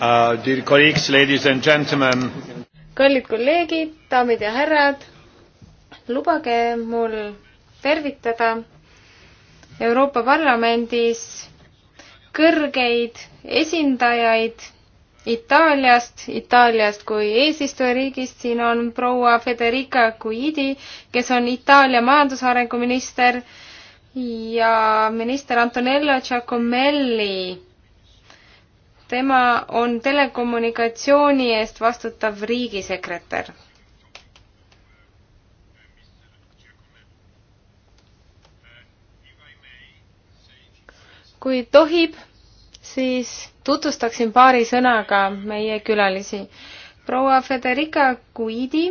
Uh, dear colleagues, ladies and gentlemen. kallid kolleegid, daamid ja härrad, lubage mul tervitada Euroopa Parlamendis kõrgeid esindajaid Itaaliast, Itaaliast kui eesistujariigist, siin on proua Federica Guidi, kes on Itaalia majandusarengu minister ja minister Antonello Giacomelli tema on telekommunikatsiooni eest vastutav riigisekretär. kui tohib, siis tutvustaksin paari sõnaga meie külalisi. proua Federica Guidi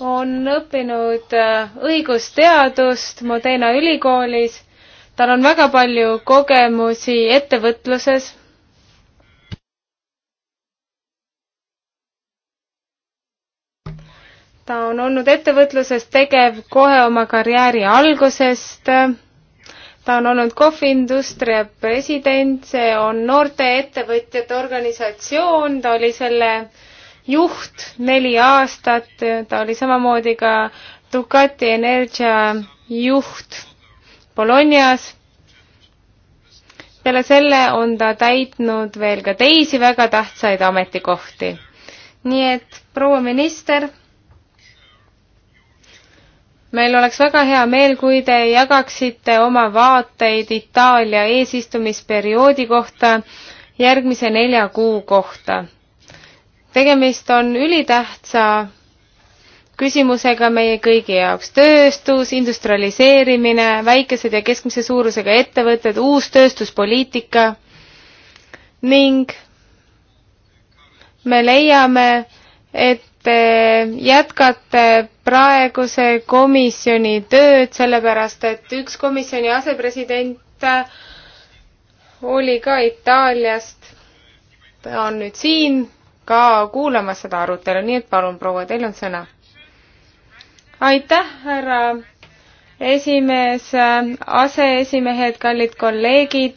on õppinud äh, õigusteadust Modena ülikoolis tal on väga palju kogemusi ettevõtluses ta on olnud ettevõtluses tegev kohe oma karjääri algusest. ta on olnud KOV-i industria president, see on noorte ettevõtjate organisatsioon, ta oli selle juht neli aastat, ta oli samamoodi ka Ducati Energia juht. Bolognas. peale selle on ta täitnud veel ka teisi väga tähtsaid ametikohti. nii et proua minister, meil oleks väga hea meel, kui te jagaksite oma vaateid Itaalia eesistumisperioodi kohta järgmise nelja kuu kohta. tegemist on ülitähtsa küsimusega meie kõigi jaoks. tööstus, industrialiseerimine, väikesed ja keskmise suurusega ettevõtted, uus tööstuspoliitika ning me leiame, et eh, jätkate praeguse komisjoni tööd, sellepärast et üks komisjoni asepresident eh, oli ka Itaaliast. ta on nüüd siin ka kuulamas seda arutelu, nii et palun, proua, teil on sõna aitäh, härra esimees, aseesimehed, kallid kolleegid.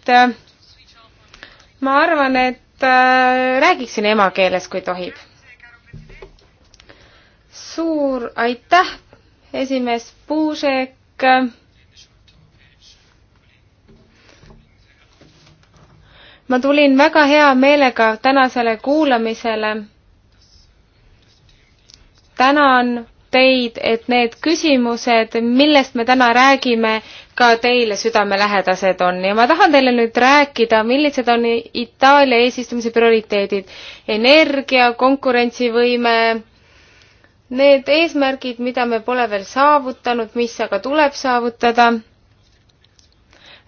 ma arvan, et äh, räägiksin emakeeles, kui tohib. suur aitäh, esimees Puusek. ma tulin väga hea meelega tänasele kuulamisele. tänan teid, et need küsimused, millest me täna räägime, ka teile südamelähedased on ja ma tahan teile nüüd rääkida, millised on Itaalia eesistumise prioriteedid. energia, konkurentsivõime, need eesmärgid, mida me pole veel saavutanud, mis aga tuleb saavutada.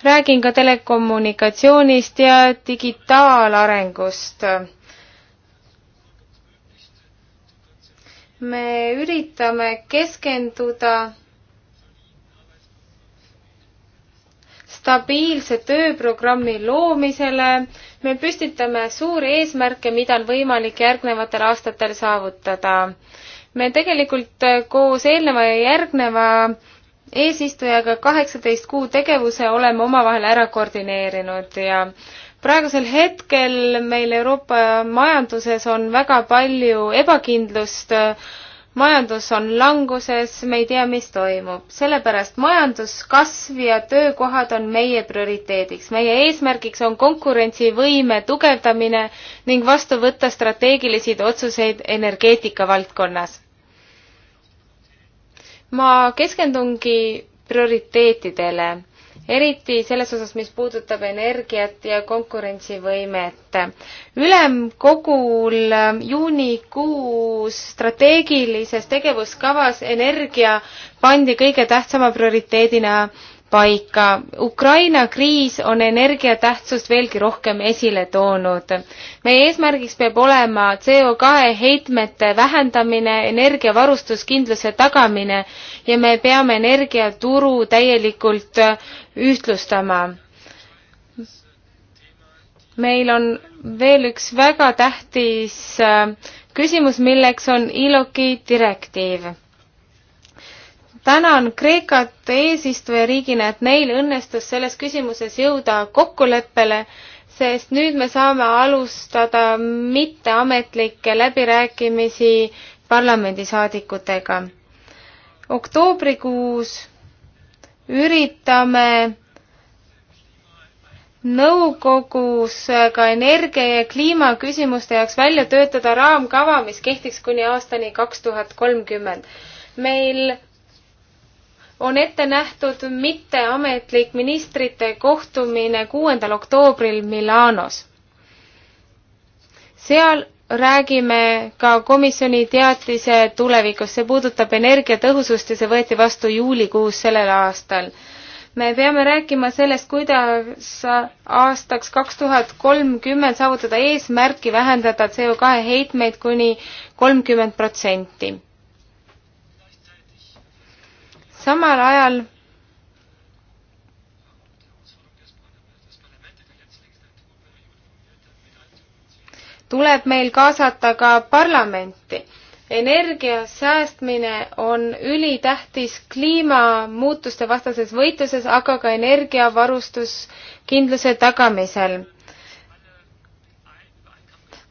räägin ka telekommunikatsioonist ja digitaalarengust me üritame keskenduda stabiilse tööprogrammi loomisele, me püstitame suuri eesmärke, mida on võimalik järgnevatel aastatel saavutada. me tegelikult koos eelneva ja järgneva eesistujaga kaheksateist kuu tegevuse oleme omavahel ära koordineerinud ja praegusel hetkel meil Euroopa majanduses on väga palju ebakindlust, majandus on languses, me ei tea, mis toimub. sellepärast majanduskasv ja töökohad on meie prioriteediks. meie eesmärgiks on konkurentsivõime tugevdamine ning vastu võtta strateegilisi otsuseid energeetika valdkonnas. ma keskendungi prioriteetidele eriti selles osas, mis puudutab energiat ja konkurentsivõimet. ülemkogul ähm, juunikuus strateegilises tegevuskavas energia pandi kõige tähtsama prioriteedina paika. Ukraina kriis on energia tähtsust veelgi rohkem esile toonud. meie eesmärgiks peab olema CO2 heitmete vähendamine, energiavarustuskindluse tagamine ja me peame energiaturu täielikult ühtlustama. meil on veel üks väga tähtis äh, küsimus, milleks on ILOK-i direktiiv tänan Kreekat eesistujariigina, et neil õnnestus selles küsimuses jõuda kokkuleppele, sest nüüd me saame alustada mitteametlikke läbirääkimisi parlamendisaadikutega. oktoobrikuus üritame nõukogus ka energia ja kliimaküsimuste jaoks välja töötada raamkava, mis kehtiks kuni aastani kaks tuhat kolmkümmend. meil on ette nähtud mitteametlik ministrite kohtumine kuuendal oktoobril Milanos. seal räägime ka komisjoni teatise tulevikust, see puudutab energiatõhusust ja see võeti vastu juulikuus sellel aastal. me peame rääkima sellest, kuidas aastaks kaks tuhat kolmkümmend saavutada eesmärki vähendada CO kahe heitmeid kuni kolmkümmend protsenti samal ajal tuleb meil kaasata ka parlamenti. energia säästmine on ülitähtis kliimamuutuste vastases võitluses, aga ka energiavarustuskindluse tagamisel.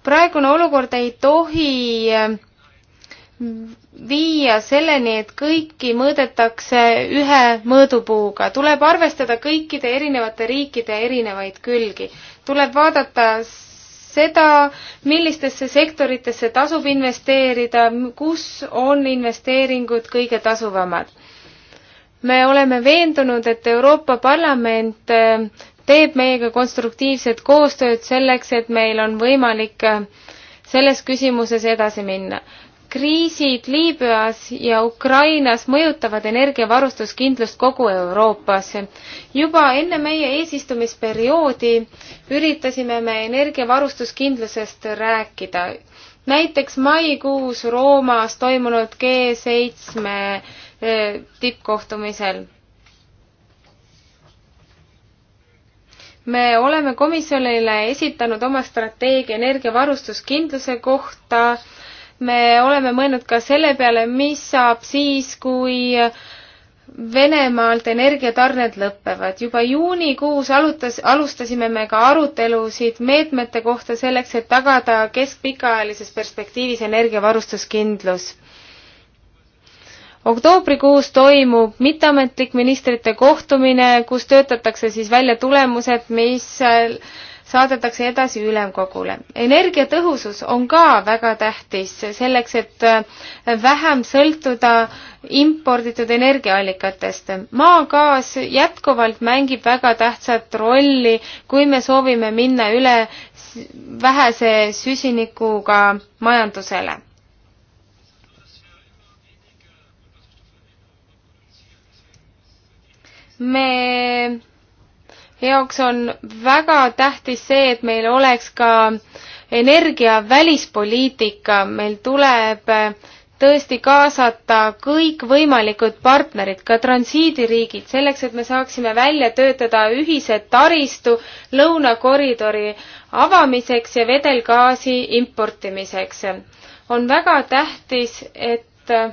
praegune olukord ei tohi viia selleni, et kõiki mõõdetakse ühe mõõdupuuga. tuleb arvestada kõikide erinevate riikide erinevaid külgi. tuleb vaadata seda, millistesse sektoritesse tasub investeerida, kus on investeeringud kõige tasuvamad. me oleme veendunud, et Euroopa Parlament eh, teeb meiega konstruktiivset koostööd selleks, et meil on võimalik eh, selles küsimuses edasi minna kriisid Liibüas ja Ukrainas mõjutavad energiavarustuskindlust kogu Euroopas. juba enne meie eesistumisperioodi üritasime me energiavarustuskindlusest rääkida. näiteks maikuus Roomas toimunud G7 eh, tippkohtumisel me oleme komisjonile esitanud oma strateegia energiavarustuskindluse kohta me oleme mõelnud ka selle peale, mis saab siis, kui Venemaalt energiatarned lõpevad. juba juunikuus alutas, alustasime me ka arutelusid meetmete kohta selleks, et tagada keskpikaajalises perspektiivis energiavarustuskindlus. oktoobrikuus toimub mitteametlik ministrite kohtumine, kus töötatakse siis välja tulemused, mis saadetakse edasi ülemkogule. energiatõhusus on ka väga tähtis selleks, et äh, vähem sõltuda imporditud energiaallikatest. maagaas jätkuvalt mängib väga tähtsat rolli, kui me soovime minna üle vähese süsinikuga majandusele me jaoks on väga tähtis see, et meil oleks ka energia välispoliitika, meil tuleb äh, tõesti kaasata kõikvõimalikud partnerid, ka transiidiriigid, selleks et me saaksime välja töötada ühise taristu lõunakoridori avamiseks ja vedelgaasi importimiseks. on väga tähtis, et äh,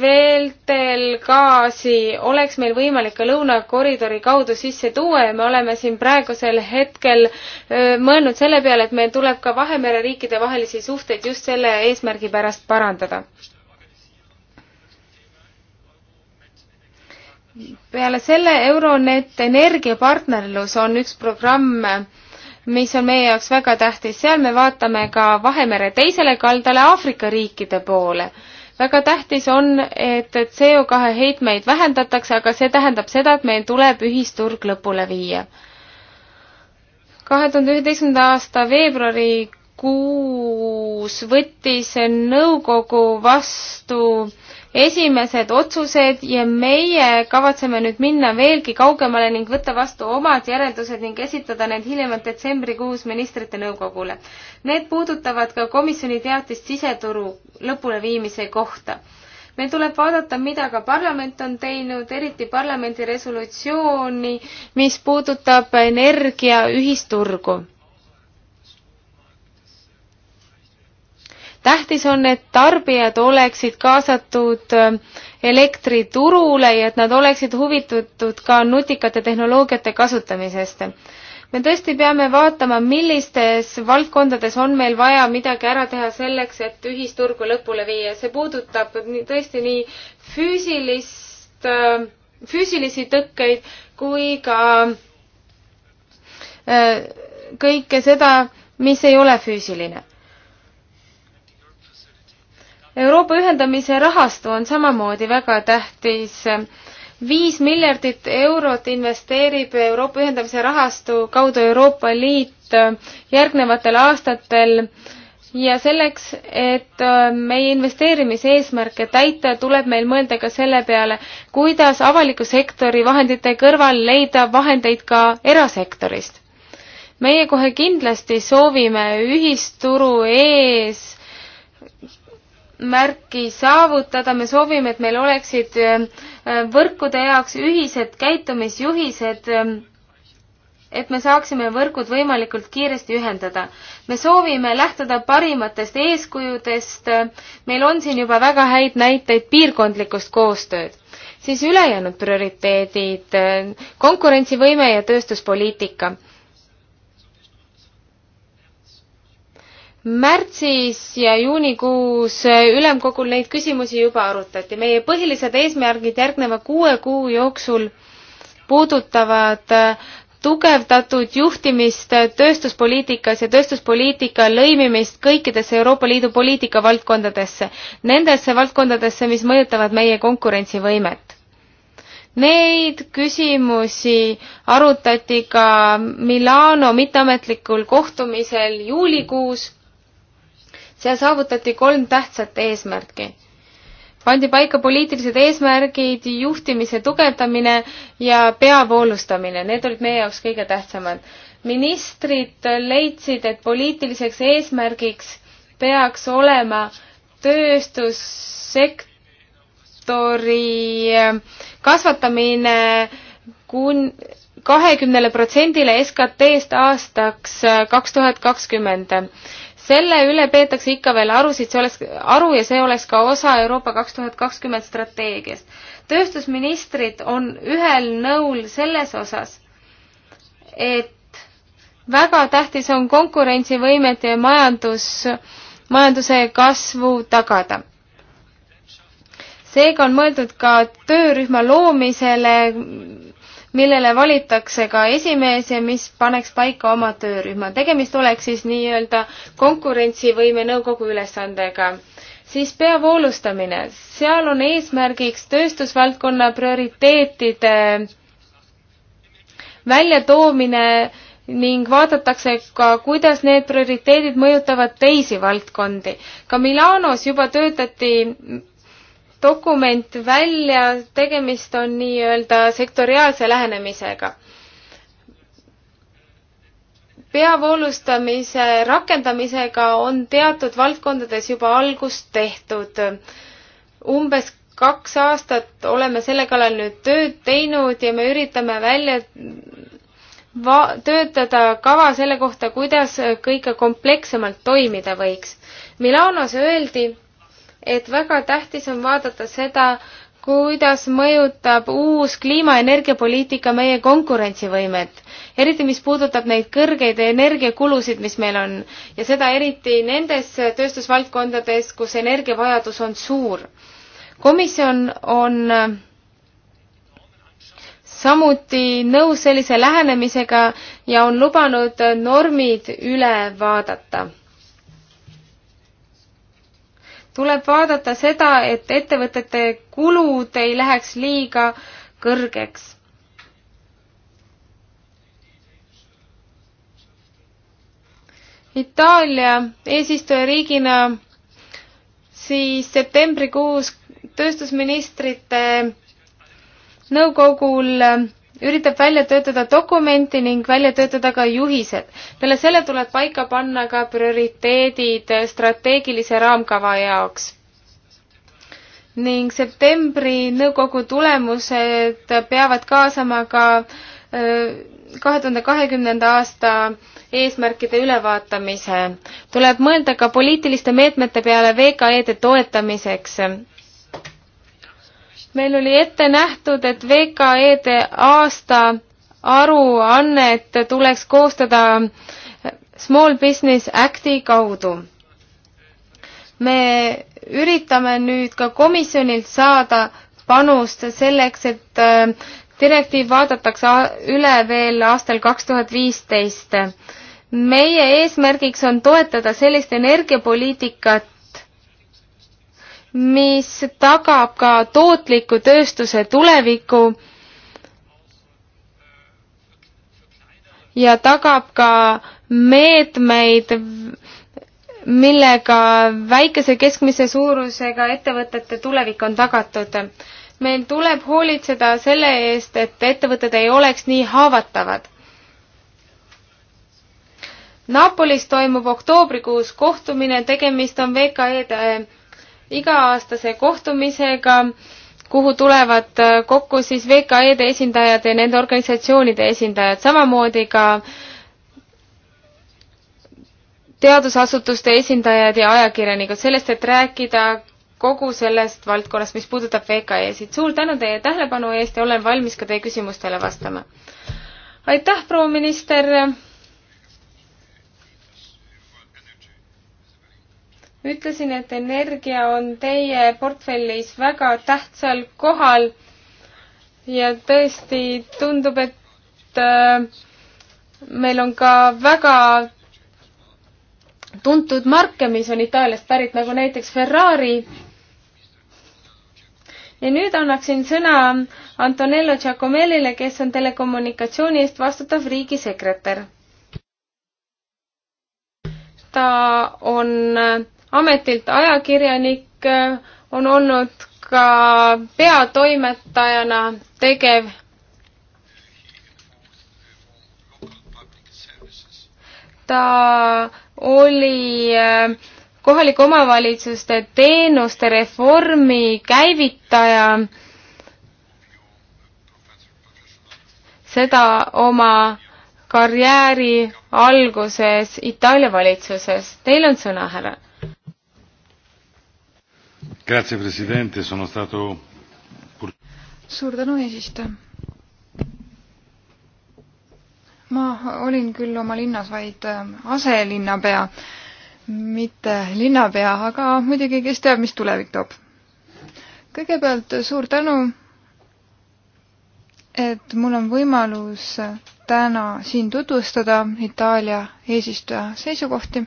veeltelgaasi oleks meil võimalik ka lõunakoridori kaudu sisse tuua ja me oleme siin praegusel hetkel mõelnud selle peale, et meil tuleb ka Vahemere riikide vahelisi suhteid just selle eesmärgi pärast parandada. peale selle Euronet energiapartnerlus on üks programm, mis on meie jaoks väga tähtis, seal me vaatame ka Vahemere teisele kaldale Aafrika riikide poole väga tähtis on, et CO2 heitmeid vähendatakse, aga see tähendab seda, et meil tuleb ühisturg lõpule viia. kahe tuhande üheteistkümnenda aasta veebruarikuus võttis nõukogu vastu esimesed otsused ja meie kavatseme nüüd minna veelgi kaugemale ning võtta vastu omad järeldused ning esitada need hiljemalt detsembrikuus ministrite nõukogule. Need puudutavad ka komisjoni teatist siseturu lõpuleviimise kohta meil tuleb vaadata, mida ka parlament on teinud, eriti parlamendi resolutsiooni, mis puudutab energia ühisturgu tähtis on, et tarbijad oleksid kaasatud äh, elektriturule ja et nad oleksid huvitatud ka nutikate tehnoloogiate kasutamisest. me tõesti peame vaatama, millistes valdkondades on meil vaja midagi ära teha selleks, et ühisturgu lõpule viia. see puudutab tõesti nii füüsilist, äh, füüsilisi tõkkeid kui ka äh, kõike seda, mis ei ole füüsiline Euroopa ühendamise rahastu on samamoodi väga tähtis. viis miljardit eurot investeerib Euroopa ühendamise rahastu kaudu Euroopa Liit järgnevatel aastatel ja selleks, et äh, meie investeerimiseesmärke täita, tuleb meil mõelda ka selle peale, kuidas avaliku sektori vahendite kõrval leida vahendeid ka erasektorist. meie kohe kindlasti soovime ühisturu ees märki saavutada, me soovime, et meil oleksid äh, äh, võrkude jaoks ühised käitumisjuhised, ähm, et me saaksime võrgud võimalikult kiiresti ühendada. me soovime lähtuda parimatest eeskujudest, meil on siin juba väga häid näiteid piirkondlikust koostööd. siis ülejäänud prioriteedid, äh, konkurentsivõime ja tööstuspoliitika märtsis ja juunikuus ülemkogul neid küsimusi juba arutati. meie põhilised eesmärgid järgneva kuue kuu jooksul puudutavad tugevdatud juhtimist tööstuspoliitikas ja tööstuspoliitika lõimimist kõikidesse Euroopa Liidu poliitika valdkondadesse, nendesse valdkondadesse, mis mõjutavad meie konkurentsivõimet. Neid küsimusi arutati ka Milano mitteametlikul kohtumisel juulikuus seal saavutati kolm tähtsat eesmärki. pandi paika poliitilised eesmärgid, juhtimise tugevdamine ja peavoolustamine, need olid meie jaoks kõige tähtsamad. ministrid leidsid, et poliitiliseks eesmärgiks peaks olema tööstussektori äh, kasvatamine kun-, kahekümnele protsendile SKT-st aastaks äh, kaks tuhat kakskümmend selle üle peetakse ikka veel arusid, see oleks, aru ja see oleks ka osa Euroopa kaks tuhat kakskümmend strateegiast. tööstusministrid on ühel nõul selles osas, et väga tähtis on konkurentsivõimet ja majandus, majanduse kasvu tagada. seega on mõeldud ka töörühma loomisele, millele valitakse ka esimees ja mis paneks paika oma töörühma. tegemist oleks siis nii-öelda konkurentsivõime nõukogu ülesandega. siis peavoolustamine, seal on eesmärgiks tööstusvaldkonna prioriteetide väljatoomine ning vaadatakse ka, kuidas need prioriteedid mõjutavad teisi valdkondi. ka Milanos juba töötati dokument välja, tegemist on nii-öelda sektoriaalse lähenemisega. peavoolustamise rakendamisega on teatud valdkondades juba algust tehtud. umbes kaks aastat oleme selle kallal nüüd tööd teinud ja me üritame välja va-, töötada kava selle kohta, kuidas kõige komplekssemalt toimida võiks. Milanos öeldi, et väga tähtis on vaadata seda, kuidas mõjutab uus kliima- ja energiapoliitika meie konkurentsivõimet, eriti mis puudutab neid kõrgeid energiakulusid, mis meil on ja seda eriti nendes tööstusvaldkondades, kus energiavajadus on suur. komisjon on samuti nõus sellise lähenemisega ja on lubanud normid üle vaadata tuleb vaadata seda, et ettevõtete kulud ei läheks liiga kõrgeks. Itaalia eesistujariigina siis septembrikuus tööstusministrite nõukogul üritab välja töötada dokumenti ning välja töötada ka juhised. peale selle tuleb paika panna ka prioriteedid strateegilise raamkava jaoks. ning septembri nõukogu tulemused peavad kaasama ka äh, kahe tuhande kahekümnenda aasta eesmärkide ülevaatamise. tuleb mõelda ka poliitiliste meetmete peale VKE-de toetamiseks meil oli ette nähtud, et VKE-de aasta aruannet tuleks koostada Small Business Acti kaudu. me üritame nüüd ka komisjonilt saada panust selleks, et äh, direktiiv vaadatakse üle veel aastal kaks tuhat viisteist meie eesmärgiks on toetada sellist energiapoliitikat, mis tagab ka tootliku tööstuse tuleviku ja tagab ka meetmeid, millega väikese keskmise suurusega ettevõtete tulevik on tagatud. meil tuleb hoolitseda selle eest, et ettevõtted ei oleks nii haavatavad. Napolis toimub oktoobrikuus kohtumine, tegemist on VKE-de iga-aastase kohtumisega, kuhu tulevad äh, kokku siis VKE-de esindajad ja nende organisatsioonide esindajad, samamoodi ka teadusasutuste esindajad ja ajakirjanikud, sellest, et rääkida kogu sellest valdkonnast, mis puudutab VKE-sid. suur tänu teie tähelepanu eest ja olen valmis ka teie küsimustele vastama. aitäh, proua minister ütlesin, et energia on teie portfellis väga tähtsal kohal ja tõesti tundub, et äh, meil on ka väga tuntud marke, mis on Itaaliast pärit, nagu näiteks Ferrari. ja nüüd annaksin sõna Antonello Giacomelile, kes on telekommunikatsiooni eest vastutav riigisekretär. ta on ametilt ajakirjanik, äh, on olnud ka peatoimetajana tegev. ta oli äh, kohalike omavalitsuste teenuste reformi käivitaja. seda oma karjääri alguses Itaalia valitsuses. Teil on sõna, härra Grazie, president, sono stato. suur tänu, eesistuja. ma olin küll oma linnas vaid äh, aselinnapea, mitte linnapea, aga muidugi, kes teab, mis tulevik toob. kõigepealt suur tänu, et mul on võimalus täna siin tutvustada Itaalia eesistuja seisukohti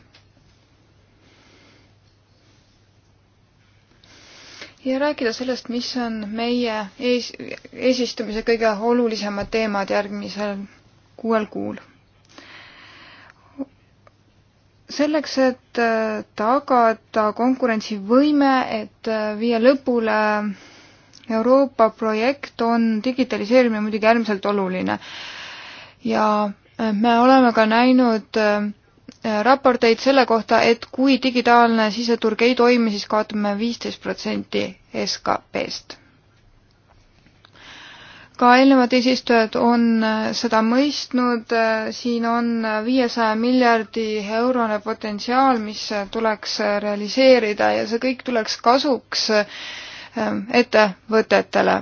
ja rääkida sellest, mis on meie ees, eesistumise kõige olulisemad teemad järgmisel kuuel kuul. selleks, et äh, tagada konkurentsivõime, et äh, viia lõpule Euroopa projekt, on digitaliseerimine muidugi äärmiselt oluline. ja äh, me oleme ka näinud äh, Äh, raporteid selle kohta, et kui digitaalne siseturg ei toimi, siis kaotame viisteist protsenti SKP-st. ka eelnevad eesistujad on äh, seda mõistnud, äh, siin on viiesaja miljardi eurone potentsiaal, mis tuleks realiseerida ja see kõik tuleks kasuks ettevõtetele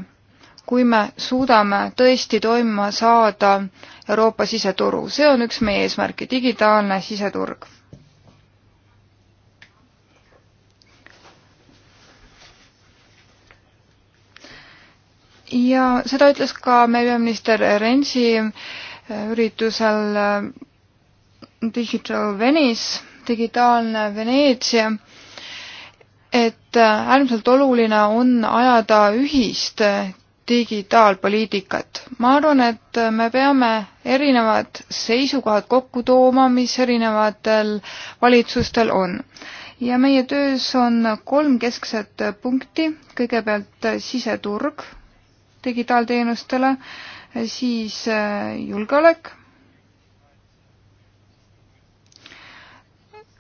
kui me suudame tõesti toimima saada Euroopa siseturu. see on üks meie eesmärke, digitaalne siseturg. ja seda ütles ka meie peaminister Rensi üritusel Digital Venice, digitaalne Veneetsia et äärmiselt oluline on ajada ühist digitaalpoliitikat. ma arvan, et me peame erinevad seisukohad kokku tooma, mis erinevatel valitsustel on. ja meie töös on kolm keskset punkti, kõigepealt siseturg digitaalteenustele, siis julgeolek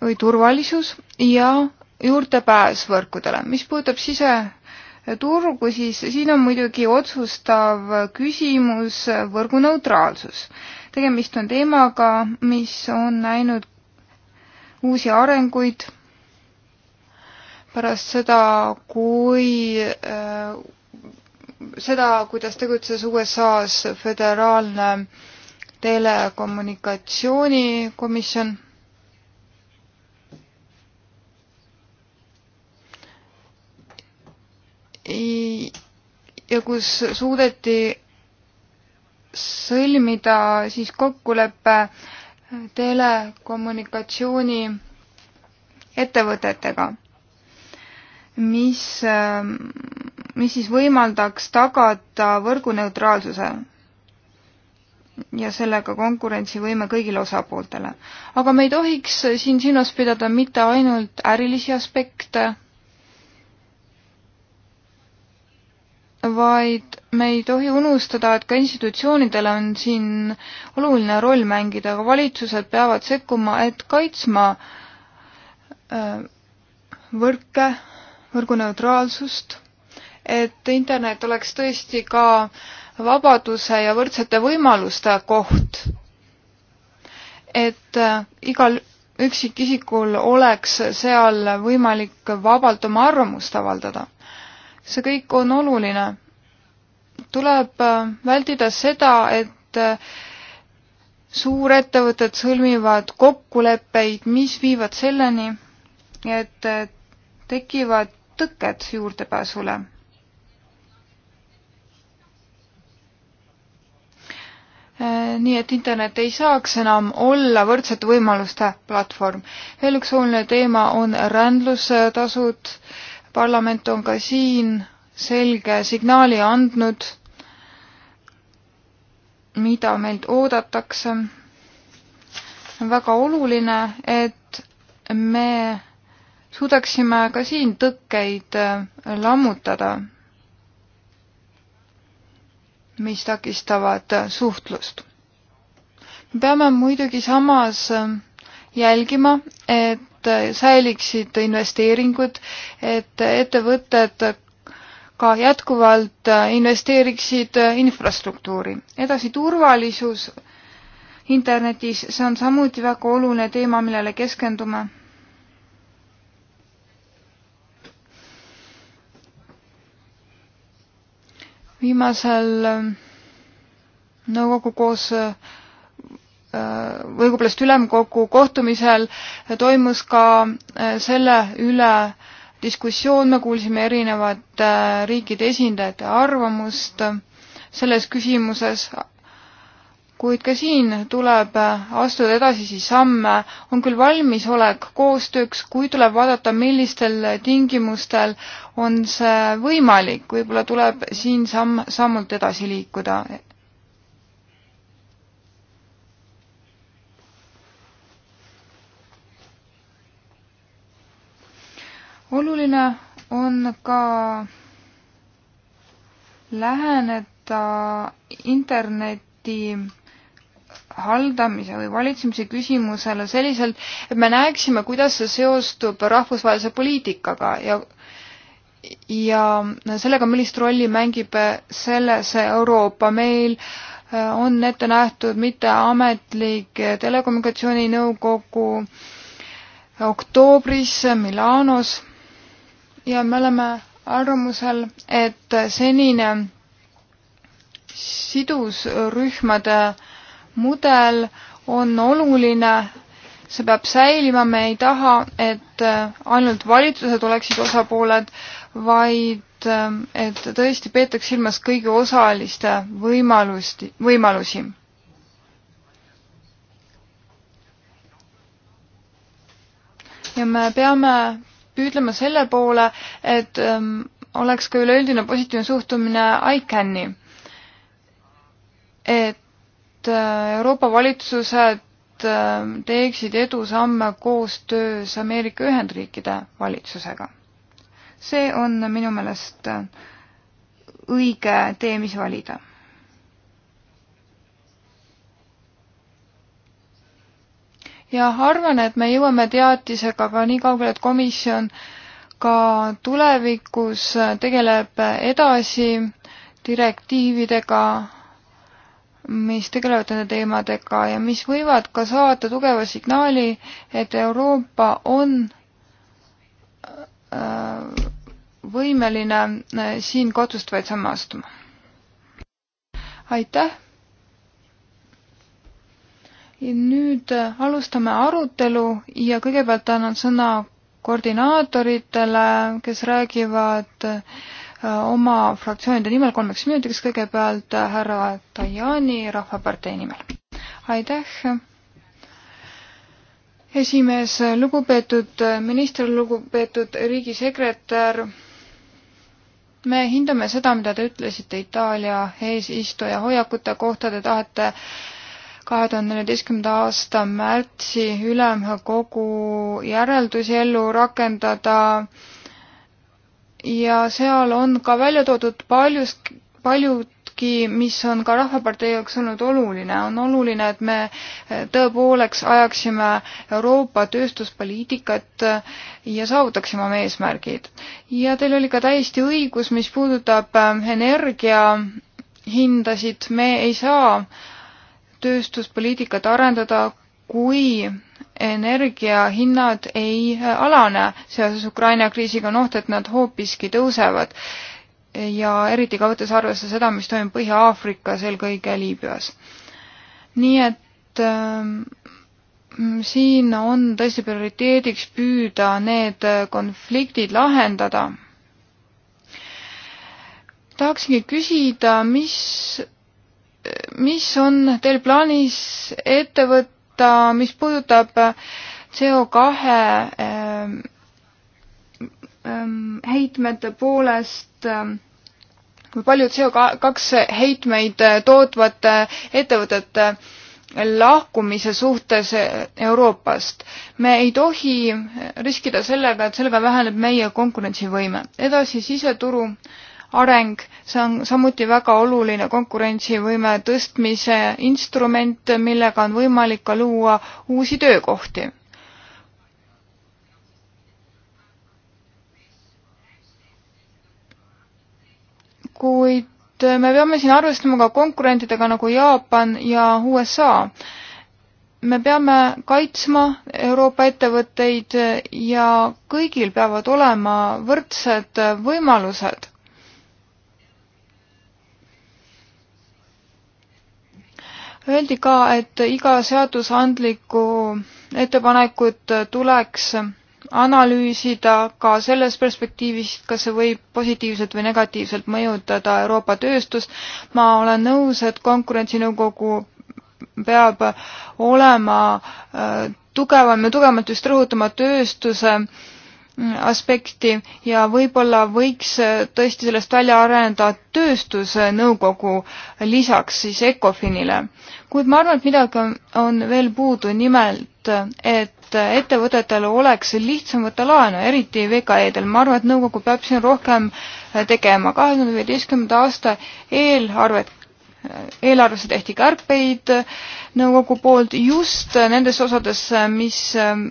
või turvalisus ja juurdepääs võrkudele. mis puudutab sise turgu, siis siin on muidugi otsustav küsimus võrgu neutraalsus. tegemist on teemaga, mis on näinud uusi arenguid pärast seda, kui äh, seda, kuidas tegutses USA-s föderaalne telekommunikatsioonikomisjon ja kus suudeti sõlmida siis kokkulepe telekommunikatsiooni ettevõtetega, mis, mis siis võimaldaks tagada võrguneutraalsuse ja sellega konkurentsivõime kõigile osapooltele. aga me ei tohiks siin silmas pidada mitte ainult ärilisi aspekte, vaid me ei tohi unustada, et ka institutsioonidel on siin oluline roll mängida, aga valitsused peavad sekkuma, et kaitsma äh, võrke, võrguneutraalsust, et internet oleks tõesti ka vabaduse ja võrdsete võimaluste koht. et äh, igal üksikisikul oleks seal võimalik vabalt oma arvamust avaldada see kõik on oluline. tuleb äh, vältida seda, et äh, suurettevõtted sõlmivad kokkuleppeid, mis viivad selleni, et äh, tekivad tõkked juurdepääsule. nii et internet ei saaks enam olla võrdsete võimaluste platvorm. veel üks oluline teema on rändlustasud äh, parlament on ka siin selge signaali andnud, mida meilt oodatakse. on väga oluline, et me suudaksime ka siin tõkkeid äh, lammutada, mis takistavad äh, suhtlust. me peame muidugi samas äh, jälgima, et et säiliksid investeeringud, et ettevõtted ka jätkuvalt investeeriksid infrastruktuuri. edasi turvalisus internetis, see on samuti väga oluline teema, millele keskendume. viimasel nõukogu koos õigupoolest ülemkogu kohtumisel toimus ka e, selle üle diskussioon, me kuulsime erinevate riikide esindajate arvamust selles küsimuses, kuid ka siin tuleb astuda edasisi samme, on küll valmisolek koostööks, kuid tuleb vaadata, millistel tingimustel on see võimalik, võib-olla tuleb siin samm, sammult edasi liikuda oluline on ka läheneda interneti haldamise või valitsemise küsimusele selliselt, et me näeksime, kuidas see seostub rahvusvahelise poliitikaga ja ja sellega, millist rolli mängib selles Euroopa. meil äh, on ette nähtud mitteametlik telekommunikatsiooninõukogu äh, oktoobris Milanos ja me oleme arvamusel, et senine sidusrühmade mudel on oluline, see peab säilima, me ei taha, et ainult valitsused oleksid osapooled, vaid et tõesti peetaks silmas kõigi osaliste võimalust, võimalusi. ja me peame püüdlema selle poole, et ähm, oleks ka üleüldine positiivne suhtumine ICAN-i. et äh, Euroopa valitsused äh, teeksid edusamme koostöös Ameerika Ühendriikide valitsusega. see on minu meelest äh, õige tee, mis valida ja arvan, et me jõuame teatisega ka nii kaugele, et komisjon ka tulevikus tegeleb edasi direktiividega, mis tegelevad nende teemadega ja mis võivad ka saata tugeva signaali, et Euroopa on äh, võimeline äh, siin ka otsustavaid samme astuma. aitäh! nüüd äh, alustame arutelu ja kõigepealt annan sõna koordinaatoritele, kes räägivad äh, oma fraktsioonide nimel kolmeks minutiks, kõigepealt äh, härra Tajani Rahvapartei nimel. aitäh, esimees, lugupeetud minister, lugupeetud riigisekretär, me hindame seda, mida te ütlesite Itaalia eesistuja hoiakute kohta, te tahate äh, kahe tuhande neljateistkümnenda aasta märtsi ülemkogu järeldusi ellu rakendada. ja seal on ka välja toodud paljus, paljudki, mis on ka Rahvapartei jaoks olnud oluline, on oluline, et me eh, tõepooleks ajaksime Euroopa tööstuspoliitikat eh, ja saavutaksime oma eesmärgid. ja teil oli ka täiesti õigus, mis puudutab eh, energia hindasid, me ei saa äh, tööstuspoliitikat arendada, kui energiahinnad ei alane seoses Ukraina kriisiga, on oht, et nad hoopiski tõusevad. ja eriti ka võttes arvesse seda, mis toimub Põhja-Aafrikas, eelkõige Liibüas. nii et äh, siin on tõesti prioriteediks püüda need konfliktid lahendada. tahaksingi küsida, mis mis on teil plaanis ette võtta, mis puudutab CO kahe ähm, ähm, heitmete poolest ähm, kui palju CO kaks heitmeid tootvate ettevõtete lahkumise suhtes Euroopast. me ei tohi riskida sellega, et sellega väheneb meie konkurentsivõime. edasi siseturu äh, areng, see on samuti väga oluline konkurentsivõime tõstmise instrument, millega on võimalik ka luua uusi töökohti. kuid me peame siin arvestama ka konkurentidega nagu Jaapan ja USA. me peame kaitsma Euroopa ettevõtteid ja kõigil peavad olema võrdsed võimalused Öeldi ka, et iga seadusandlikku ettepanekut tuleks analüüsida ka sellest perspektiivist, kas see võib positiivselt või negatiivselt mõjutada Euroopa tööstust. ma olen nõus, et Konkurentsinõukogu peab olema äh, tugevam ja tugevamalt just rõhutama tööstuse äh, aspekti ja võib-olla võiks tõesti sellest välja arendada tööstusnõukogu lisaks siis ECOFINile. kuid ma arvan, et midagi on veel puudu, nimelt et ettevõtetel oleks lihtsam võtta laenu, eriti VKE-del. ma arvan, et nõukogu peab siin rohkem tegema. kahe tuhande viieteistkümnenda aasta eelarvet eelarvesse tehti kärpeid nõukogu poolt just nendes osades, mis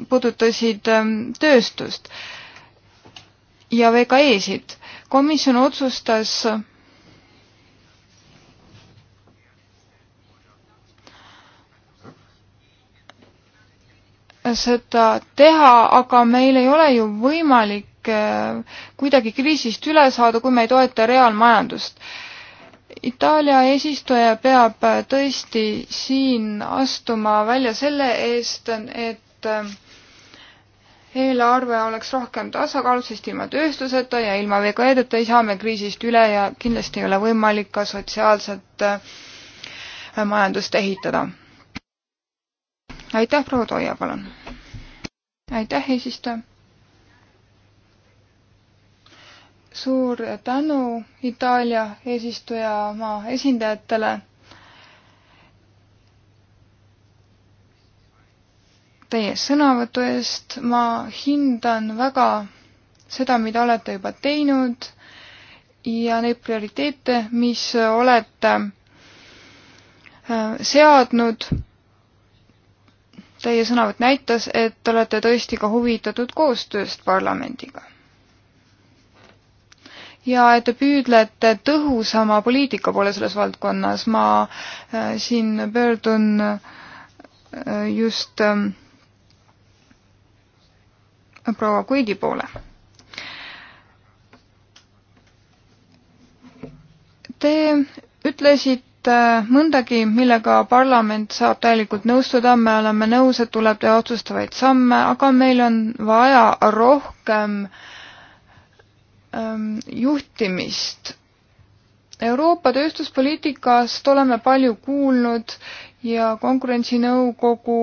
puudutasid tööstust ja VKE-sid. komisjon otsustas seda teha, aga meil ei ole ju võimalik kuidagi kriisist üle saada, kui me ei toeta reaalmajandust Itaalia eesistuja peab tõesti siin astuma välja selle eest, et äh, eelarve oleks rohkem tasakaalus, sest ilma tööstuseta ja ilma VKE-deta ei saa me kriisist üle ja kindlasti ei ole võimalik ka sotsiaalset äh, majandust ehitada. aitäh, proua Toia, palun. aitäh, eesistuja. suur tänu Itaalia eesistujamaa esindajatele. Teie sõnavõtu eest ma hindan väga seda, mida olete juba teinud ja neid prioriteete, mis olete äh, seadnud. Teie sõnavõtt näitas, et olete tõesti ka huvitatud koostööst parlamendiga ja et te püüdlete tõhusama poliitika poole selles valdkonnas. ma äh, siin pöördun äh, just ähm, proua Kuidi poole. Te ütlesite mõndagi, millega parlament saab täielikult nõustuda, me oleme nõus, et tuleb teha otsustavaid samme, aga meil on vaja rohkem äh, Ähm, juhtimist. Euroopa tööstuspoliitikast oleme palju kuulnud ja Konkurentsinõukogu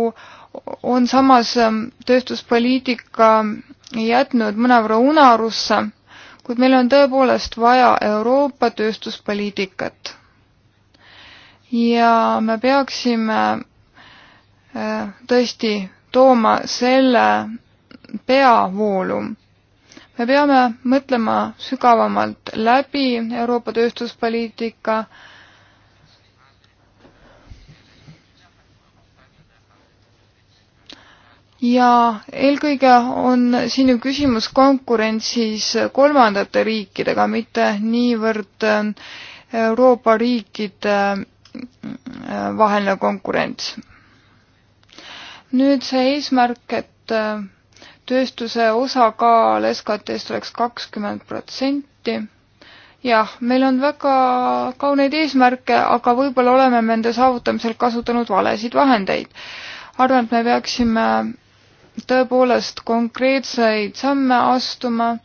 on samas ähm, tööstuspoliitika jätnud mõnevõrra unarusse, kuid meil on tõepoolest vaja Euroopa tööstuspoliitikat. ja me peaksime äh, tõesti tooma selle peavoolu me peame mõtlema sügavamalt läbi Euroopa tööstuspoliitika, ja eelkõige on siin ju küsimus konkurentsis kolmandate riikidega, mitte niivõrd Euroopa riikide vaheline konkurents. nüüd see eesmärk, et tööstuse osakaal SKT-st oleks kakskümmend protsenti. jah, meil on väga kauneid eesmärke, aga võib-olla oleme me nende saavutamisel kasutanud valesid vahendeid. arvan, et me peaksime tõepoolest konkreetseid samme astuma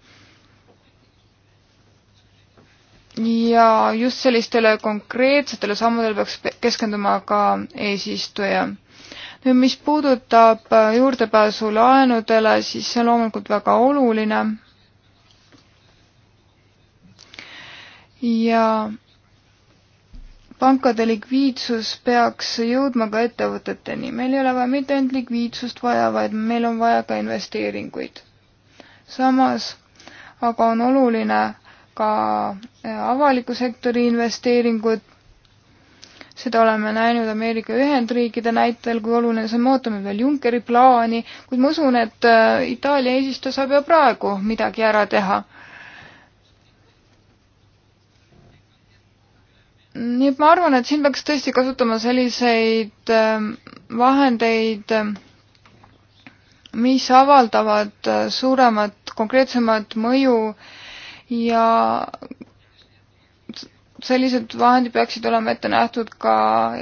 ja just sellistele konkreetsetele sammudele peaks keskenduma ka eesistuja nüüd, mis puudutab äh, juurdepääsu laenudele, siis see on loomulikult väga oluline. ja pankade likviidsus peaks jõudma ka ettevõteteni. meil ei ole vaja mitte ainult likviidsust vaja, vaid meil on vaja ka investeeringuid. samas aga on oluline ka äh, avaliku sektori investeeringud seda oleme näinud Ameerika Ühendriikide näitel, kui oluline see on, ootame veel Junckeri plaani, kuid ma usun, et äh, Itaalia eesistuja saab juba praegu midagi ära teha. nii et ma arvan, et siin peaks tõesti kasutama selliseid ähm, vahendeid, ähm, mis avaldavad äh, suuremat, konkreetsemat mõju ja sellised vahendid peaksid olema ette nähtud ka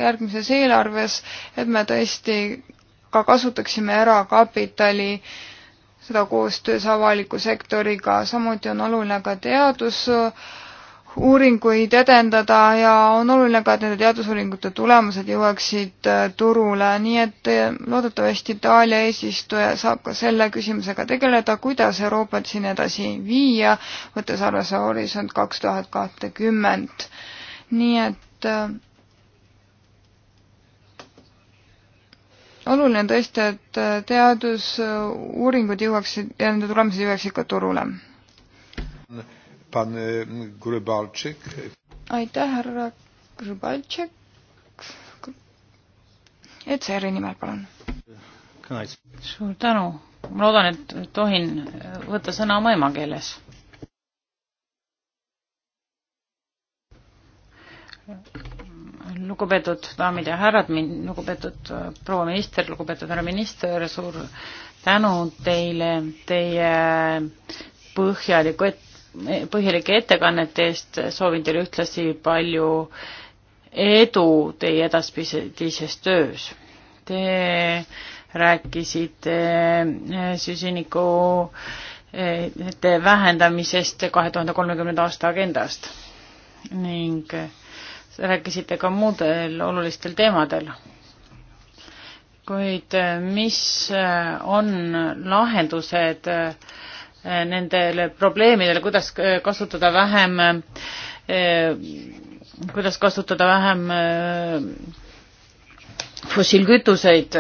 järgmises eelarves, et me tõesti ka kasutaksime erakapitali seda koostöös avaliku sektoriga, samuti on oluline ka teadus äh, uuringuid edendada ja on oluline ka, et nende teadusuuringute tulemused jõuaksid äh, turule, nii et äh, loodetavasti Itaalia eesistuja saab ka selle küsimusega tegeleda, kuidas Euroopat siin edasi viia, võttes arvesse Horisont kaks tuhat kahtekümmend. nii et äh, oluline on tõesti, et teadusuuringud jõuaksid ja nende tulemused jõuaksid ka turule pan Grõbaltšik. aitäh, härra Grõbaltšik. ECR-i nimel, palun. suur tänu. ma loodan, et tohin võtta sõna oma emakeeles. lugupeetud daamid ja härrad, lugupeetud äh, proua minister, lugupeetud härra minister, suur tänu teile teie põhjaliku et-, põhjalike ettekannete eest, soovin teile ühtlasi palju edu teie edaspidises töös. Te rääkisite eh, süsiniku eh, vähendamisest kahe tuhande kolmekümnenda aasta agendast ning eh, rääkisite ka muudel olulistel teemadel. kuid mis on lahendused äh, Äh, nendele probleemidele, kuidas äh, kasutada vähem, äh, kuidas kasutada vähem fossiilkütuseid.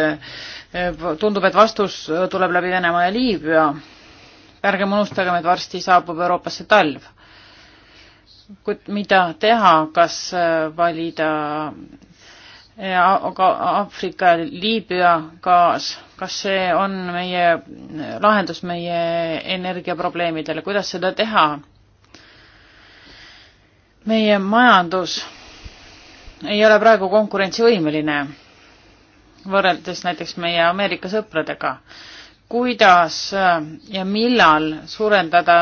tundub, et vastus tuleb läbi Venemaa ja Liibüa. ärgem unustagem, et varsti saabub Euroopasse talv. kuid mida teha, kas valida aga Aafrika, Liibüa gaas kas see on meie lahendus meie energiaprobleemidele, kuidas seda teha? meie majandus ei ole praegu konkurentsivõimeline võrreldes näiteks meie Ameerika sõpradega. kuidas ja millal suurendada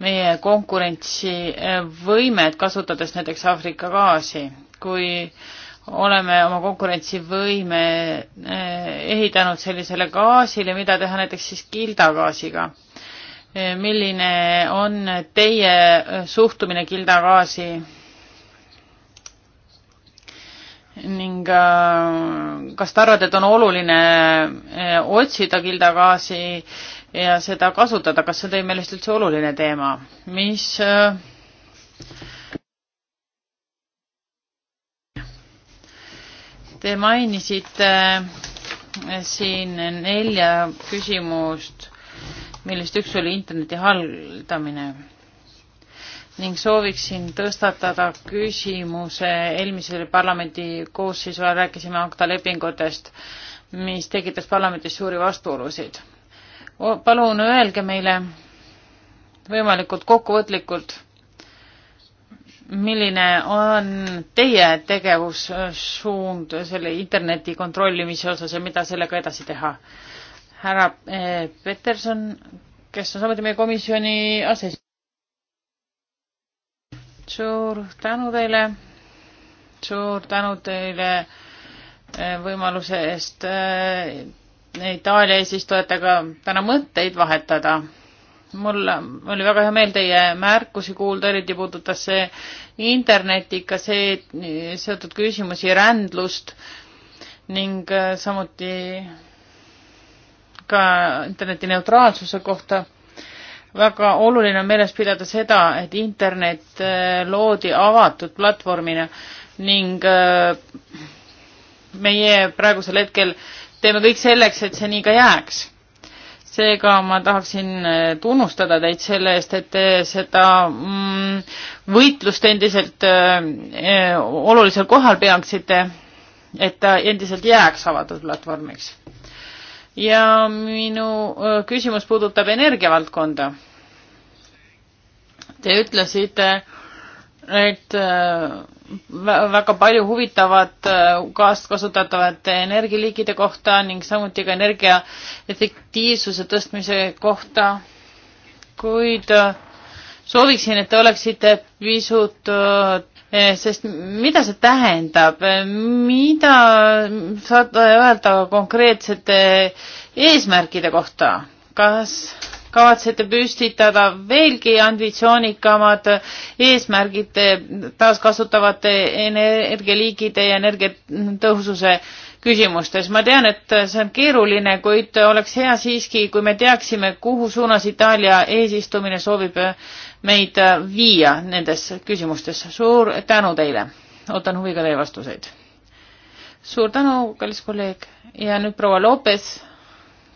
meie konkurentsivõimet, kasutades näiteks Aafrika gaasi, kui äh, oleme oma konkurentsivõime eh, ehitanud sellisele gaasile, mida teha näiteks siis kildagaasiga. Eh, milline on teie eh, suhtumine kildagaasi ning kas te arvate, et on oluline otsida kildagaasi ja seda kasutada, kas see on teie meelest üldse oluline teema? mis Te mainisite eh, siin nelja küsimust, millest üks oli interneti haldamine ning sooviksin tõstatada küsimuse eelmisele parlamendi koosseisu ajal rääkisime akta lepingutest, mis tekitas parlamendis suuri vastuolusid. palun öelge meile võimalikult kokkuvõtlikult milline on teie tegevussuund selle interneti kontrollimise osas ja mida sellega edasi teha? härra eh, Peterson, kes on samuti meie komisjoni ases-. suur tänu teile, suur tänu teile eh, võimaluse eest eh, Itaalia eesistujatega täna mõtteid vahetada mul oli väga hea meel teie märkusi kuulda, eriti puudutas see internetiga see seotud küsimusi, rändlust ning äh, samuti ka interneti neutraalsuse kohta. väga oluline on meeles pidada seda, et internet äh, loodi avatud platvormina ning äh, meie praegusel hetkel teeme kõik selleks, et see nii ka jääks seega ma tahaksin äh, tunnustada teid selle eest, et te seda mm, võitlust endiselt äh, äh, olulisel kohal peaksite, et ta endiselt jääks avatud platvormiks. ja minu küsimus puudutab energiavaldkonda. Te ütlesite, et äh, väga palju huvitavat äh, kaaskasutatavate energialiigide kohta ning samuti ka energia efektiivsuse tõstmise kohta, kuid äh, sooviksin, et te oleksite pisut, eh, sest mida see tähendab, mida saate öelda konkreetsete eesmärkide kohta, kas kavatsete püstitada veelgi ambitsioonikamad eesmärgid taaskasutavate energialiigide ja energiatõhususe küsimustes. ma tean, et see on keeruline, kuid oleks hea siiski, kui me teaksime, kuhu suunas Itaalia eesistumine soovib meid viia nendes küsimustes. suur tänu teile. ootan huviga teie vastuseid. suur tänu, kallis kolleeg. ja nüüd proua Lopes,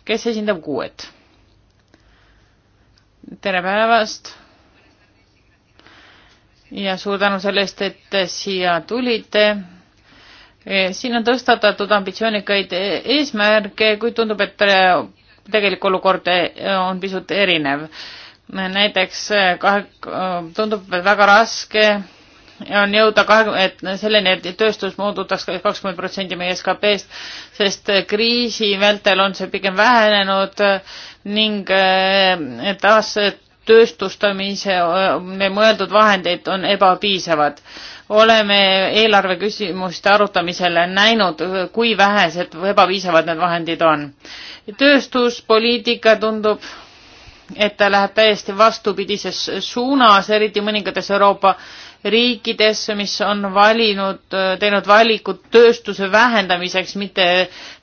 kes esindab kuuet tere päevast ja suur tänu selle eest, et siia tulite e, siin on tõstatatud ambitsioonikaid e, eesmärke, kuid tundub, et tegelik olukord e, on pisut erinev. näiteks kahe, tundub väga raske on jõuda kahekümne, et selleni, et tööstus muudutaks kakskümmend protsenti meie SKP-st, sest kriisi vältel on see pigem vähenenud ning eh, taas tööstustamise eh, mõeldud vahendeid on ebapiisavad. oleme eelarve küsimuste arutamisel näinud, kui vähesed või ebapiisavad need vahendid on. tööstuspoliitika tundub, et ta läheb täiesti vastupidises suunas, eriti mõningates Euroopa riikidesse, mis on valinud, teinud valikud tööstuse vähendamiseks, mitte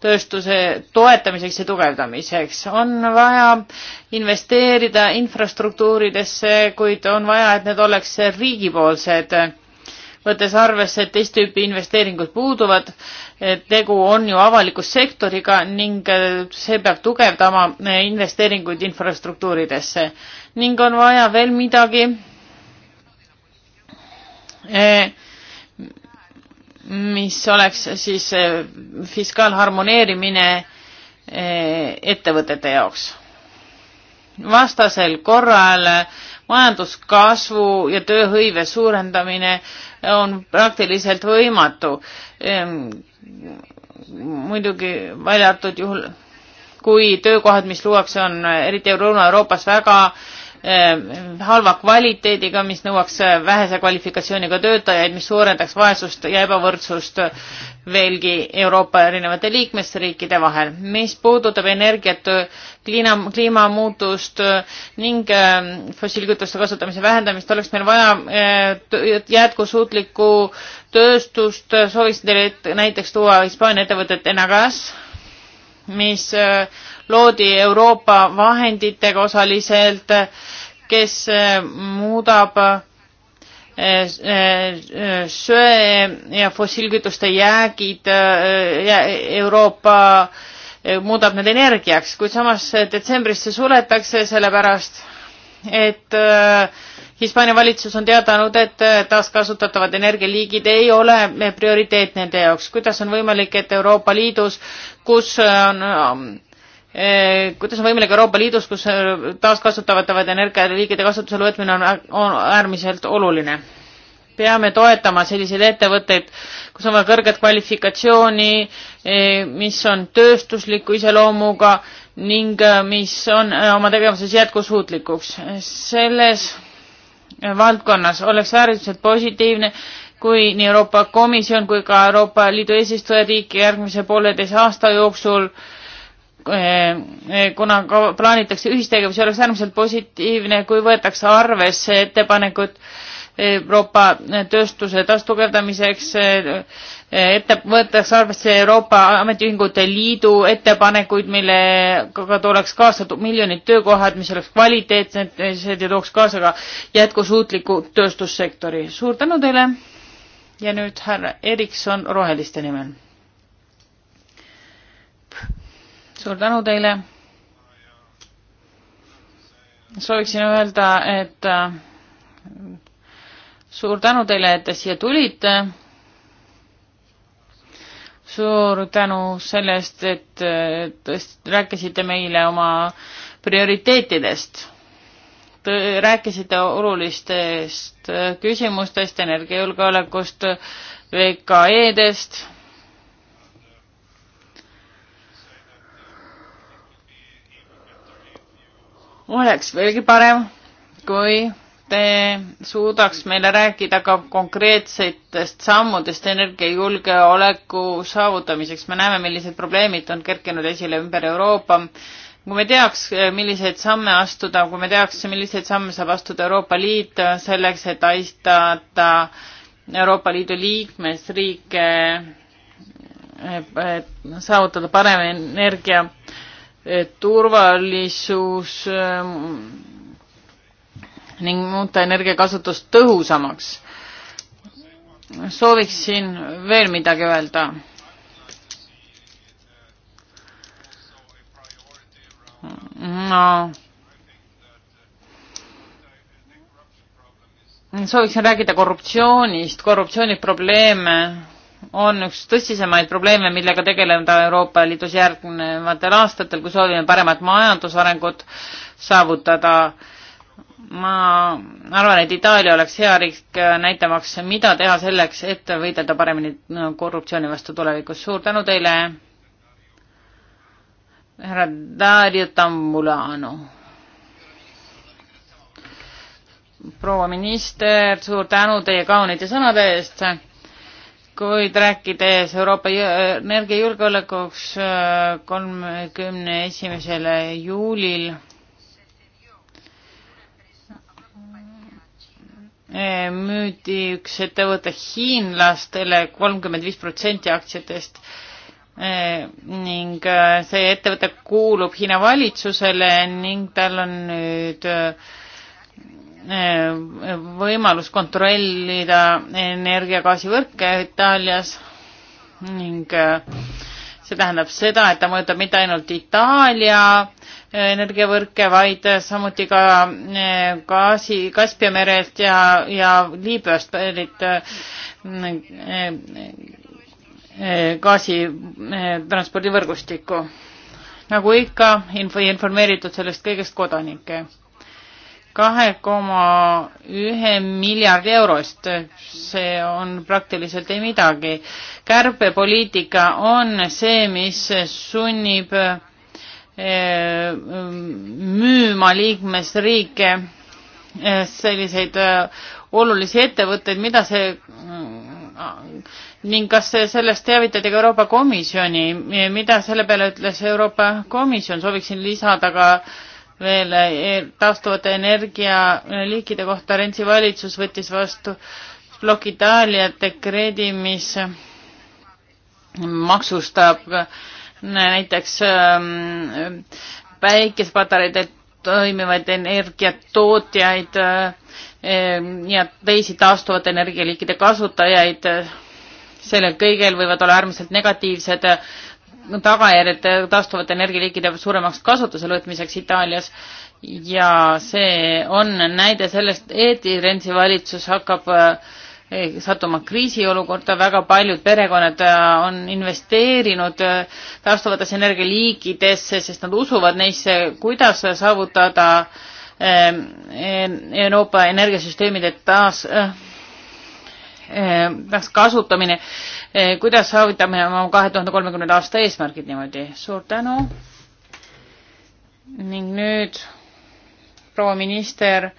tööstuse toetamiseks ja tugevdamiseks. on vaja investeerida infrastruktuuridesse, kuid on vaja, et need oleks riigipoolsed, võttes arvesse, et teist tüüpi investeeringud puuduvad, tegu on ju avaliku sektoriga ning see peab tugevdama investeeringuid infrastruktuuridesse. ning on vaja veel midagi Eh, mis oleks siis eh, fiskaalharmoneerimine eh, ettevõtete jaoks. vastasel korral majanduskasvu ja tööhõive suurendamine on praktiliselt võimatu. Ehm, muidugi välja arvatud juhul, kui töökohad, mis luuakse, on eriti Lõuna-Euroopas väga Äh, halva kvaliteediga, mis nõuaks äh, vähese kvalifikatsiooniga töötajaid, mis suurendaks vaesust ja ebavõrdsust veelgi Euroopa erinevate liikmesriikide vahel. mis puudutab energiat, kliima, kliimamuutust ning äh, fossiilkütuste kasutamise vähendamist, oleks meil vaja jätkusuutlikku tööstust, sooviksin teile näiteks tuua Hispaania ettevõtet Enagas, mis loodi Euroopa vahenditega osaliselt, kes äh, muudab äh, äh, söe ja fossiilkütuste jäägid Euroopa muudab need energiaks, kuid samas detsembris see suletakse, sellepärast et Hispaania valitsus on teadanud, et taaskasutatavad energialiigid ei ole prioriteet nende jaoks. kuidas on võimalik, et Euroopa Liidus, kus on Eh, kuidas on võimalik Euroopa Liidus, kus eh, taaskasutatavad energialiigide kasutusele võtmine on, on äärmiselt oluline. peame toetama selliseid ettevõtteid, kus on vaja kõrget kvalifikatsiooni, eh, mis on tööstusliku iseloomuga ning mis on oma tegevuses jätkusuutlikuks. selles valdkonnas oleks äärmiselt positiivne, kui nii Euroopa Komisjon kui ka Euroopa Liidu eesistujariik järgmise pooleteise aasta jooksul äh, Eh, eh, kuna ka plaanitakse ühistegevusi, oleks äärmiselt positiivne, kui võetakse arvesse ettepanekud eh, Euroopa tööstuse taastugevdamiseks, ette, võetakse arvesse Euroopa Ametiühingute Liidu ettepanekuid, millega tuleks kaasa miljonid töökohad, mis oleks kvaliteetsed, see tooks kaasa ka jätkusuutliku tööstussektori. suur tänu teile ja nüüd härra Erikson Roheliste nimel suur tänu teile. sooviksin öelda, et äh, suur tänu teile, et te siia tulite. suur tänu selle eest, et äh, tõesti rääkisite meile oma prioriteetidest rääkisite olulistest äh, küsimustest, energiajulgeolekust, VKE-dest oleks veelgi parem, kui te suudaks meile rääkida ka konkreetsetest sammudest energiajulgeoleku saavutamiseks. me näeme, millised probleemid on kerkinud esile ümber Euroopa. kui me teaks, milliseid samme astuda, kui me teaks, milliseid samme saab astuda Euroopa Liit selleks, et aidata Euroopa Liidu liikmesriike saavutada parem energia Eh, turvalisus eh, ning muuta energiakasutust tõhusamaks. sooviksin veel midagi öelda no.. sooviksin rääkida korruptsioonist, korruptsiooniprobleeme on üks tõsisemaid probleeme, millega tegeleda Euroopa Liidus järgnevatel aastatel, kui soovime paremat majandusarengut saavutada. ma arvan, et Itaalia oleks hea riik äh, näitamaks, mida teha selleks, et võidelda paremini äh, korruptsiooni vastu tulevikus. suur tänu teile, härra Dario Tambulano. proua minister, suur tänu teie kaunite sõnade eest kuid rääkides Euroopa energiajulgeolekuks äh, kolmekümne esimesel juulil äh, müüdi üks ettevõte hiinlastele kolmkümmend viis protsenti aktsiatest äh, ning see ettevõte kuulub Hiina valitsusele ning tal on nüüd äh, Eh, võimalus kontrollida energiagaasivõrke Itaalias ning eh, see tähendab seda, et ta mõjutab mitte ainult Itaalia eh, energiavõrke, vaid samuti ka gaasi, Kaspia merelt ja, ja Liibüast pärit gaasitranspordivõrgustikku. nagu ikka, info, informeeritud sellest kõigest kodanikke kahe koma ühe miljardi eurost. see on praktiliselt ei midagi. kärpepoliitika on see, mis sunnib eh, müüma liikmesriike eh, selliseid eh, olulisi ettevõtteid, mida see mm, ning kas sellest teavitati ka Euroopa Komisjoni, mida selle peale ütles Euroopa Komisjon, sooviksin lisada ka äh, veel eh, taastuvate energialiikide eh, kohta Rensi valitsus võttis vastu plokk Itaalia dekreedi, mis maksustab eh, näiteks päikesepatareide toimivaid energiatootjaid ja teisi taastuvate energialiikide kasutajaid. sellel kõigel võivad olla äärmiselt negatiivsed tagajärjed taastuvate energialiikide suuremaks kasutusele võtmiseks Itaalias ja see on näide sellest, et Renzi valitsus hakkab eh, sattuma kriisiolukorda, väga paljud perekonnad eh, on investeerinud eh, taastuvatesse energialiikidesse, sest nad usuvad neisse, kuidas saavutada Euroopa energiasüsteemide taas äh, Eh, kasutamine, eh, kuidas saavutame oma kahe tuhande kolmekümnenda aasta eesmärgid niimoodi. suur tänu. ning nüüd proua minister,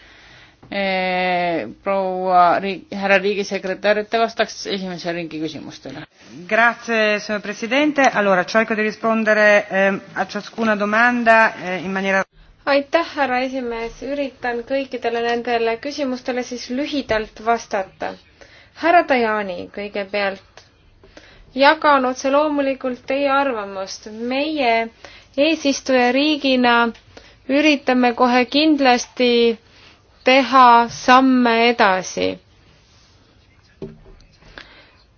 eh, proua riik, härra riigisekretär, te vastaks esimese ringi küsimustele. Grazie, signor presidente, allora cerco di rispondere eh, a ciascuna domanda eh, in maniera aitäh, härra esimees, üritan kõikidele nendele küsimustele siis lühidalt vastata härra Tajani kõigepealt, jagan otse loomulikult teie arvamust. meie eesistujariigina üritame kohe kindlasti teha samme edasi.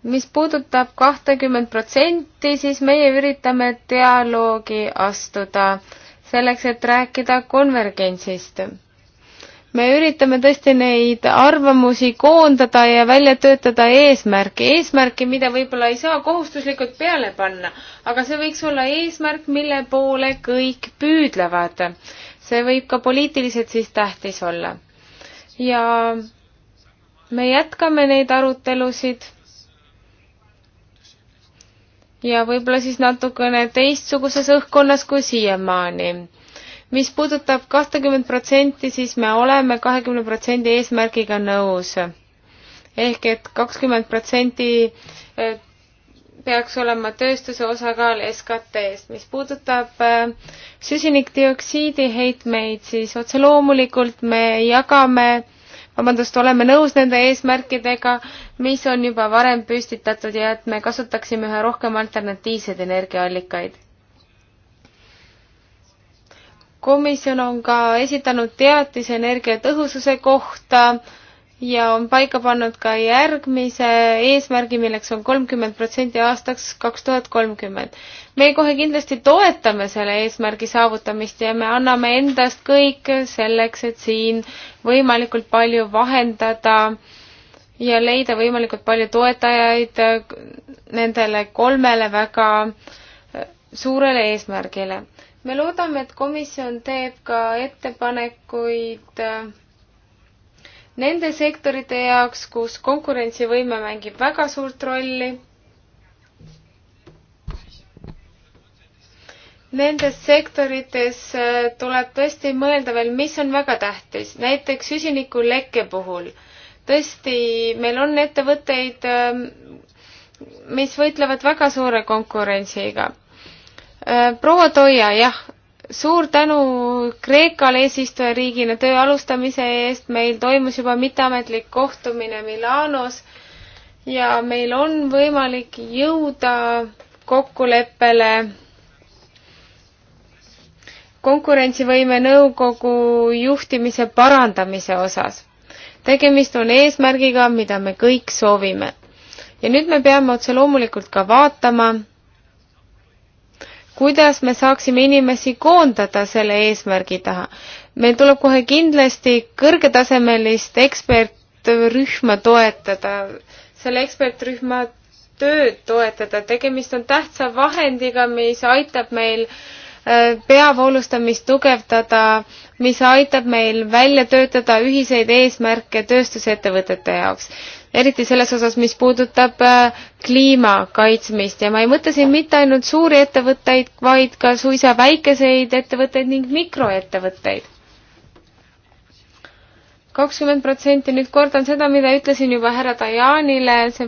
mis puudutab kahtekümmet protsenti, siis meie üritame dialoogi astuda selleks, et rääkida konvergentsist me üritame tõesti neid arvamusi koondada ja välja töötada eesmärki, eesmärki, mida võib-olla ei saa kohustuslikult peale panna, aga see võiks olla eesmärk, mille poole kõik püüdlevad. see võib ka poliitiliselt siis tähtis olla. ja me jätkame neid arutelusid ja võib-olla siis natukene teistsuguses õhkkonnas kui siiamaani mis puudutab kahtekümmet protsenti, siis me oleme kahekümne protsendi eesmärgiga nõus. ehk et kakskümmend protsenti eh, peaks olema tööstuse osakaal SKT-st. mis puudutab eh, süsinikdioksiidi heitmeid, siis otse loomulikult me jagame vabandust, oleme nõus nende eesmärkidega, mis on juba varem püstitatud ja et me kasutaksime üha rohkem alternatiivseid energiaallikaid komisjon on ka esitanud teatise energiatõhususe kohta ja on paika pannud ka järgmise eesmärgi, milleks on kolmkümmend protsenti aastaks kaks tuhat kolmkümmend. me kohe kindlasti toetame selle eesmärgi saavutamist ja me anname endast kõik selleks, et siin võimalikult palju vahendada ja leida võimalikult palju toetajaid nendele kolmele väga suurele eesmärgile me loodame, et komisjon teeb ka ettepanekuid äh, nende sektorite jaoks, kus konkurentsivõime mängib väga suurt rolli. Nendes sektorites äh, tuleb tõesti mõelda veel, mis on väga tähtis, näiteks süsinikulekke puhul. tõesti, meil on ettevõtteid, äh, mis võitlevad väga suure konkurentsiga Äh, proua Toia, jah, suur tänu Kreekale eesistujariigina töö alustamise eest, meil toimus juba mitteametlik kohtumine Milanos ja meil on võimalik jõuda kokkuleppele konkurentsivõime nõukogu juhtimise parandamise osas. tegemist on eesmärgiga, mida me kõik soovime. ja nüüd me peame otse loomulikult ka vaatama, kuidas me saaksime inimesi koondada selle eesmärgi taha. meil tuleb kohe kindlasti kõrgetasemelist ekspertrühma toetada, selle ekspertrühma tööd toetada, tegemist on tähtsa vahendiga, mis aitab meil äh, peavoolustamist tugevdada, mis aitab meil välja töötada ühiseid eesmärke tööstusettevõtete jaoks eriti selles osas, mis puudutab äh, kliima kaitsmist ja ma ei mõtle siin mitte ainult suuri ettevõtteid, vaid ka suisa väikeseid ettevõtteid ning mikroettevõtteid. kakskümmend protsenti, nüüd kordan seda, mida ütlesin juba härra Dajanile, see,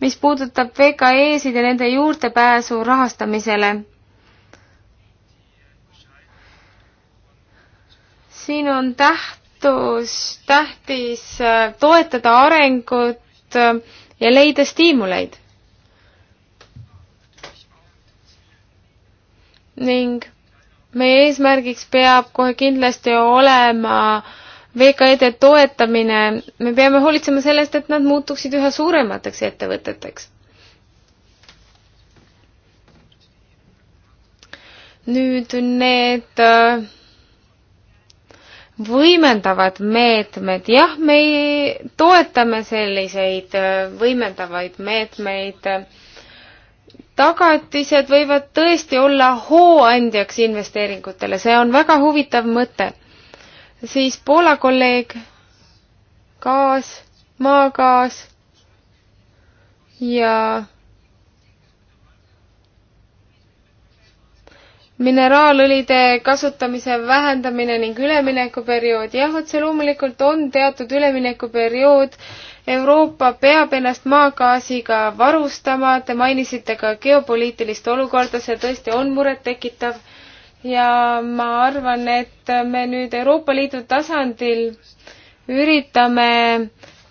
mis puudutab VKE-sid ja nende juurdepääsu rahastamisele siin on täht vastus tähtis äh, toetada arengut äh, ja leida stiimuleid. ning meie eesmärgiks peab kohe kindlasti olema VKE-de toetamine, me peame hoolitsema sellest, et nad muutuksid üha suuremateks ettevõteteks. nüüd need äh, võimendavad meetmed, jah, me toetame selliseid äh, võimendavaid meetmeid. tagatised võivad tõesti olla hooandjaks investeeringutele, see on väga huvitav mõte. siis Poola kolleeg, gaas, maagaas ja mineraalõlide kasutamise vähendamine ning üleminekuperiood. jah, otse loomulikult on teatud üleminekuperiood. Euroopa peab ennast maagaasiga varustama, te mainisite ka geopoliitilist olukorda, see tõesti on murettekitav. ja ma arvan, et me nüüd Euroopa Liidu tasandil üritame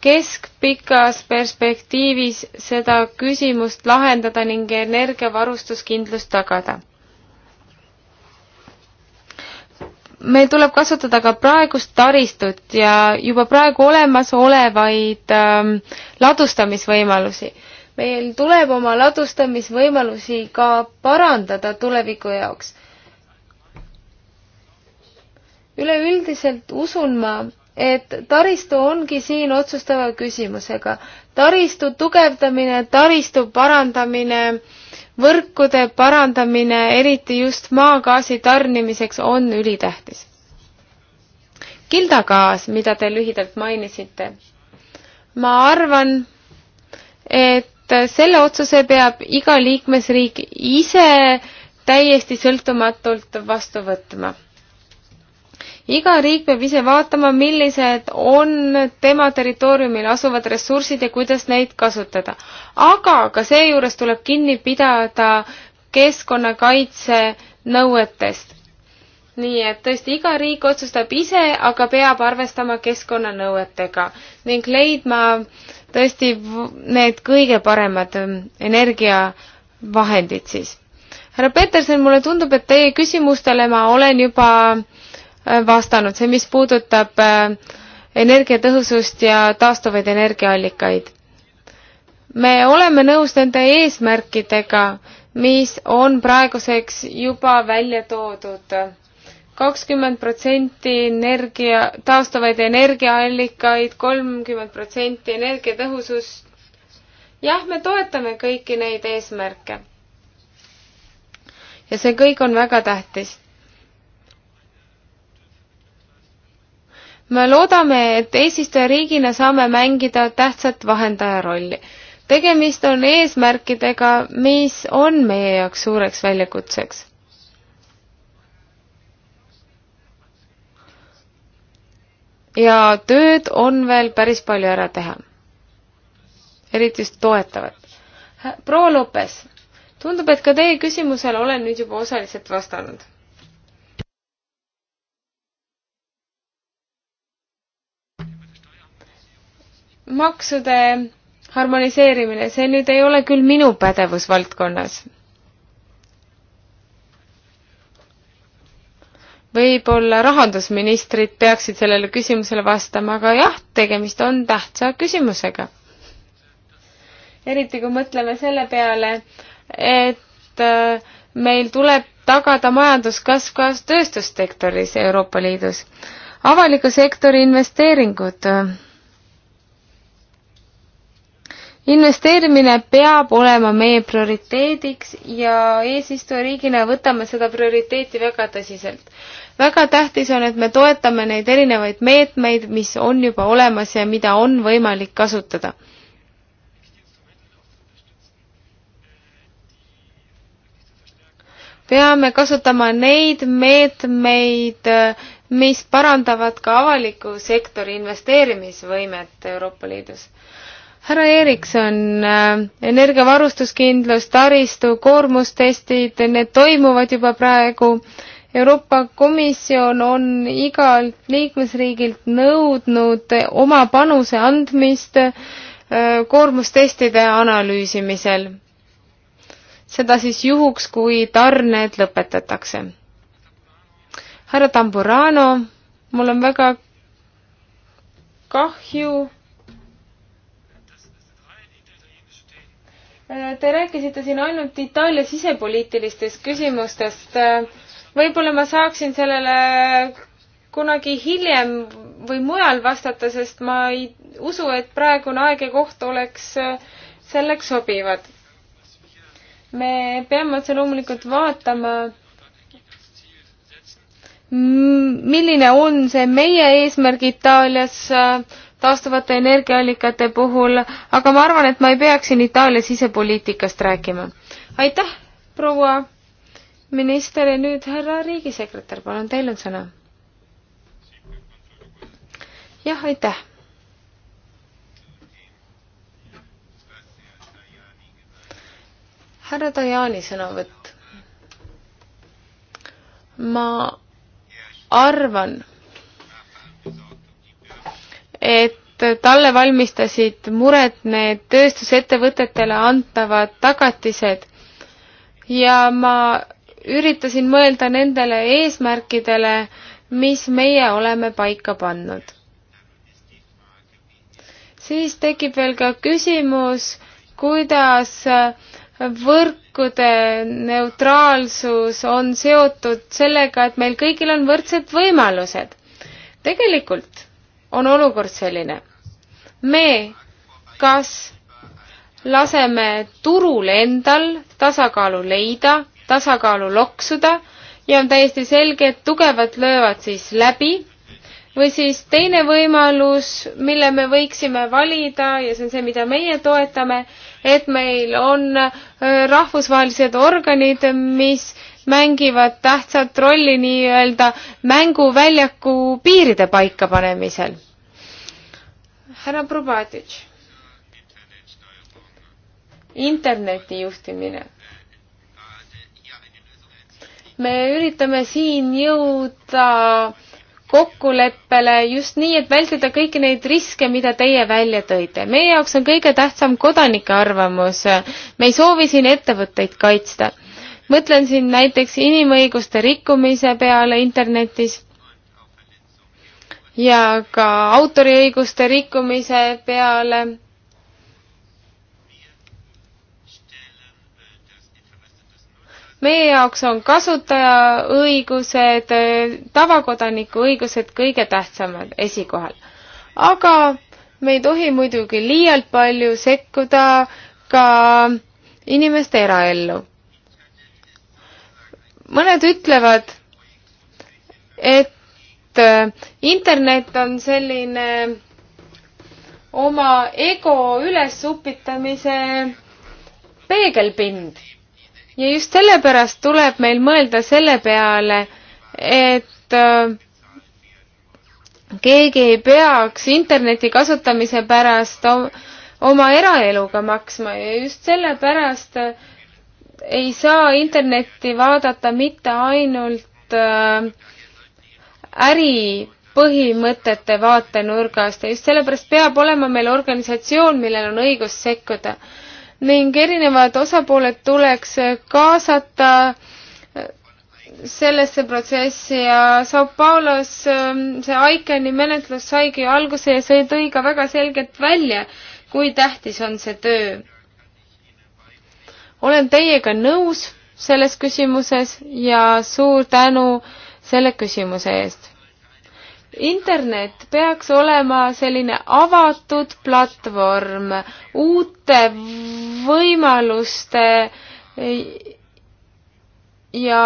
keskpikas perspektiivis seda küsimust lahendada ning energiavarustuskindlust tagada meil tuleb kasutada ka praegust taristut ja juba praegu olemasolevaid ähm, ladustamisvõimalusi. meil tuleb oma ladustamisvõimalusi ka parandada tuleviku jaoks. üleüldiselt usun ma, et taristu ongi siin otsustava küsimusega. taristu tugevdamine, taristu parandamine äh, võrkude parandamine, eriti just maagaasi tarnimiseks, on ülitähtis. kildagaas, mida te lühidalt mainisite, ma arvan, et selle otsuse peab iga liikmesriik ise täiesti sõltumatult vastu võtma iga riik peab ise vaatama, millised on tema territooriumil asuvad ressursid ja kuidas neid kasutada. aga ka seejuures tuleb kinni pidada keskkonnakaitse nõuetest. nii et tõesti, iga riik otsustab ise, aga peab arvestama keskkonnanõuetega ning leidma tõesti need kõige paremad ähm, energiavahendid siis härra Peterson, mulle tundub, et teie küsimustele ma olen juba Äh, vastanud, see, mis puudutab äh, energiatõhusust ja taastuvaid energiaallikaid. me oleme nõus nende eesmärkidega, mis on praeguseks juba välja toodud. kakskümmend protsenti energia, taastuvaid energiaallikaid, kolmkümmend protsenti energiatõhusust. jah, me toetame kõiki neid eesmärke. ja see kõik on väga tähtis me loodame, et eesistujariigina saame mängida tähtsat vahendaja rolli. tegemist on eesmärkidega, mis on meie jaoks suureks väljakutseks. ja tööd on veel päris palju ära teha. eriti just toetavat. proua Lopes, tundub, et ka teie küsimusele olen nüüd juba osaliselt vastanud maksude harmoniseerimine, see nüüd ei ole küll minu pädevusvaldkonnas. võib-olla rahandusministrid peaksid sellele küsimusele vastama, aga jah, tegemist on tähtsa küsimusega. eriti kui mõtleme selle peale, et äh, meil tuleb tagada majanduskasv ka tööstussektoris Euroopa Liidus. avaliku sektori investeeringud investeerimine peab olema meie prioriteediks ja eesistujariigina võtame seda prioriteeti väga tõsiselt. väga tähtis on, et me toetame neid erinevaid meetmeid, mis on juba olemas ja mida on võimalik kasutada. peame kasutama neid meetmeid, mis parandavad ka avaliku sektori investeerimisvõimet Euroopa Liidus härra Erikson, äh, energiavarustuskindlus, taristu, koormustestid, need toimuvad juba praegu. Euroopa Komisjon on igalt liikmesriigilt nõudnud oma panuse andmist äh, koormustestide analüüsimisel. seda siis juhuks, kui tarned lõpetatakse. härra Tamburano, mul on väga kahju Äh, te rääkisite siin ainult Itaalia sisepoliitilistest küsimustest. Äh, võib-olla ma saaksin sellele kunagi hiljem või mujal vastata, sest ma ei usu, et praegune aeg ja koht oleks äh, selleks sobivad. me peame otse loomulikult vaatama, milline on see meie eesmärk Itaalias, taastuvate energiaallikate puhul, aga ma arvan, et ma ei peaks siin Itaalia sisepoliitikast rääkima. aitäh, proua minister ja nüüd härra riigisekretär, palun, teil on sõna. jah, aitäh. härra Dajani sõnavõtt. ma arvan et talle valmistasid muret need tööstusettevõtetele antavad tagatised ja ma üritasin mõelda nendele eesmärkidele, mis meie oleme paika pannud. siis tekib veel ka küsimus, kuidas võrkude neutraalsus on seotud sellega, et meil kõigil on võrdsed võimalused. tegelikult on olukord selline. me kas laseme turul endal tasakaalu leida, tasakaalu loksuda ja on täiesti selge, et tugevad löövad siis läbi või siis teine võimalus, mille me võiksime valida ja see on see, mida meie toetame, et meil on äh, rahvusvahelised organid, mis mängivad tähtsat rolli nii-öelda mänguväljaku piiride paikapanemisel. härra Probatitš. interneti juhtimine. me üritame siin jõuda kokkuleppele just nii, et vältida kõiki neid riske, mida teie välja tõite. meie jaoks on kõige tähtsam kodanike arvamus. me ei soovi siin ettevõtteid kaitsta mõtlen siin näiteks inimõiguste rikkumise peale internetis ja ka autoriõiguste rikkumise peale. meie jaoks on kasutajaõigused, tavakodaniku õigused kõige tähtsamad esikohal. aga me ei tohi muidugi liialt palju sekkuda ka inimeste eraellu mõned ütlevad, et äh, internet on selline oma ego ülesupitamise peegelpind. ja just sellepärast tuleb meil mõelda selle peale, et äh, keegi ei peaks interneti kasutamise pärast oma eraeluga maksma ja just sellepärast äh, ei saa internetti vaadata mitte ainult äh, äripõhimõtete vaatenurgast ja just sellepärast peab olema meil organisatsioon, millel on õigus sekkuda. ning erinevad osapooled tuleks kaasata äh, sellesse protsessi ja Sao Paulos ähm, see ICAN-i menetlus saigi alguse ja see tõi ka väga selgelt välja, kui tähtis on see töö olen teiega nõus selles küsimuses ja suur tänu selle küsimuse eest. internet peaks olema selline avatud platvorm uute võimaluste ja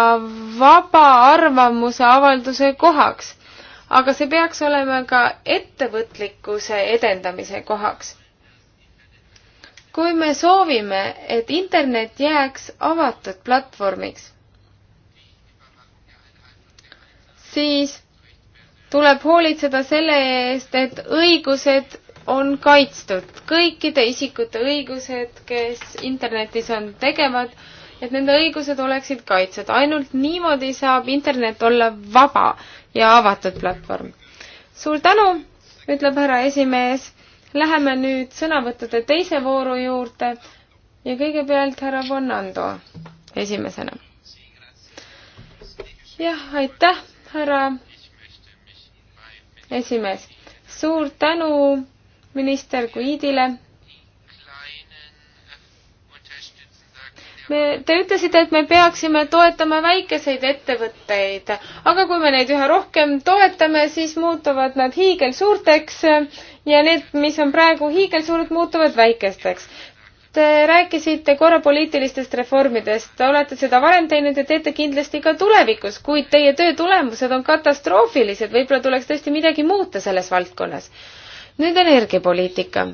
vaba arvamuse avalduse kohaks, aga see peaks olema ka ettevõtlikkuse edendamise kohaks kui me soovime, et internet jääks avatud platvormiks, siis tuleb hoolitseda selle eest, et õigused on kaitstud, kõikide isikute õigused, kes internetis on tegevad, et nende õigused oleksid kaitstud. ainult niimoodi saab internet olla vaba ja avatud platvorm. suur tänu, ütleb härra esimees Läheme nüüd sõnavõttude teise vooru juurde ja kõigepealt härra Fernando esimesena. jah, aitäh, härra esimees. suur tänu minister Guidile me, te ütlesite, et me peaksime toetama väikeseid ettevõtteid, aga kui me neid üha rohkem toetame, siis muutuvad nad hiigelsuurteks ja need, mis on praegu hiigelsuured, muutuvad väikesteks. Te rääkisite korra poliitilistest reformidest, te olete seda varem teinud ja teete kindlasti ka tulevikus, kuid teie töö tulemused on katastroofilised, võib-olla tuleks tõesti midagi muuta selles valdkonnas. nüüd energiapoliitika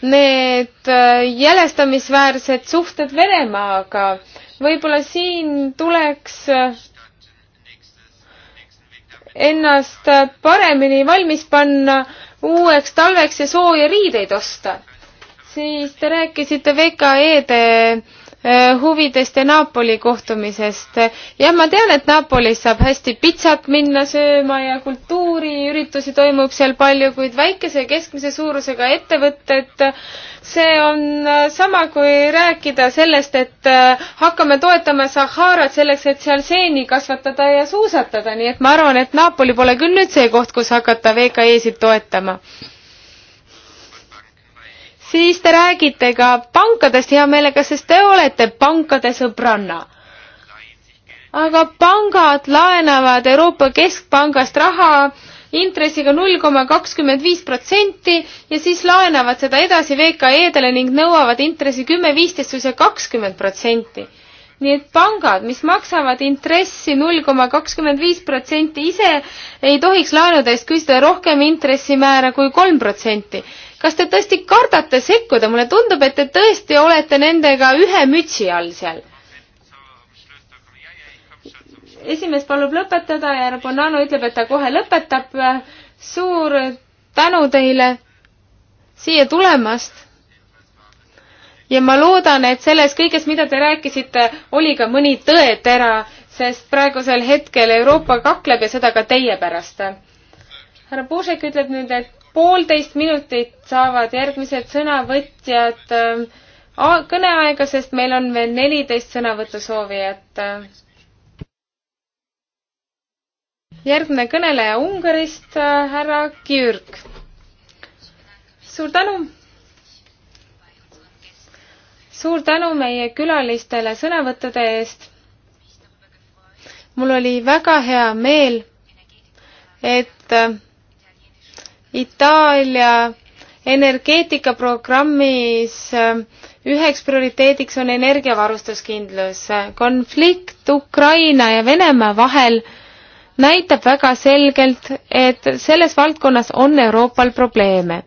need äh, jälestamisväärsed suhted Venemaaga. võib-olla siin tuleks äh, ennast äh, paremini valmis panna uueks talveks ja sooja riideid osta. siis te rääkisite VKE-de Eh, huvidest ja Napoli kohtumisest. jah, ma tean, et Napolis saab hästi pitsat minna sööma ja kultuuriüritusi toimub seal palju, kuid väikese ja keskmise suurusega ettevõtted, see on eh, sama kui rääkida sellest, et eh, hakkame toetama Saharat selleks, et seal seeni kasvatada ja suusatada, nii et ma arvan, et Napoli pole küll nüüd see koht, kus hakata VKE-sid toetama siis te räägite ka pankadest hea meelega, sest te olete pankade sõbranna. aga pangad laenavad Euroopa Keskpangast raha intressiga null koma kakskümmend viis protsenti ja siis laenavad seda edasi VKE-dele ning nõuavad intressi kümme, viisteist või see kakskümmend protsenti. nii et pangad, mis maksavad intressi null koma kakskümmend viis protsenti ise, ei tohiks laenude eest küsida rohkem intressimäära kui kolm protsenti kas te tõesti kardate sekkuda, mulle tundub, et te tõesti olete nendega ühe mütsi all seal. esimees palub lõpetada ja Bonanno ütleb, et ta kohe lõpetab. suur tänu teile siia tulemast. ja ma loodan, et selles kõiges, mida te rääkisite, oli ka mõni tõetera, sest praegusel hetkel Euroopa kakleb ja seda ka teie pärast. härra Puusek ütleb nüüd, et poolteist minutit saavad järgmised sõnavõtjad ähm, kõneaega, sest meil on veel neliteist sõnavõtusoovijat. järgmine kõneleja Ungarist, äh, härra Kürg. suur tänu. suur tänu meie külalistele sõnavõttude eest. mul oli väga hea meel, et äh, Itaalia energeetikaprogrammis äh, üheks prioriteediks on energiavarustuskindlus. konflikt Ukraina ja Venemaa vahel näitab väga selgelt, et selles valdkonnas on Euroopal probleeme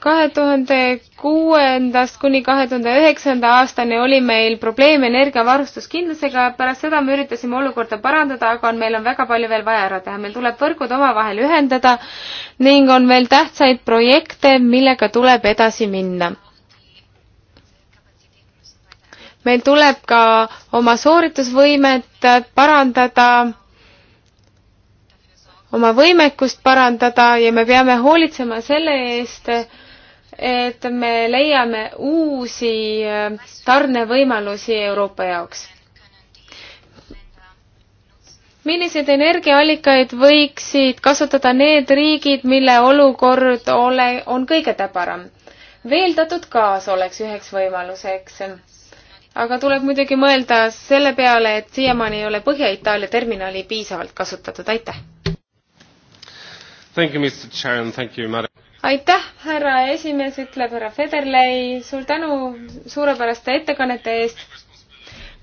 kahe tuhande kuuendast kuni kahe tuhande üheksanda aastani oli meil probleem energiavarustuskindlusega, pärast seda me üritasime olukorda parandada, aga on, meil on väga palju veel vaja ära teha, meil tuleb võrgud omavahel ühendada ning on veel tähtsaid projekte, millega tuleb edasi minna. meil tuleb ka oma sooritusvõimet parandada oma võimekust parandada ja me peame hoolitsema selle eest, et me leiame uusi äh, tarnevõimalusi Euroopa jaoks. milliseid energiaallikaid võiksid kasutada need riigid, mille olukord ole, on kõige täbaram? veeldatud gaas oleks üheks võimaluseks. aga tuleb muidugi mõelda selle peale, et siiamaani ei ole Põhja-Itaalia terminali piisavalt kasutatud, aitäh! Thank you, Mr Chair and thank you, madam aitäh, härra esimees, ütleb härra Federley, suur tänu suurepäraste ettekannete eest.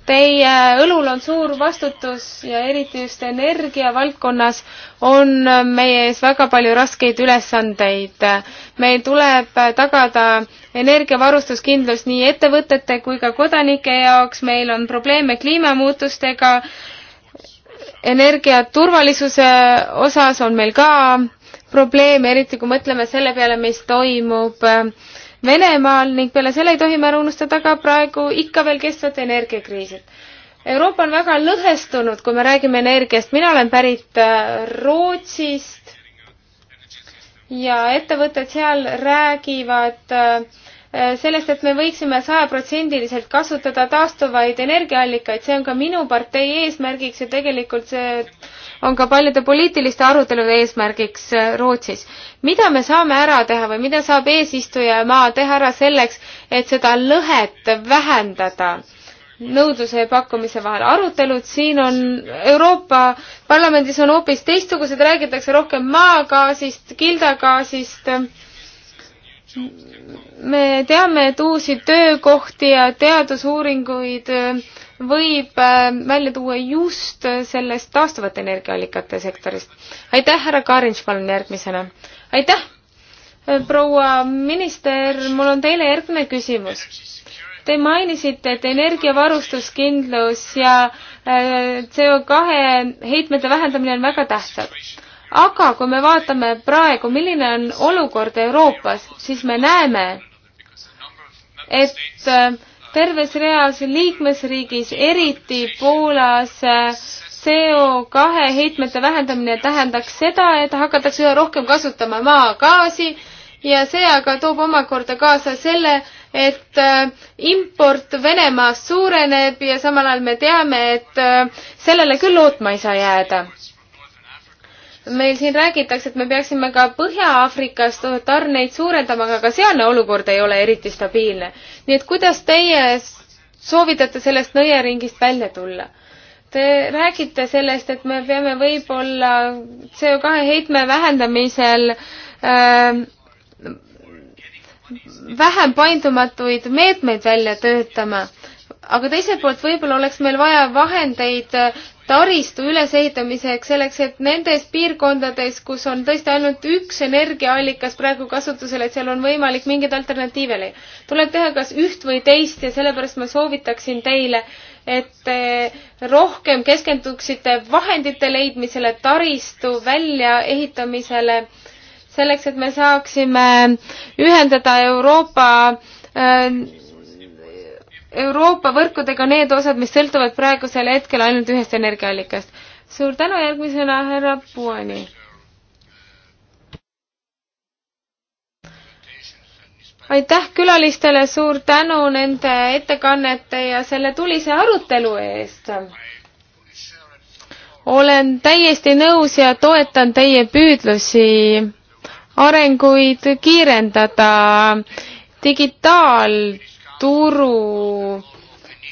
Teie õlul on suur vastutus ja eriti just energia valdkonnas on meie ees väga palju raskeid ülesandeid. meil tuleb tagada energiavarustuskindlus nii ettevõtete kui ka kodanike jaoks, meil on probleeme kliimamuutustega, energiaturvalisuse osas on meil ka probleeme, eriti kui mõtleme selle peale, mis toimub äh, Venemaal ning peale selle ei tohi me ära unustada ka praegu ikka veel kestvat energiakriisit. Euroopa on väga lõhestunud, kui me räägime energiast. mina olen pärit äh, Rootsist ja ettevõtted seal räägivad äh, Äh, sellest, et me võiksime sajaprotsendiliselt kasutada taastuvaid energiaallikaid, see on ka minu partei eesmärgiks ja tegelikult see on ka paljude poliitiliste arutelude eesmärgiks äh, Rootsis. mida me saame ära teha või mida saab eesistujamaa teha ära selleks, et seda lõhet vähendada? nõudluse ja pakkumise vahel. arutelud siin on, Euroopa Parlamendis on hoopis teistsugused, räägitakse rohkem maagaasist, kildagaasist äh,, me teame, et uusi töökohti ja teadusuuringuid äh, võib äh, välja tuua just sellest taastuvate energiaallikate sektorist. aitäh, härra Karinš, palun järgmisena. aitäh, äh, proua minister, mul on teile järgmine küsimus. Te mainisite, et energiavarustuskindlus ja CO2 heitmete vähendamine on väga tähtsad aga kui me vaatame praegu, milline on olukord Euroopas, siis me näeme, et äh, terves reas liikmesriigis, eriti Poolas, äh, CO2 heitmete vähendamine tähendaks seda, et hakatakse üha rohkem kasutama maagaasi ja see aga toob omakorda kaasa selle, et äh, import Venemaast suureneb ja samal ajal me teame, et sellele küll lootma ei saa jääda meil siin räägitakse, et me peaksime ka Põhja-Aafrikast tarneid suurendama, aga ka sealne olukord ei ole eriti stabiilne. nii et kuidas teie soovitate sellest nõiaringist välja tulla? Te räägite sellest, et me peame võib-olla CO2 heitme vähendamisel äh, vähem paindumatuid meetmeid välja töötama aga teiselt poolt võib-olla oleks meil vaja vahendeid äh, taristu ülesehitamiseks, selleks et nendes piirkondades, kus on tõesti ainult üks energiaallikas praegu kasutusel, et seal on võimalik mingeid alternatiive leida. tuleb teha kas üht või teist ja sellepärast ma soovitaksin teile, et te rohkem keskenduksite vahendite leidmisele, taristu väljaehitamisele, selleks et me saaksime ühendada Euroopa äh, Euroopa võrkudega need osad, mis sõltuvad praegusel hetkel ainult ühest energiaallikast. suur tänu, järgmisena härra Puani. aitäh külalistele, suur tänu nende ettekannete ja selle tulise arutelu eest olen täiesti nõus ja toetan teie püüdlusi arenguid kiirendada digitaal- turu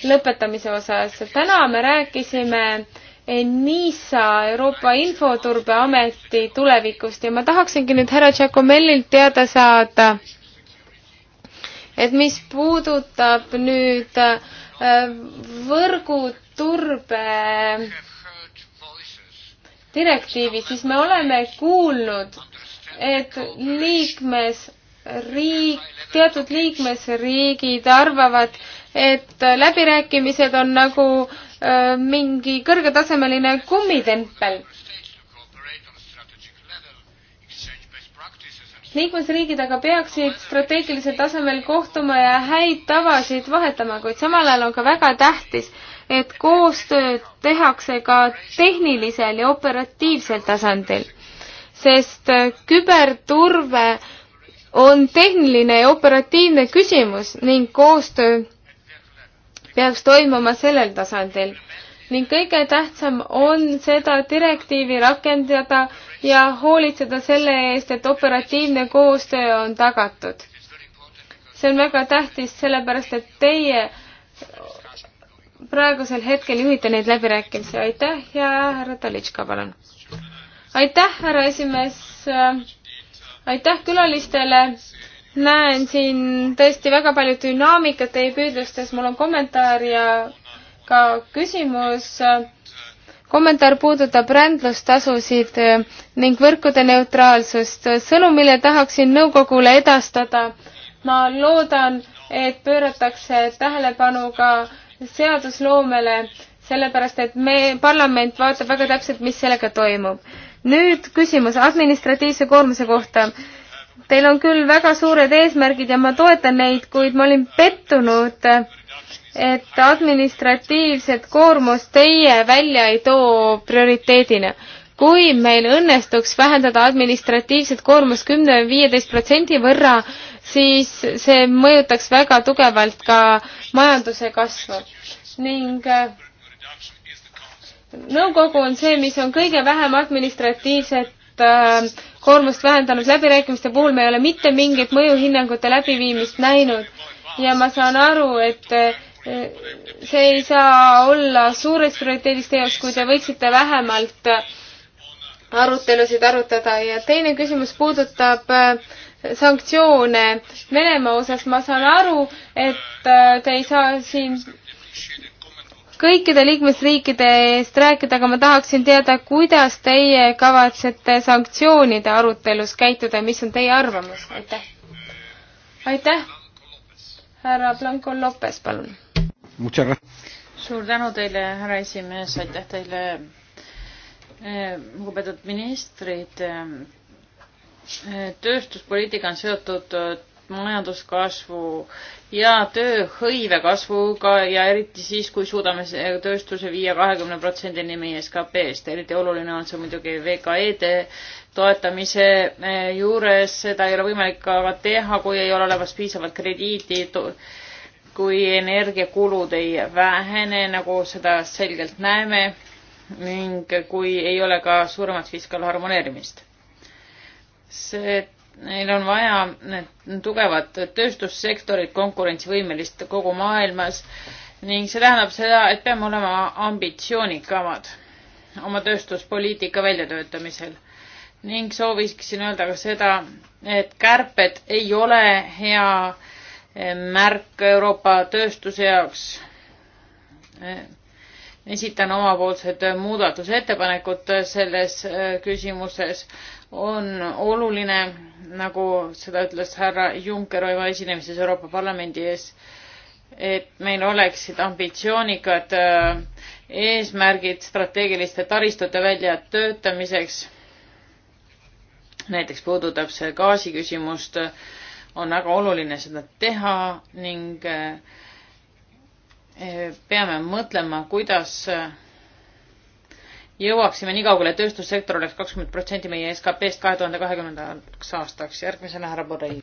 lõpetamise osas. täna me rääkisime NISA Euroopa Infoturbeameti tulevikust ja ma tahaksingi nüüd härra Giacomellilt teada saada, et mis puudutab nüüd äh, võrguturbe direktiivi, siis me oleme kuulnud, et liikmes riik, teatud liikmesriigid arvavad, et läbirääkimised on nagu äh, mingi kõrgetasemeline kummitempel. liikmesriigid aga peaksid strateegilisel tasemel kohtuma ja häid tavasid vahetama, kuid samal ajal on ka väga tähtis, et koostööd tehakse ka tehnilisel ja operatiivsel tasandil, sest äh, küberturve äh, on tehniline ja operatiivne küsimus ning koostöö peaks toimuma sellel tasandil. ning kõige tähtsam on seda direktiivi rakendada ja hoolitseda selle eest, et operatiivne koostöö on tagatud. see on väga tähtis, sellepärast et teie praegusel hetkel juhite neid läbirääkimisi. aitäh ja härra Talitška, palun. aitäh, härra esimees aitäh külalistele. näen siin tõesti väga palju dünaamikat teie püüdlustes. mul on kommentaar ja ka küsimus. kommentaar puudutab rändlustasusid ning võrkude neutraalsust. sõnum, mille tahaksin nõukogule edastada. ma loodan, et pööratakse tähelepanu ka seadusloomele, sellepärast et me, parlament vaatab väga täpselt, mis sellega toimub nüüd küsimus administratiivse koormuse kohta. Teil on küll väga suured eesmärgid ja ma toetan neid, kuid ma olin pettunud, et administratiivset koormust teie välja ei too prioriteedina kui meil õnnestuks vähendada administratiivset koormust kümne või viieteist protsendi võrra, siis see mõjutaks väga tugevalt ka majanduse kasvu ning nõukogu on see, mis on kõige vähem administratiivset äh, koormust vähendanud, läbirääkimiste puhul me ei ole mitte mingit mõjuhinnangute läbiviimist näinud ja ma saan aru, et äh, see ei saa olla suureks prioriteediks teie jaoks, kui te võiksite vähemalt arutelusid arutada ja teine küsimus puudutab äh, sanktsioone Venemaa osas. ma saan aru, et äh, te ei saa siin kõikide liikmesriikide eest rääkida, aga ma tahaksin teada, kuidas teie kavatsete sanktsioonide arutelus käituda ja mis on teie arvamus, aitäh. aitäh, härra Blanco Lopez, palun. suur tänu teile, härra esimees, aitäh teile, eh, lugupeetud ministrid. Eh, eh, tööstuspoliitika on seotud majanduskasvu ja tööhõive kasvuga ja eriti siis, kui suudame tööstuse viia kahekümne protsendini meie SKP-st. eriti oluline on see muidugi VKE-de toetamise eh, juures, seda ei ole võimalik aga teha, kui ei ole olemas piisavalt krediiti, kui energiakulud ei vähene, nagu seda selgelt näeme ning kui ei ole ka suuremat fiskaalharmoneerimist. see meil on vaja tugevat tööstussektorit, konkurentsivõimelist kogu maailmas ning see tähendab seda, et peame olema ambitsioonikamad oma tööstuspoliitika väljatöötamisel. ning sooviksin öelda ka seda, et kärped ei ole hea eh, märk Euroopa tööstuse jaoks. Eh, esitan omapoolsed muudatusettepanekud selles eh, küsimuses. on oluline nagu seda ütles härra Juncker oma esinemises Euroopa Parlamendi ees, et meil oleksid ambitsioonikad äh, eesmärgid strateegiliste taristute väljatöötamiseks. näiteks puudutab see gaasiküsimust, on väga oluline seda teha ning äh, äh, peame mõtlema, kuidas jõuaksime nii kaugele, et tööstussektor oleks kakskümmend protsenti meie SKP-st kahe tuhande kahekümnendaks aastaks. järgmisena härra Borrell.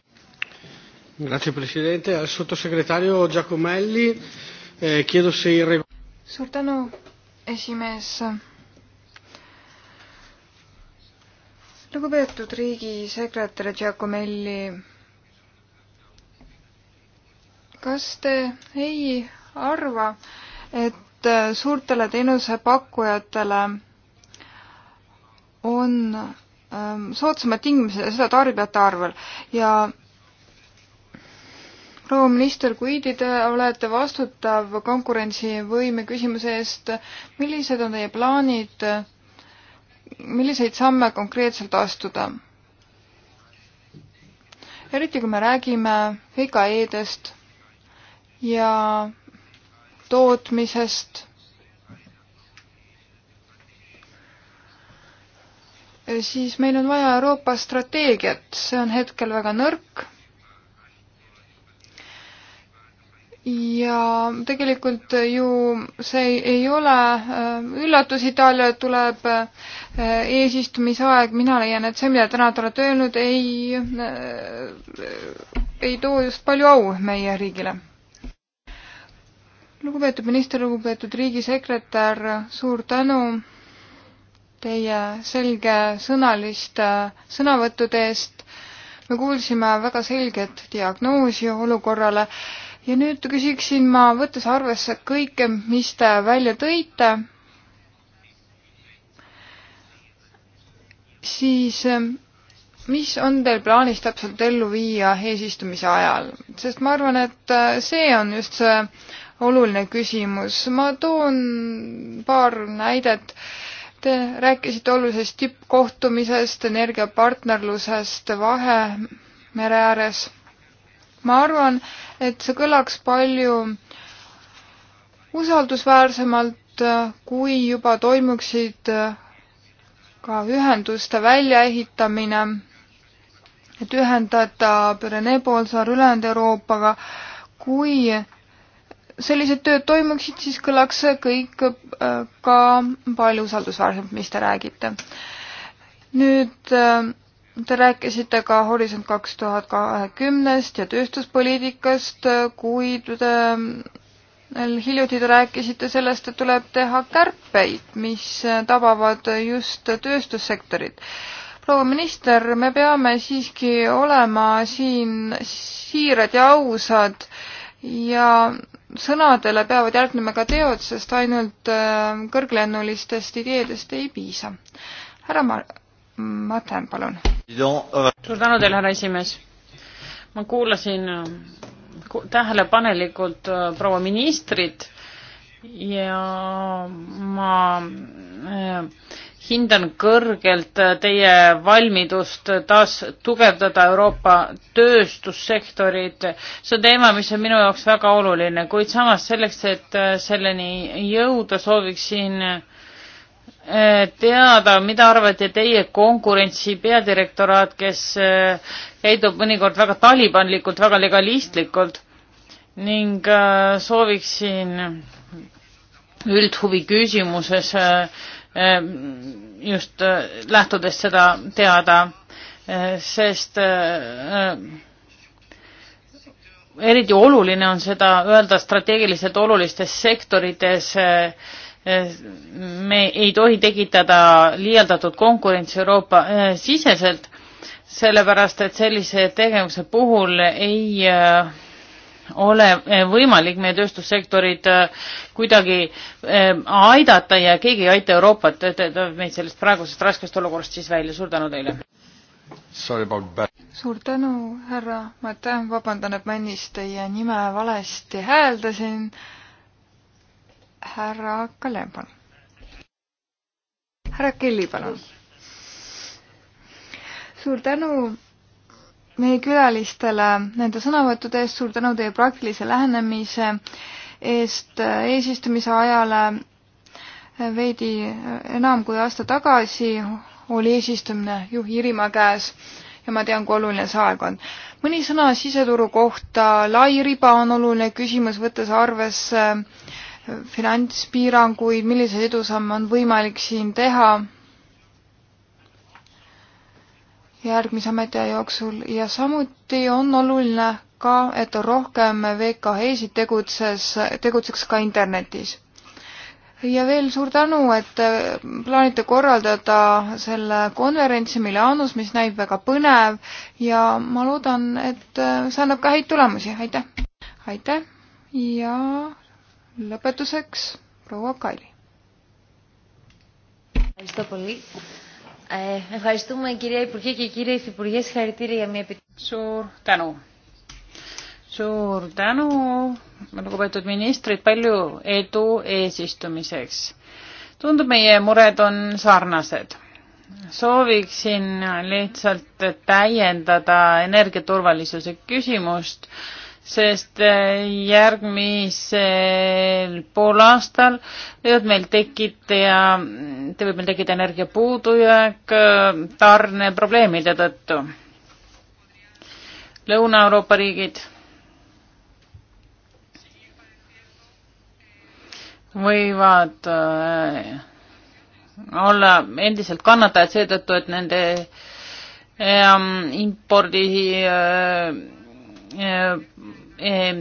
Grazie Presidente, al sottosegretario Giacomelli eh, chiedo se il suur tänu, esimees. lugupeetud riigisekretär Giacomelli, kas te ei arva, et et äh, suurtele teenusepakkujatele on ähm, soodsamad tingimused ja seda tarbijate arvel ja proua minister, kuigi te olete vastutav konkurentsivõime küsimuse eest, millised on teie plaanid, milliseid samme konkreetselt astuda? eriti kui me räägime VKE-dest ja tootmisest. siis meil on vaja Euroopa strateegiat, see on hetkel väga nõrk. ja tegelikult ju see ei ole äh, üllatus, Itaaliale tuleb äh, eesistumisaeg, mina leian, et see, mida täna te olete öelnud, ei, äh, ei too just palju au meie riigile lugupeetud minister, lugupeetud riigisekretär, suur tänu teie selgesõnaliste sõnavõttude eest. me kuulsime väga selget diagnoosi olukorrale ja nüüd küsiksin ma, võttes arvesse kõike, mis te välja tõite, siis mis on teil plaanis täpselt ellu viia eesistumise ajal, sest ma arvan, et see on just see oluline küsimus. ma toon paar näidet. Te rääkisite olulisest tippkohtumisest, energiapartnerlusest Vahemere ääres. ma arvan, et see kõlaks palju usaldusväärsemalt, kui juba toimuksid ka ühenduste väljaehitamine, et ühendada Pürenee poolsaar ülejäänud Euroopaga, kui sellised tööd toimuksid, siis kõlaks kõik äh, ka palju usaldusväärsemalt, mis te räägite. nüüd äh, te rääkisite ka Horisont kaks tuhat kahekümnest ja tööstuspoliitikast, äh, kuid hiljuti te rääkisite sellest, et tuleb teha kärpeid, mis tabavad just tööstussektorit. proua minister, me peame siiski olema siin siirad ja ausad äh, ja sõnadele peavad järgnema ka teod, sest ainult äh, kõrglennulistest ideedest ei piisa. härra Ma-, Maten, palun. suur tänu teile, härra esimees. ma kuulasin äh, tähelepanelikult äh, proua ministrit ja ma hindan kõrgelt teie valmidust taas tugevdada Euroopa tööstussektorit. see on teema, mis on minu jaoks väga oluline, kuid samas selleks, et selleni jõuda, sooviksin eh, teada, mida arvate teie konkurentsi peadirektoraat, kes eh, käitub mõnikord väga talibanlikult, väga legalistlikult ning eh, sooviksin üldhuvi küsimuses äh, Ehm, just eh, lähtudes seda teada, eh, sest eh, eriti oluline on seda öelda strateegiliselt olulistes sektorites. me ei tohi tekitada liialdatud konkurentsi Euroopa siseselt, sellepärast et sellise tegevuse puhul ei ole eh, võimalik meie tööstussektorid eh, kuidagi eh, aidata ja keegi ei aita Euroopat, et meid sellest praegusest raskest olukorrast siis välja. suur tänu teile! suur tänu, härra Matin, vabandan, et ma ennist teie nime valesti hääldasin. härra Kalem, palun. härra Kelly, palun. suur tänu meie külalistele nende sõnavõttude eest, suur tänu teie praktilise lähenemise eest eesistumise ajale. veidi enam kui aasta tagasi oli eesistumine ju Iirimaa käes ja ma tean, kui oluline see aeg on. mõni sõna siseturu kohta, lai riba on oluline küsimus, võttes arvesse finantspiiranguid, milliseid edusamme on võimalik siin teha järgmise ametiaja jooksul ja samuti on oluline ka, et rohkem VKH-sid tegutses, tegutseks ka internetis. ja veel suur tänu, et plaanite korraldada selle konverentsi Milanos, mis näib väga põnev ja ma loodan, et see annab ka häid tulemusi, aitäh! aitäh ja lõpetuseks proua Kaili. Ευχαριστούμε κυρία Υπουργέ και κύριε Υφυπουργέ. Συγχαρητήρια για μια επιτυχία. Suur tänu. suur tänu, lugupeetud ministrid, palju edu eesistumiseks. tundub, meie mured on sarnased. sooviksin lihtsalt täiendada energiaturvalisuse küsimust sest eh, järgmisel poolaastal võivad meil tekkida, te võib meil tekkida energia puudujääk eh, tarneprobleemide tõttu. Lõuna-Euroopa riigid võivad eh, olla endiselt kannatajad seetõttu, et nende impordi Äh, äh,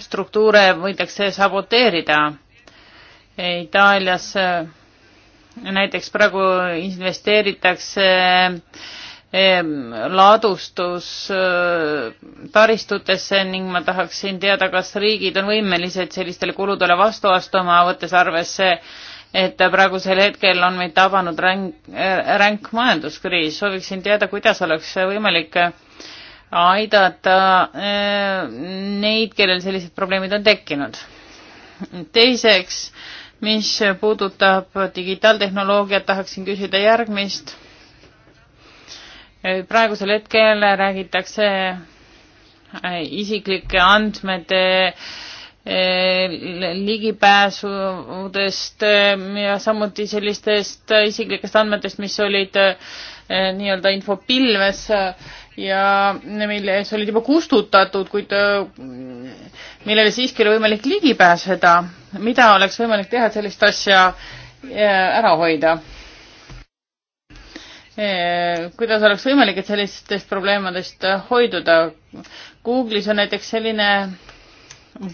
struktuure võidakse saboteerida. Itaalias äh, näiteks praegu investeeritakse ladustustaristutesse ning ma tahaksin teada, kas riigid on võimelised sellistele kuludele vastu astuma, võttes arvesse, et praegusel hetkel on meid tabanud ränk, ränk majanduskriis. sooviksin teada, kuidas oleks võimalik aidata äh, neid, kellel sellised probleemid on tekkinud. teiseks, mis puudutab digitaaltehnoloogiat, tahaksin küsida järgmist. Äh, praegusel hetkel räägitakse äh, isiklike andmete ligipääsudest ja samuti sellistest isiklikest andmetest, mis olid äh, Eh, nii-öelda infopilves eh, ja mille ees olid juba kustutatud, kuid eh, millele siiski oli võimalik ligi pääseda. mida oleks võimalik teha, et sellist asja ära hoida? kuidas oleks võimalik, et sellistest probleemadest hoiduda? Google'is on näiteks selline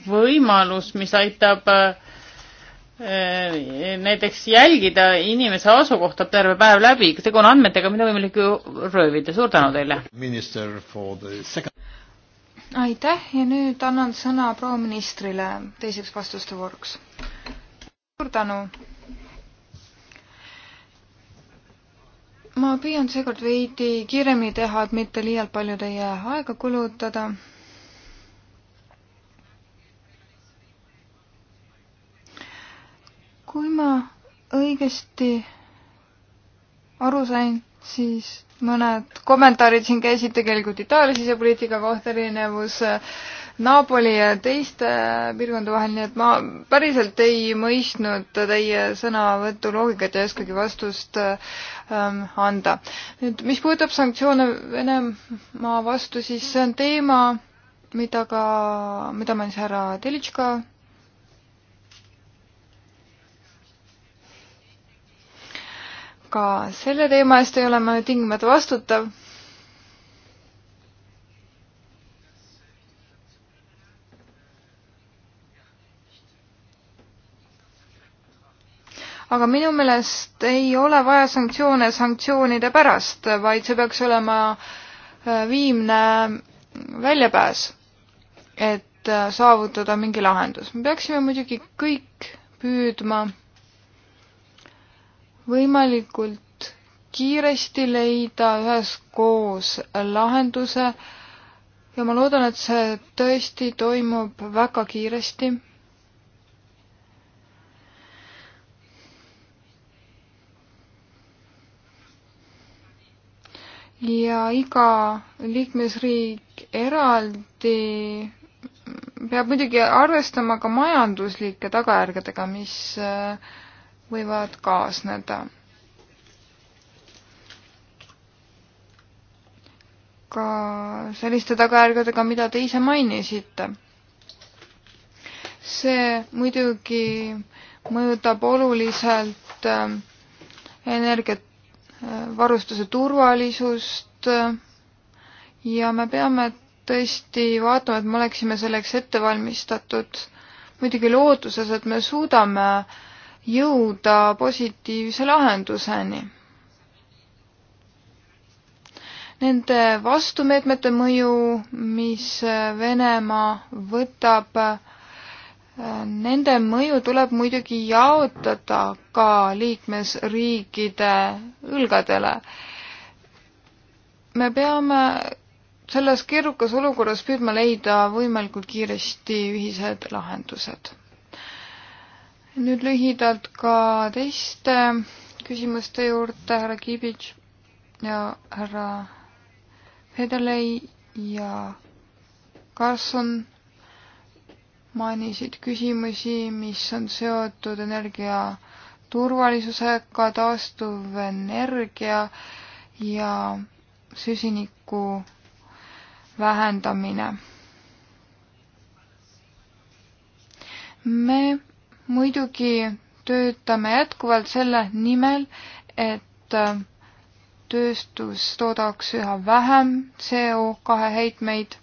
võimalus, mis aitab äh, Äh, näiteks jälgida inimese asukohta terve päev läbi, tegu on andmetega, mida võimalik ju röövida, suur tänu teile! aitäh ja nüüd annan sõna proua ministrile teiseks vastuste vooruks. suur tänu! ma püüan seekord veidi kiiremini teha, et mitte liialt palju teie aega kulutada kui ma õigesti aru sain, siis mõned kommentaarid siin käisid tegelikult Itaalia sisepoliitika kohta, erinevus äh, Napoli ja teiste äh, piirkondade vahel, nii et ma päriselt ei mõistnud teie sõnavõtu loogikat ja ei oskagi vastust äh, ähm, anda. nüüd, mis puudutab sanktsioone Venemaa vastu, siis see on teema, mida ka, mida mainis härra Telitška ka selle teema eest ei ole ma tingimata vastutav. aga minu meelest ei ole vaja sanktsioone sanktsioonide pärast, vaid see peaks olema äh, viimne väljapääs, et äh, saavutada mingi lahendus. me peaksime muidugi kõik püüdma võimalikult kiiresti leida üheskoos lahenduse ja ma loodan, et see tõesti toimub väga kiiresti. ja iga liikmesriik eraldi peab muidugi arvestama ka majanduslike tagajärgedega, mis äh, võivad kaasneda. ka selliste tagajärgedega, mida te ise mainisite. see muidugi mõjutab oluliselt äh, energiat, äh, varustuse turvalisust äh, ja me peame tõesti vaatama, et me oleksime selleks ette valmistatud. muidugi lootuses, et me suudame äh, jõuda positiivse lahenduseni. Nende vastumeetmete mõju, mis Venemaa võtab, nende mõju tuleb muidugi jaotada ka liikmesriikide õlgadele. me peame selles keerukas olukorras püüdma leida võimalikult kiiresti ühised lahendused nüüd lühidalt ka teiste küsimuste juurde, härra Kibitš ja härra Federley ja Carson mainisid küsimusi, mis on seotud energia turvalisusega, taastuvenergia ja süsiniku vähendamine. me muidugi töötame jätkuvalt selle nimel, et äh, tööstus toodaks üha vähem CO2 heitmeid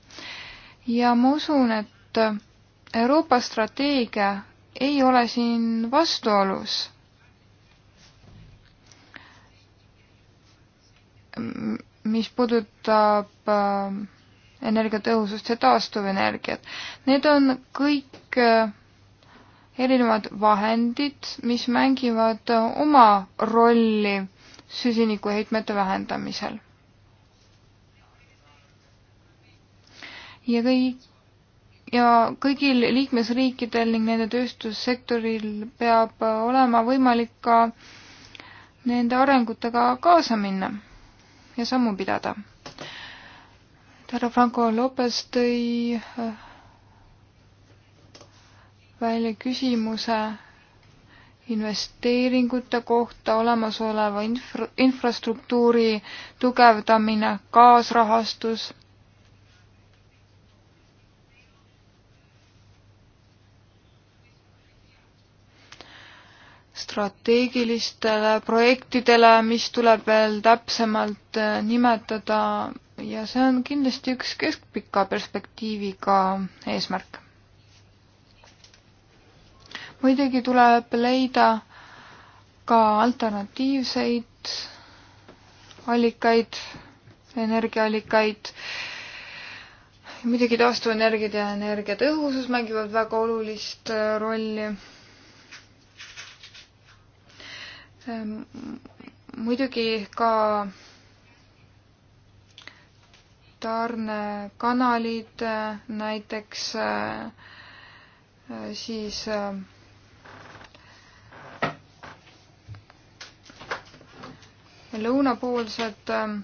ja ma usun, et äh, Euroopa strateegia ei ole siin vastuolus mis puudutab äh, energiatõhusust ja taastuvenergiat. Need on kõik äh, erinevad vahendid, mis mängivad oma rolli süsinikuheitmete vähendamisel. ja kõik, ja kõigil liikmesriikidel ning nende tööstussektoril peab olema võimalik ka nende arengutega kaasa minna ja sammu pidada. härra Franco Lopez tõi äh, välja küsimuse investeeringute kohta olemasoleva infra, infrastruktuuri tugevdamine, kaasrahastus. strateegilistele projektidele, mis tuleb veel täpsemalt äh, nimetada ja see on kindlasti üks keskpika perspektiiviga eesmärk muidugi tuleb leida ka alternatiivseid allikaid, energiaallikaid. muidugi taastuvenergiad ja energiatõhusus mängivad väga olulist äh, rolli. Ähm, muidugi ka tarnekanalid, äh, näiteks äh, siis äh, lõunapoolsed ähm,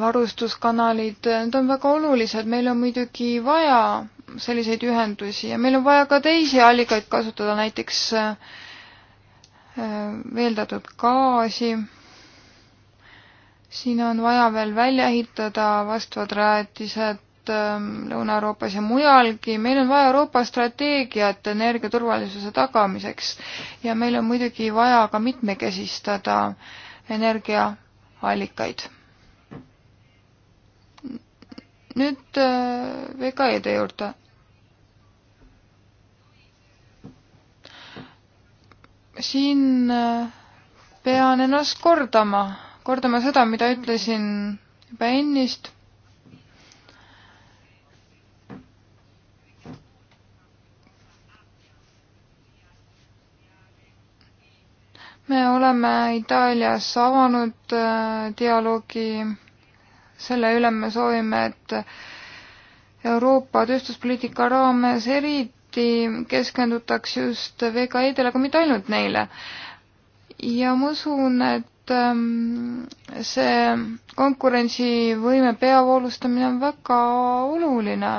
varustuskanalid, need on väga olulised, meil on muidugi vaja selliseid ühendusi ja meil on vaja ka teisi allikaid kasutada, näiteks äh, äh, veeldatud gaasi. siin on vaja veel välja ehitada vastavad rajatised Äh, Lõuna-Euroopas ja mujalgi, meil on vaja Euroopa strateegiat energiaturvalisuse tagamiseks ja meil on muidugi vaja ka mitmekesistada energiaallikaid. nüüd äh, VKE-de juurde. siin äh, pean ennast kordama, kordama seda, mida ütlesin juba ennist me oleme Itaalias avanud äh, dialoogi selle üle, me soovime, et Euroopa tööstuspoliitika raames eriti keskendutaks just VKI-dele, aga mitte ainult neile. ja ma usun, et ähm, see konkurentsivõime peavoolustamine on väga oluline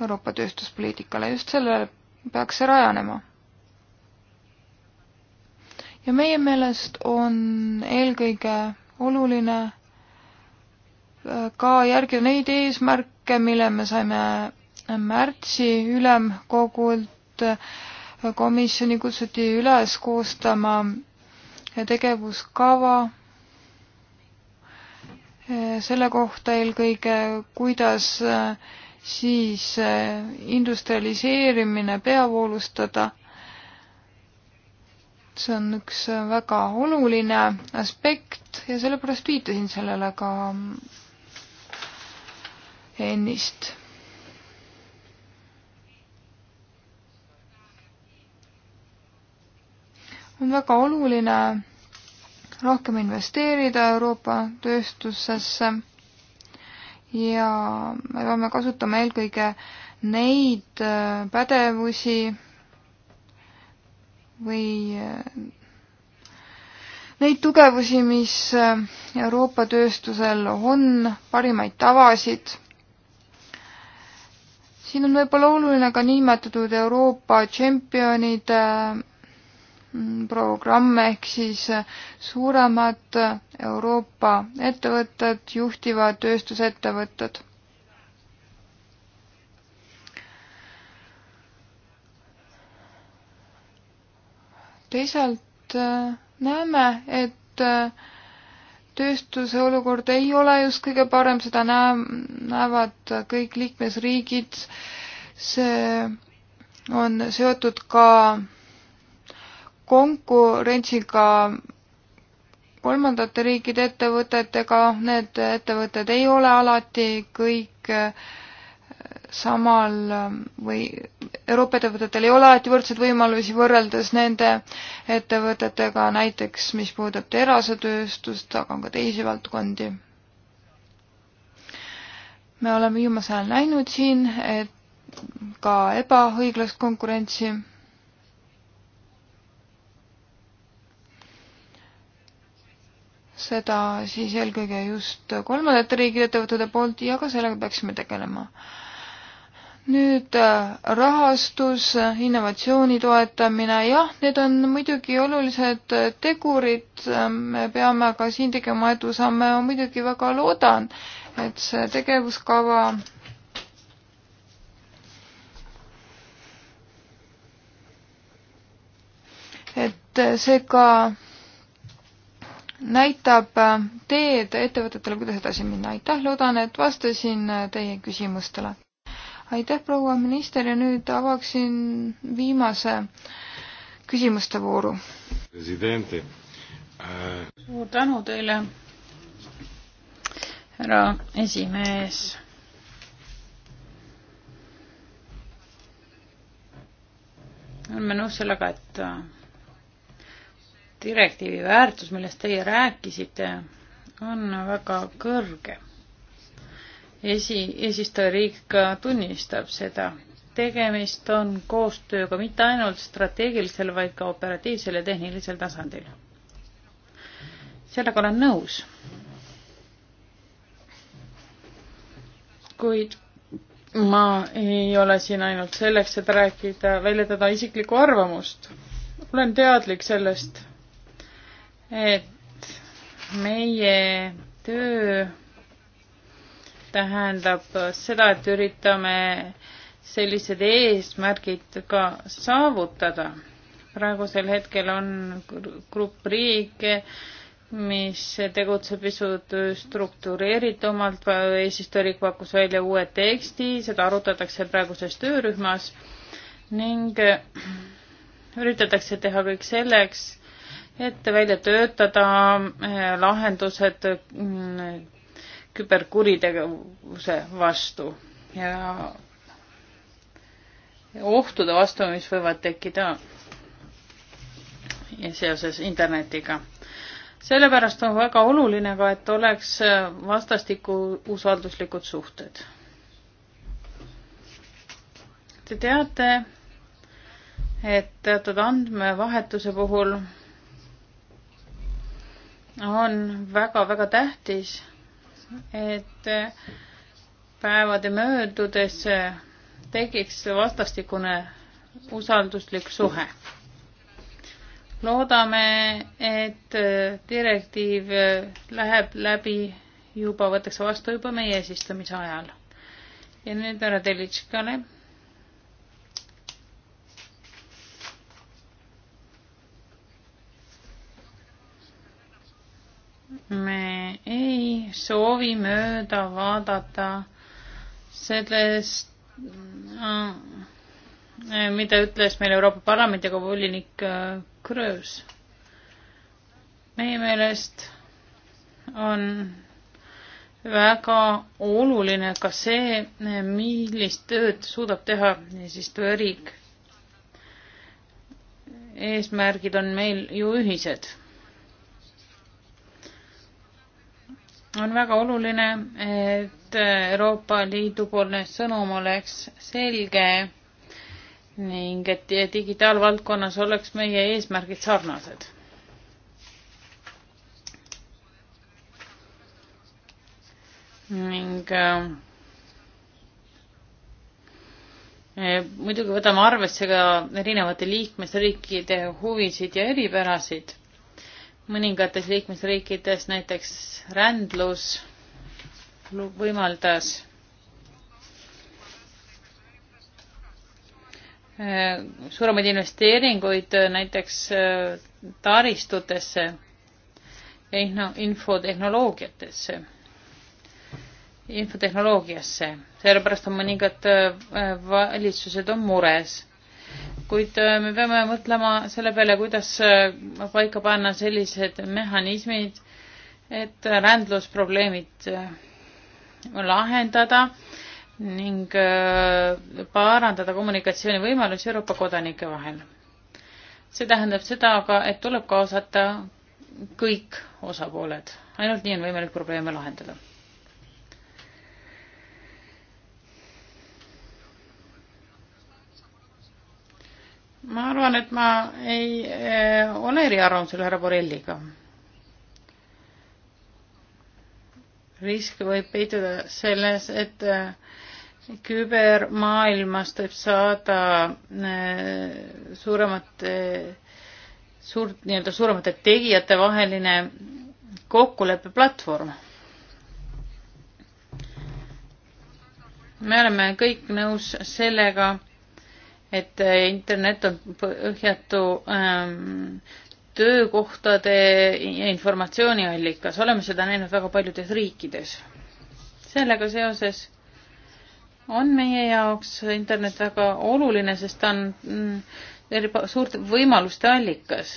Euroopa tööstuspoliitikale, just sellele peaks see rajanema ja meie meelest on eelkõige oluline äh, ka järgida neid eesmärke, mille me saime äh, märtsi ülemkogult. Äh, komisjoni kutsuti üles koostama tegevuskava selle kohta eelkõige, kuidas siis industrialiseerimine peavoolustada see on üks väga oluline aspekt ja sellepärast viitasin sellele ka ennist. on väga oluline rohkem investeerida Euroopa tööstusesse ja me peame kasutama eelkõige neid pädevusi, või äh, neid tugevusi, mis äh, Euroopa tööstusel on, parimaid tavasid. siin on võib-olla oluline ka niinimetatud Euroopa tšempionide mm, programm ehk siis äh, suuremad Euroopa ettevõtted, juhtivad tööstusettevõtted teisalt äh, näeme, et äh, tööstuse olukord ei ole just kõige parem, seda näe-, näevad kõik liikmesriigid, see on seotud ka konkurentsiga kolmandate riikide ettevõtetega, need ettevõtted ei ole alati kõik äh, samal ähm, või Euroopa ettevõtetel ei ole alati võrdseid võimalusi võrreldes nende ettevõtetega, näiteks mis puudutab terasetööstust, aga on ka teisi valdkondi. me oleme viimasel ajal näinud siin, et ka ebaõiglast konkurentsi seda siis eelkõige just kolmandate riikide ettevõtete poolt ja ka sellega peaksime tegelema nüüd äh, rahastus, äh, innovatsiooni toetamine, jah, need on muidugi olulised äh, tegurid, me peame ka siin tegema edusamme, ma muidugi väga loodan, et see tegevuskava et see ka näitab teed ettevõtetele, kuidas edasi minna. aitäh, loodan, et vastasin teie küsimustele aitäh, proua minister ja nüüd avaksin viimase küsimuste vooru. Äh, suur tänu teile, härra esimees oleme nõus sellega, et äh, direktiivi väärtus, millest teie rääkisite, on väga kõrge esi, eesistujariik tunnistab seda. tegemist on koostööga mitte ainult strateegilisel, vaid ka operatiivsel ja tehnilisel tasandil. sellega olen nõus. kuid ma ei ole siin ainult selleks, et rääkida, väljendada isiklikku arvamust. olen teadlik sellest, et meie töö tähendab seda, et üritame sellised eesmärgid ka saavutada. praegusel hetkel on grupp riike, mis tegutseb pisut struktureeritumalt, eesistujariik pakkus välja uue teksti, seda arutatakse praeguses töörühmas ning üritatakse teha kõik selleks, et välja töötada lahendused küberkuritegevuse vastu ja ohtude vastu, mis võivad tekkida seoses internetiga. sellepärast on väga oluline ka, et oleks vastastiku usalduslikud suhted. Te teate, et teatud andmevahetuse puhul on väga-väga tähtis et päevade möödudes tekiks vastastikune usalduslik suhe. loodame, et direktiiv läheb läbi juba, võetakse vastu juba meie eesistumise ajal. ja nüüd härra Telitškale me ei soovi mööda vaadata sellest, äh, mida ütles meil Euroopa Parlamendiga volinik äh, Kröös. meie meelest on väga oluline ka see, millist tööd suudab teha eesistujariik. eesmärgid on meil ju ühised on väga oluline, et Euroopa Liidu poolne sõnum oleks selge ning et digitaalvaldkonnas oleks meie eesmärgid sarnased. ning äh, eh, muidugi võtame arvesse ka erinevate liikmesriikide huvisid ja eripärasid mõningates liikmesriikides, näiteks rändlus võimaldas äh, suuremaid investeeringuid äh, näiteks äh, taristutesse ja infotehnoloogiatesse, infotehnoloogiasse. sellepärast on mõningad valitsused on mures kuid äh, me peame mõtlema selle peale, kuidas äh, paika panna sellised mehhanismid, et rändlusprobleemid äh, lahendada ning parandada kommunikatsioonivõimalusi Euroopa kodanike vahel. see tähendab seda aga, et tuleb kaasata kõik osapooled, ainult nii on võimalik probleeme lahendada ma arvan, et ma ei äh, ole eriarvamusel härra Borrelliga. risk võib peituda selles, et äh, eh, kübermaailmast võib saada äh, suuremat äh,, suurt, nii-öelda suuremate tegijate vaheline kokkuleppeplatvorm. me oleme kõik nõus sellega et internet on põhjatu ähm, töökohtade informatsiooniallikas, oleme seda näinud väga paljudes riikides. sellega seoses on meie jaoks internet väga oluline, sest ta on mm, suurte võimaluste allikas.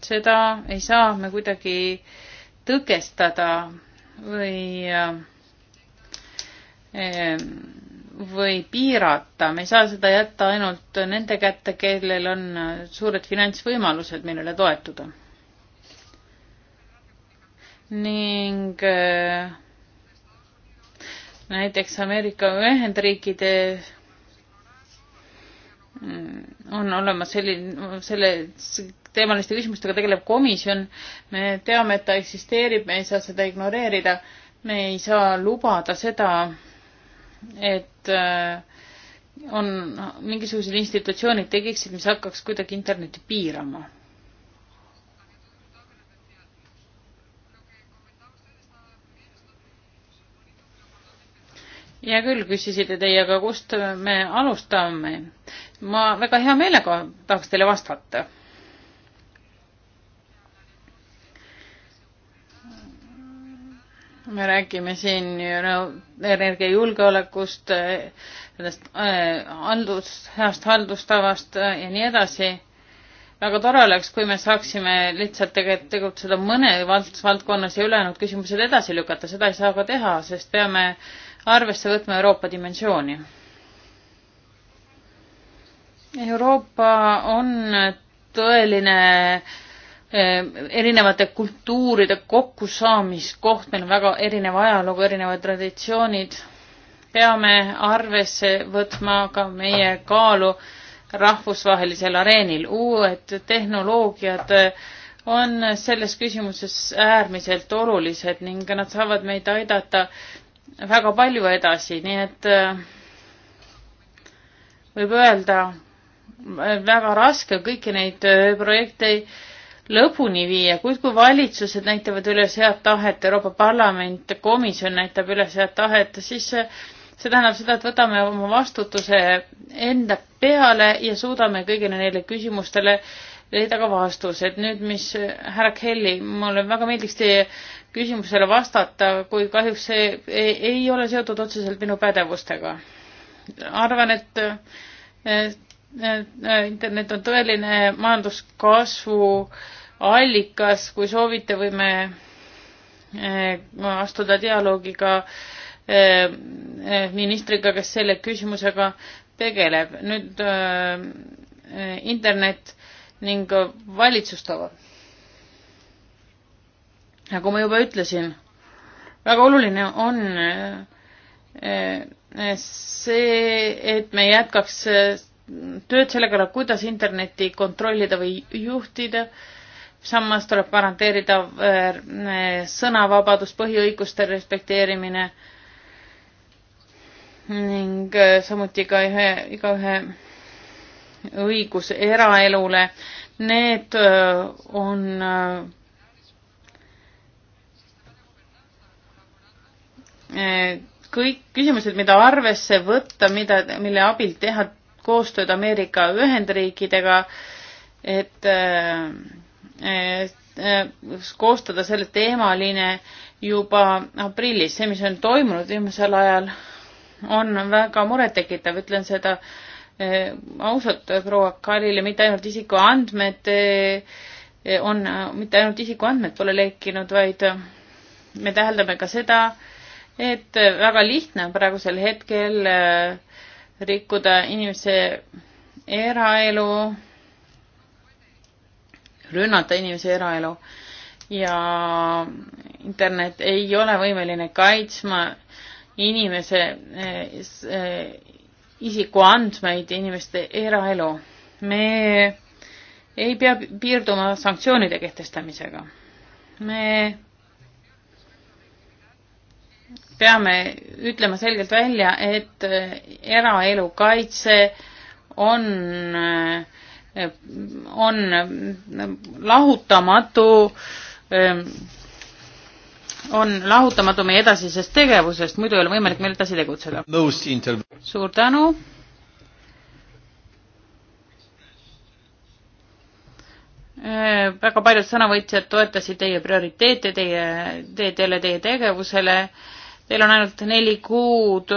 seda ei saa me kuidagi tõkestada või äh, või piirata, me ei saa seda jätta ainult nende kätte, kellel on suured finantsvõimalused, millele toetuda. ning äh, näiteks Ameerika Ühendriikide mm, on olemas selline, selle teemaliste küsimustega tegeleb komisjon, me teame, et ta eksisteerib, me ei saa seda ignoreerida, me ei saa lubada seda, et äh, on mingisugused institutsioonid tegiksid, mis hakkaks kuidagi internetti piirama. hea küll, küsisite teie, aga kust me alustame? ma väga hea meelega tahaks teile vastata me räägime siin no, energiajulgeolekust, sellest äh, haldus, heast haldustavast äh, ja nii edasi. väga tore oleks, kui me saaksime lihtsalt tegelikult tegutseda mõne vald-, valdkonnas ja ülejäänud küsimused edasi lükata, seda ei saa ka teha, sest peame arvesse võtma Euroopa dimensiooni. Euroopa on tõeline äh, Ehm, erinevate kultuuride kokkusaamiskoht, meil on väga erinev ajalugu, erinevad traditsioonid. peame arvesse võtma ka meie kaalu rahvusvahelisel areenil. uued tehnoloogiad eh, on selles küsimuses äärmiselt olulised ning nad saavad meid aidata väga palju edasi, nii et eh, võib öelda, eh, väga raske kõiki neid projekte lõpuni viia, kuid kui valitsused näitavad üles head tahet, Euroopa Parlament, komisjon näitab üles head tahet, siis see tähendab seda, et võtame oma vastutuse enda peale ja suudame kõigile neile küsimustele leida ka vastused. nüüd, mis härra Kelly, mulle väga meeldiks teie küsimusele vastata, kui kahjuks see ei, ei ole seotud otseselt minu pädevustega. arvan, et Äh, äh, internet on tõeline majanduskasvu allikas, kui soovite, võime äh, astuda dialoogi ka ministriga, kes selle küsimusega tegeleb. nüüd internet ning valitsustavad. nagu ma juba ütlesin, väga oluline on see, et me jätkaks tööd selle kallal, kuidas internetti kontrollida või juhtida. samas tuleb garanteerida äh, sõnavabadus, põhiõiguste respekteerimine ning äh, samuti ka ühe, igaühe õigus eraelule. Need äh, on kõik küsimused, mida arvesse võtta, mida, mille abil teha koostööd Ameerika Ühendriikidega, et, äh, et äh, koostada selle teemaline juba aprillis. see, mis on toimunud viimasel ajal, on väga murettekitav, ütlen seda äh, ausalt proua Karile, mitte ainult isikuandmed on, mitte ainult isikuandmed pole lekkinud, vaid me täheldame ka seda, et väga lihtne on praegusel hetkel äh, rikkuda inimese eraelu, rünnata inimese eraelu ja internet ei ole võimeline kaitsma inimese eh, eh, isikuandmeid, inimeste eraelu. me ei pea piirduma sanktsioonide kehtestamisega. me peame ütlema selgelt välja, et äh, eraelu kaitse on, äh, on äh, lahutamatu, ähm, on lahutamatu meie edasisest tegevusest, muidu ei ole võimalik meil edasi tegutseda. suur tänu. väga paljud sõnavõtjad toetasid teie prioriteete, teie, teie, teile, teie tegevusele Teil on ainult neli kuud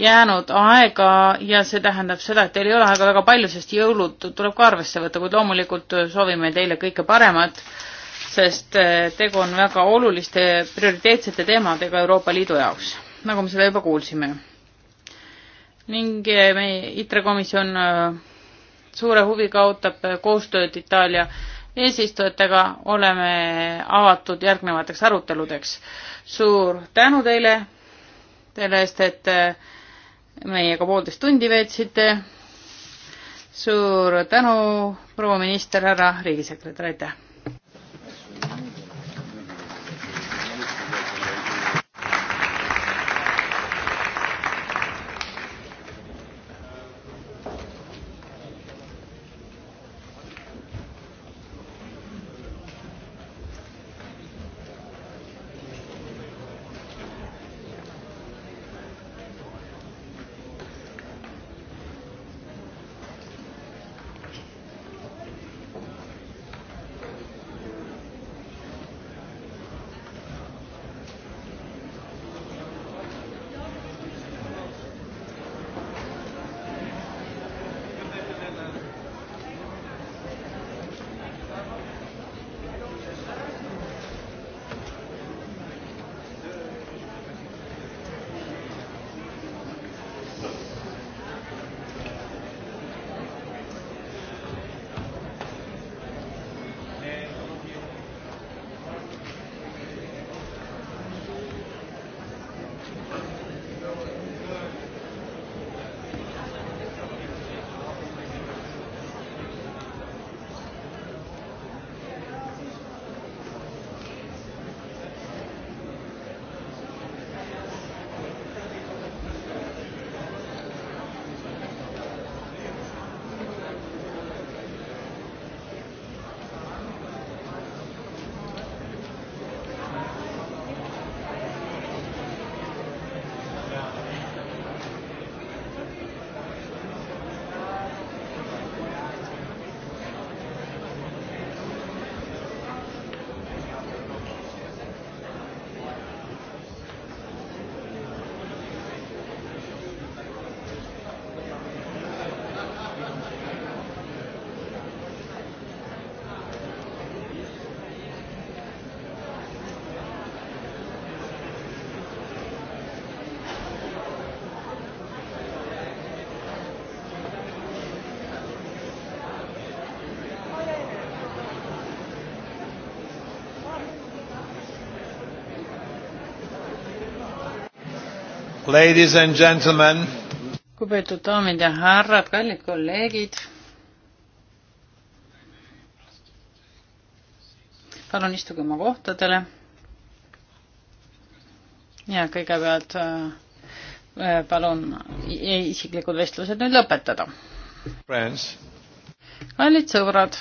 jäänud aega ja see tähendab seda, et teil ei ole aega väga palju, sest jõulud tuleb ka arvesse võtta, kuid loomulikult soovime teile kõike paremat, sest tegu on väga oluliste prioriteetsete teemadega Euroopa Liidu jaoks, nagu me seda juba kuulsime. ning meie ITRE komisjon suure huviga ootab koostööd Itaalia eesistujatega oleme avatud järgnevateks aruteludeks. suur tänu teile selle eest, et äh, meiega poolteist tundi veetsite. suur tänu, proua minister, härra riigisekretär, aitäh! Ladies and gentlemen. lugupeetud daamid ja härrad, kallid kolleegid. palun istuge oma kohtadele. ja kõigepealt äh, palun isiklikud vestlused nüüd lõpetada. kallid sõbrad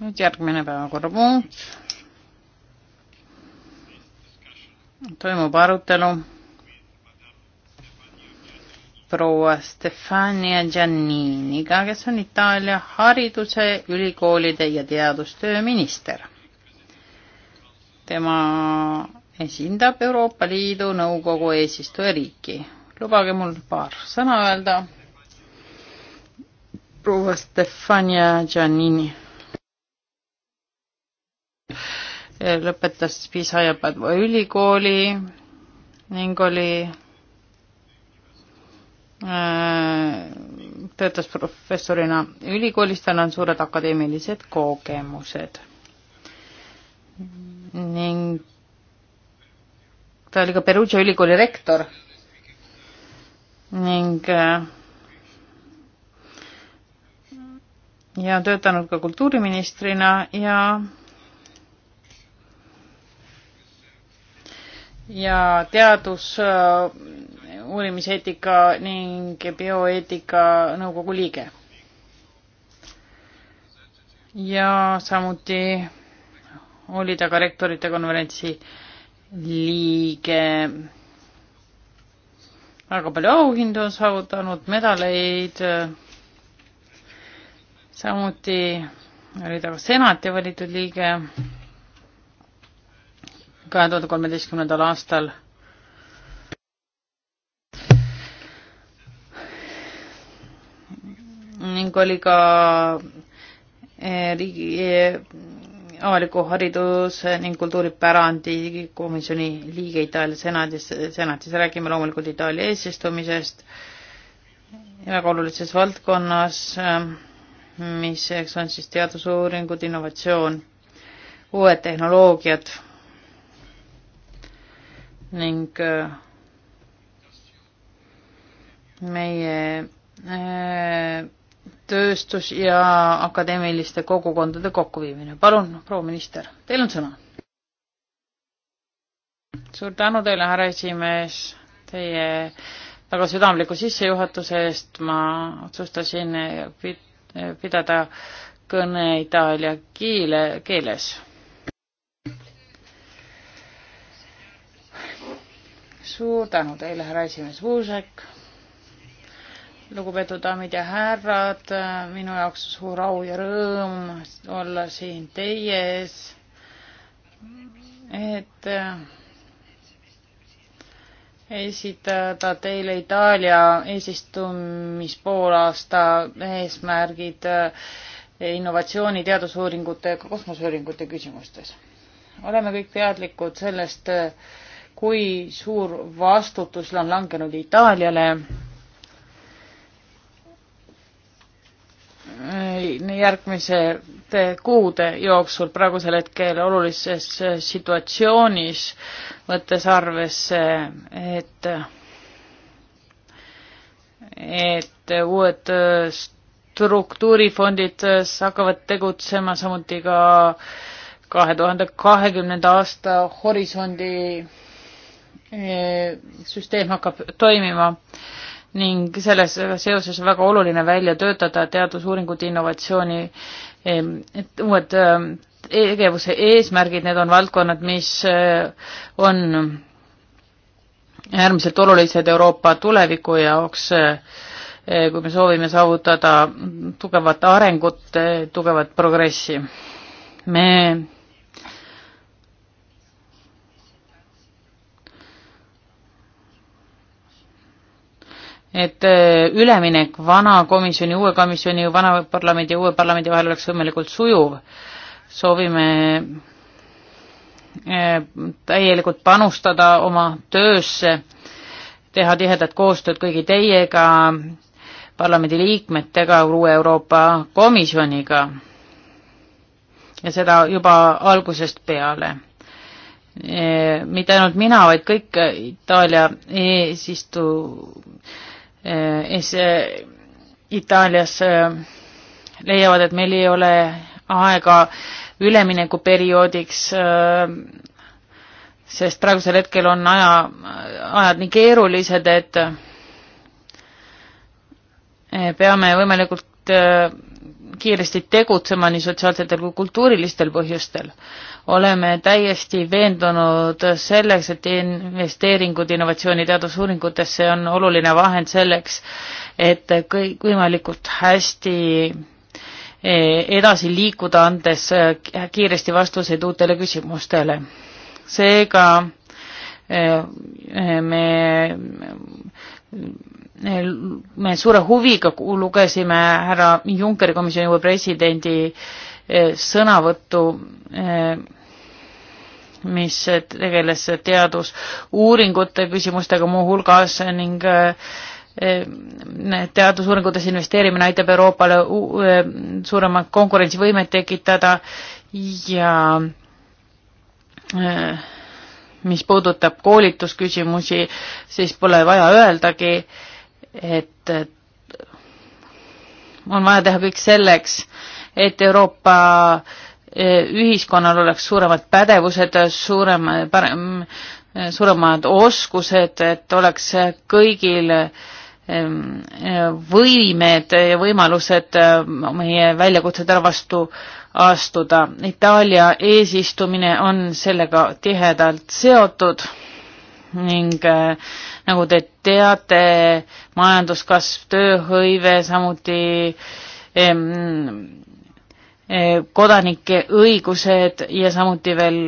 nüüd järgmine päevakorrapunkt. toimub arutelu proua Stefania Gianniniga, kes on Itaalia hariduse, ülikoolide ja teadustöö minister. tema esindab Euroopa Liidu Nõukogu eesistujariiki. lubage mul paar sõna öelda. proua Stefania Giannini lõpetas Pisa ja Padua ülikooli ning oli, äh, töötas professorina ülikoolis, tal on suured akadeemilised kogemused. ning ta oli ka Perugia ülikooli rektor ning äh, ja töötanud ka kultuuriministrina ja ja teadusuurimiseetika äh, ning bioeetika nõukogu liige. ja samuti oli ta ka rektorite konverentsi liige. väga palju auhindu on saavutanud, medaleid. samuti oli ta ka senati valitud liige kahe tuhande kolmeteistkümnendal aastal. ning oli ka eh, riigi eh, avaliku hariduse ning kultuuripärandi komisjoni liige Itaalia senadis, senatis, räägime loomulikult Itaalia eesistumisest väga olulises valdkonnas, eh, mis eks on siis teadusuuringud, innovatsioon, uued tehnoloogiad ning äh, meie äh, tööstus ja akadeemiliste kogukondade kokkuviimine. palun, proua minister, teil on sõna. suur tänu teile, härra esimees, teie väga südamliku sissejuhatuse eest. ma otsustasin pidada kõne itaalia keele, keeles suur tänu teile, härra esimees Vuužek. lugupeetud daamid ja härrad, minu jaoks suur au ja rõõm olla siin teie ees. et äh, esitada teile Itaalia eesistumis poolaasta eesmärgid äh, innovatsiooni, teadusuuringute ja kosmoseuuringute küsimustes. oleme kõik teadlikud sellest, äh, kui suur vastutus on langenud Itaaliale. järgmisete kuude jooksul praegusel hetkel olulises situatsioonis, võttes arvesse, et et uued struktuurifondid hakkavad tegutsema, samuti ka kahe tuhande kahekümnenda aasta horisondi süsteem hakkab toimima ning selles seoses on väga oluline välja töötada teadusuuringute innovatsiooni uued e-, tegevuse eesmärgid, need on valdkonnad, mis eh, on äärmiselt olulised Euroopa tuleviku jaoks, eh, kui me soovime saavutada tugevat arengut, eh, tugevat progressi. me et äh, üleminek vana komisjoni, uue komisjoni, vana parlamendi ja uue parlamendi vahel oleks võimalikult sujuv. soovime äh, täielikult panustada oma töösse, teha tihedat koostööd kõigi teiega, parlamendi liikmetega, uue Euroopa Komisjoniga ja seda juba algusest peale. Äh, mitte ainult mina, vaid kõik Itaalia eesistu-, Eh, eh, Itaalias eh, leiavad, et meil ei ole aega üleminekuperioodiks, sest praegusel hetkel on aja, ajad nii keerulised, et peame võimalikult kiiresti tegutsema nii sotsiaalsetel kui kultuurilistel põhjustel oleme täiesti veendunud selleks, et investeeringud innovatsiooni teadusuuringutesse on oluline vahend selleks, et kõik võimalikult hästi eh, edasi liikuda, andes eh, kiiresti vastuseid uutele küsimustele. seega eh, me me suure huviga lugesime härra Junckeri komisjoni uue presidendi äh, Eh, sõnavõttu, eh, mis tegeles teadusuuringute küsimustega muuhulgas ning eh, teadusuuringutes investeerimine aitab Euroopale suuremat konkurentsivõimet tekitada ja mis puudutab koolitusküsimusi, siis pole vaja öeldagi, et on vaja teha kõik selleks, et Euroopa eh, ühiskonnal oleks suuremad pädevused, suurem, parem, suuremad oskused, et oleks kõigil ehm, võimed ja võimalused eh, meie väljakutsetele vastu astuda. Itaalia eesistumine on sellega tihedalt seotud ning eh, nagu te teate, majanduskasv, tööhõive, samuti em, Eh, kodanike õigused ja samuti veel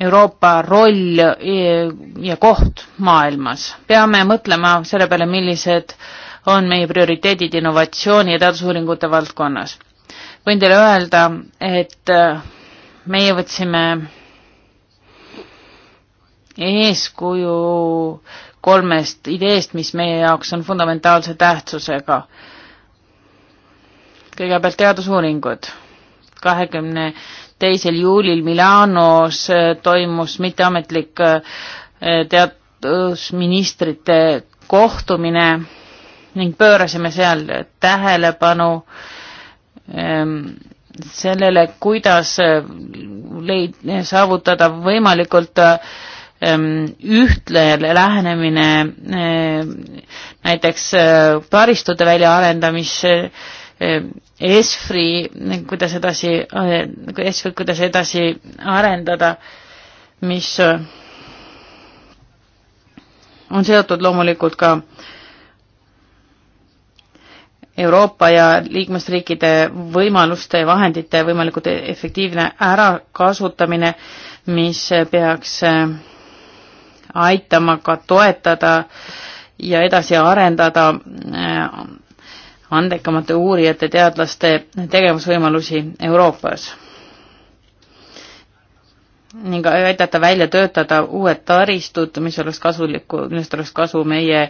Euroopa roll eh, ja koht maailmas. peame mõtlema selle peale, millised on meie prioriteedid innovatsiooni ja teadusuuringute valdkonnas. võin teile öelda, et eh, meie võtsime eeskuju kolmest ideest, mis meie jaoks on fundamentaalse tähtsusega kõigepealt teadusuuringud. kahekümne teisel juulil Milanos äh, toimus mitteametlik äh, teadusministrite kohtumine ning pöörasime seal tähelepanu ähm, sellele, kuidas äh, leid-, saavutada võimalikult ähm, ühtlane lähenemine näiteks taristute väljaarendamisse Eh, ESFRi, kuidas edasi, eh, ESFRi, kuidas edasi arendada, mis eh, on seotud loomulikult ka Euroopa ja liikmesriikide võimaluste ja vahendite võimalikult efektiivne ärakasutamine, mis peaks aitama ka toetada ja edasi arendada andekamate uurijate, teadlaste tegevusvõimalusi Euroopas ning aidata välja töötada uued taristud, mis oleks kasulikku, millest oleks kasu meie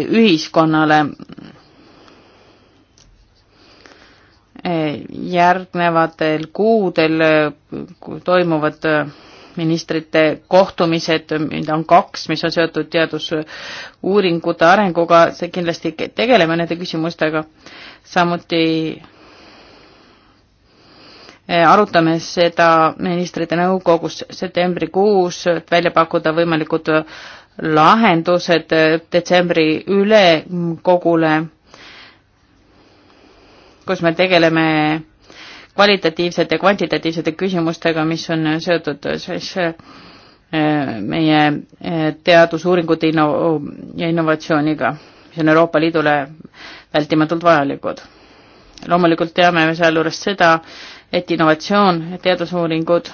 ühiskonnale. järgnevatel kuudel toimuvad ministrite kohtumised, mida on kaks, mis on seotud teadusuuringute arenguga, see kindlasti tegeleme nende küsimustega. samuti eh, arutame seda ministrite nõukogus septembrikuus, et välja pakkuda võimalikud lahendused eh, detsembri ülemkogule, kus me tegeleme kvalitatiivsete ja kvantitatiivsete küsimustega, mis on seotud siis äh, meie äh, teadusuuringute inno- ja innovatsiooniga, mis on Euroopa Liidule vältimatult vajalikud. loomulikult teame me sealjuures seda, et innovatsioon ja teadusuuringud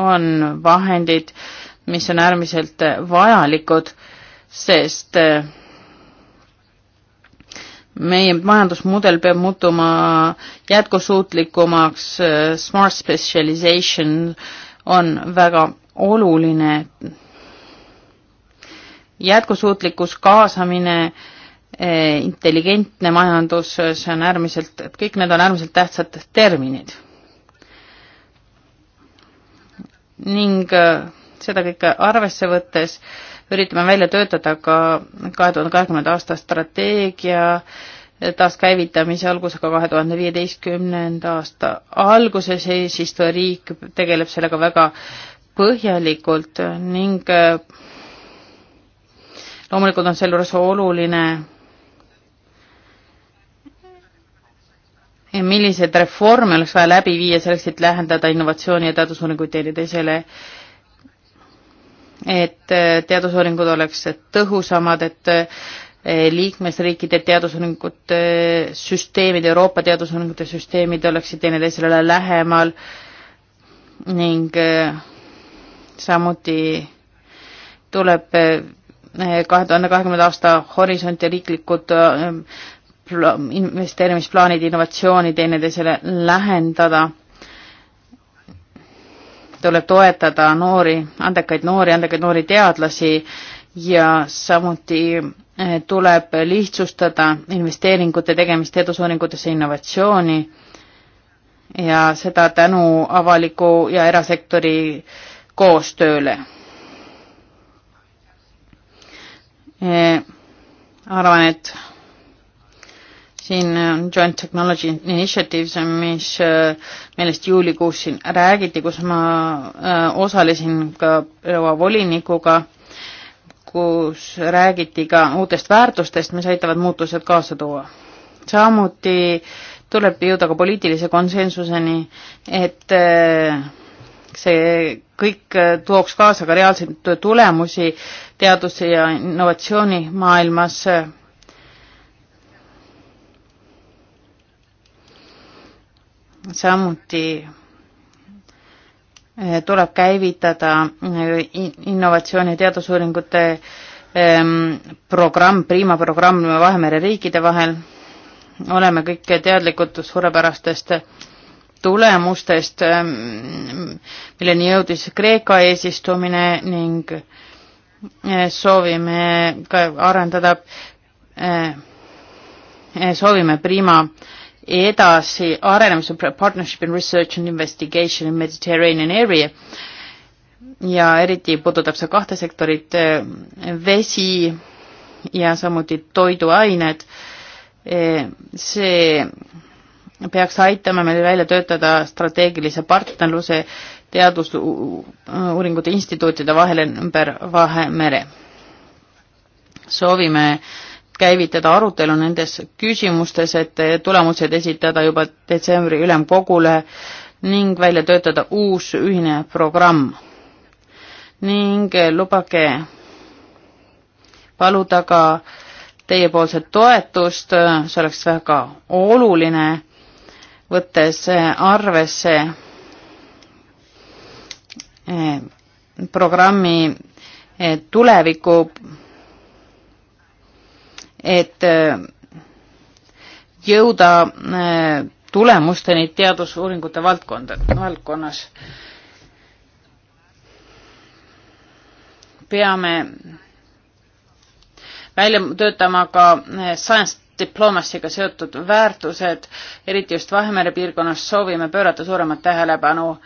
on vahendid, mis on äärmiselt vajalikud, sest äh, meie majandusmudel peab muutuma jätkusuutlikumaks, smart specialization on väga oluline. jätkusuutlikkus, kaasamine, intelligentne majandus, see on äärmiselt, kõik need on äärmiselt tähtsad terminid. ning äh, seda kõike arvesse võttes äh, üritame välja töötada ka kahe tuhande kahekümnenda aasta strateegia taaskäivitamise, olgu see ka kahe tuhande viieteistkümnenda aasta alguses, eesistuja riik tegeleb sellega väga põhjalikult ning äh, loomulikult on sealjuures oluline ja milliseid reforme oleks vaja läbi viia selleks, et lähendada innovatsiooni ja teadusuuringuid teineteisele äh, et äh, teadusuuringud oleks tõhusamad, et äh, liikmesriikide teadusuuringute äh, süsteemid, Euroopa teadusuuringute süsteemid oleksid teineteisele lähemal ning samuti tuleb kahe tuhande kahekümnenda aasta horisont ja riiklikud investeerimisplaanid, innovatsiooni teineteisele lähendada tuleb toetada noori, andekaid noori, andekaid noori teadlasi ja samuti eh, tuleb lihtsustada investeeringute tegemist teadusuuringutesse innovatsiooni ja seda tänu avaliku ja erasektori koostööle. Eh, arvan, et siin on Joint Technology Initiatives, mis, äh, millest juulikuus siin räägiti, kus ma äh, osalesin ka proua volinikuga, kus räägiti ka uutest väärtustest, mis aitavad muutused kaasa tuua. samuti tuleb jõuda ka poliitilise konsensuseni, et äh, see kõik tooks kaasa ka reaalseid tulemusi teaduse ja innovatsiooni maailmas samuti eh, tuleb käivitada eh, innovatsiooni ja teadusuuringute ehm, programm, Prima programm Vahemere riikide vahel. oleme kõik teadlikud suurepärastest tulemustest, ehm, milleni jõudis Kreeka eesistumine ning eh, soovime ka arendada, soovime Prima edasi arenemise Partnership in Research and Investigation in Mediterranean Area ja eriti puudutab see kahte sektorit, eh, vesi ja samuti toiduained. Eh, see peaks aitama meil välja töötada strateegilise partnerluse teadusuuringute instituutide vahel ümber Vahemere. soovime äh, käivitada arutelu nendes küsimustes, et tulemused esitada juba detsembri ülemkogule ning välja töötada uus ühine programm. ning lubage paluda ka teiepoolset toetust, see oleks väga oluline, võttes arvesse eh, programmi eh, tuleviku et äh, jõuda äh, tulemusteni teadusuuringute valdkonda, valdkonnas. peame välja töötama ka äh, science diplomacy'ga seotud väärtused, eriti just Vahemere piirkonnas soovime pöörata suuremat tähelepanu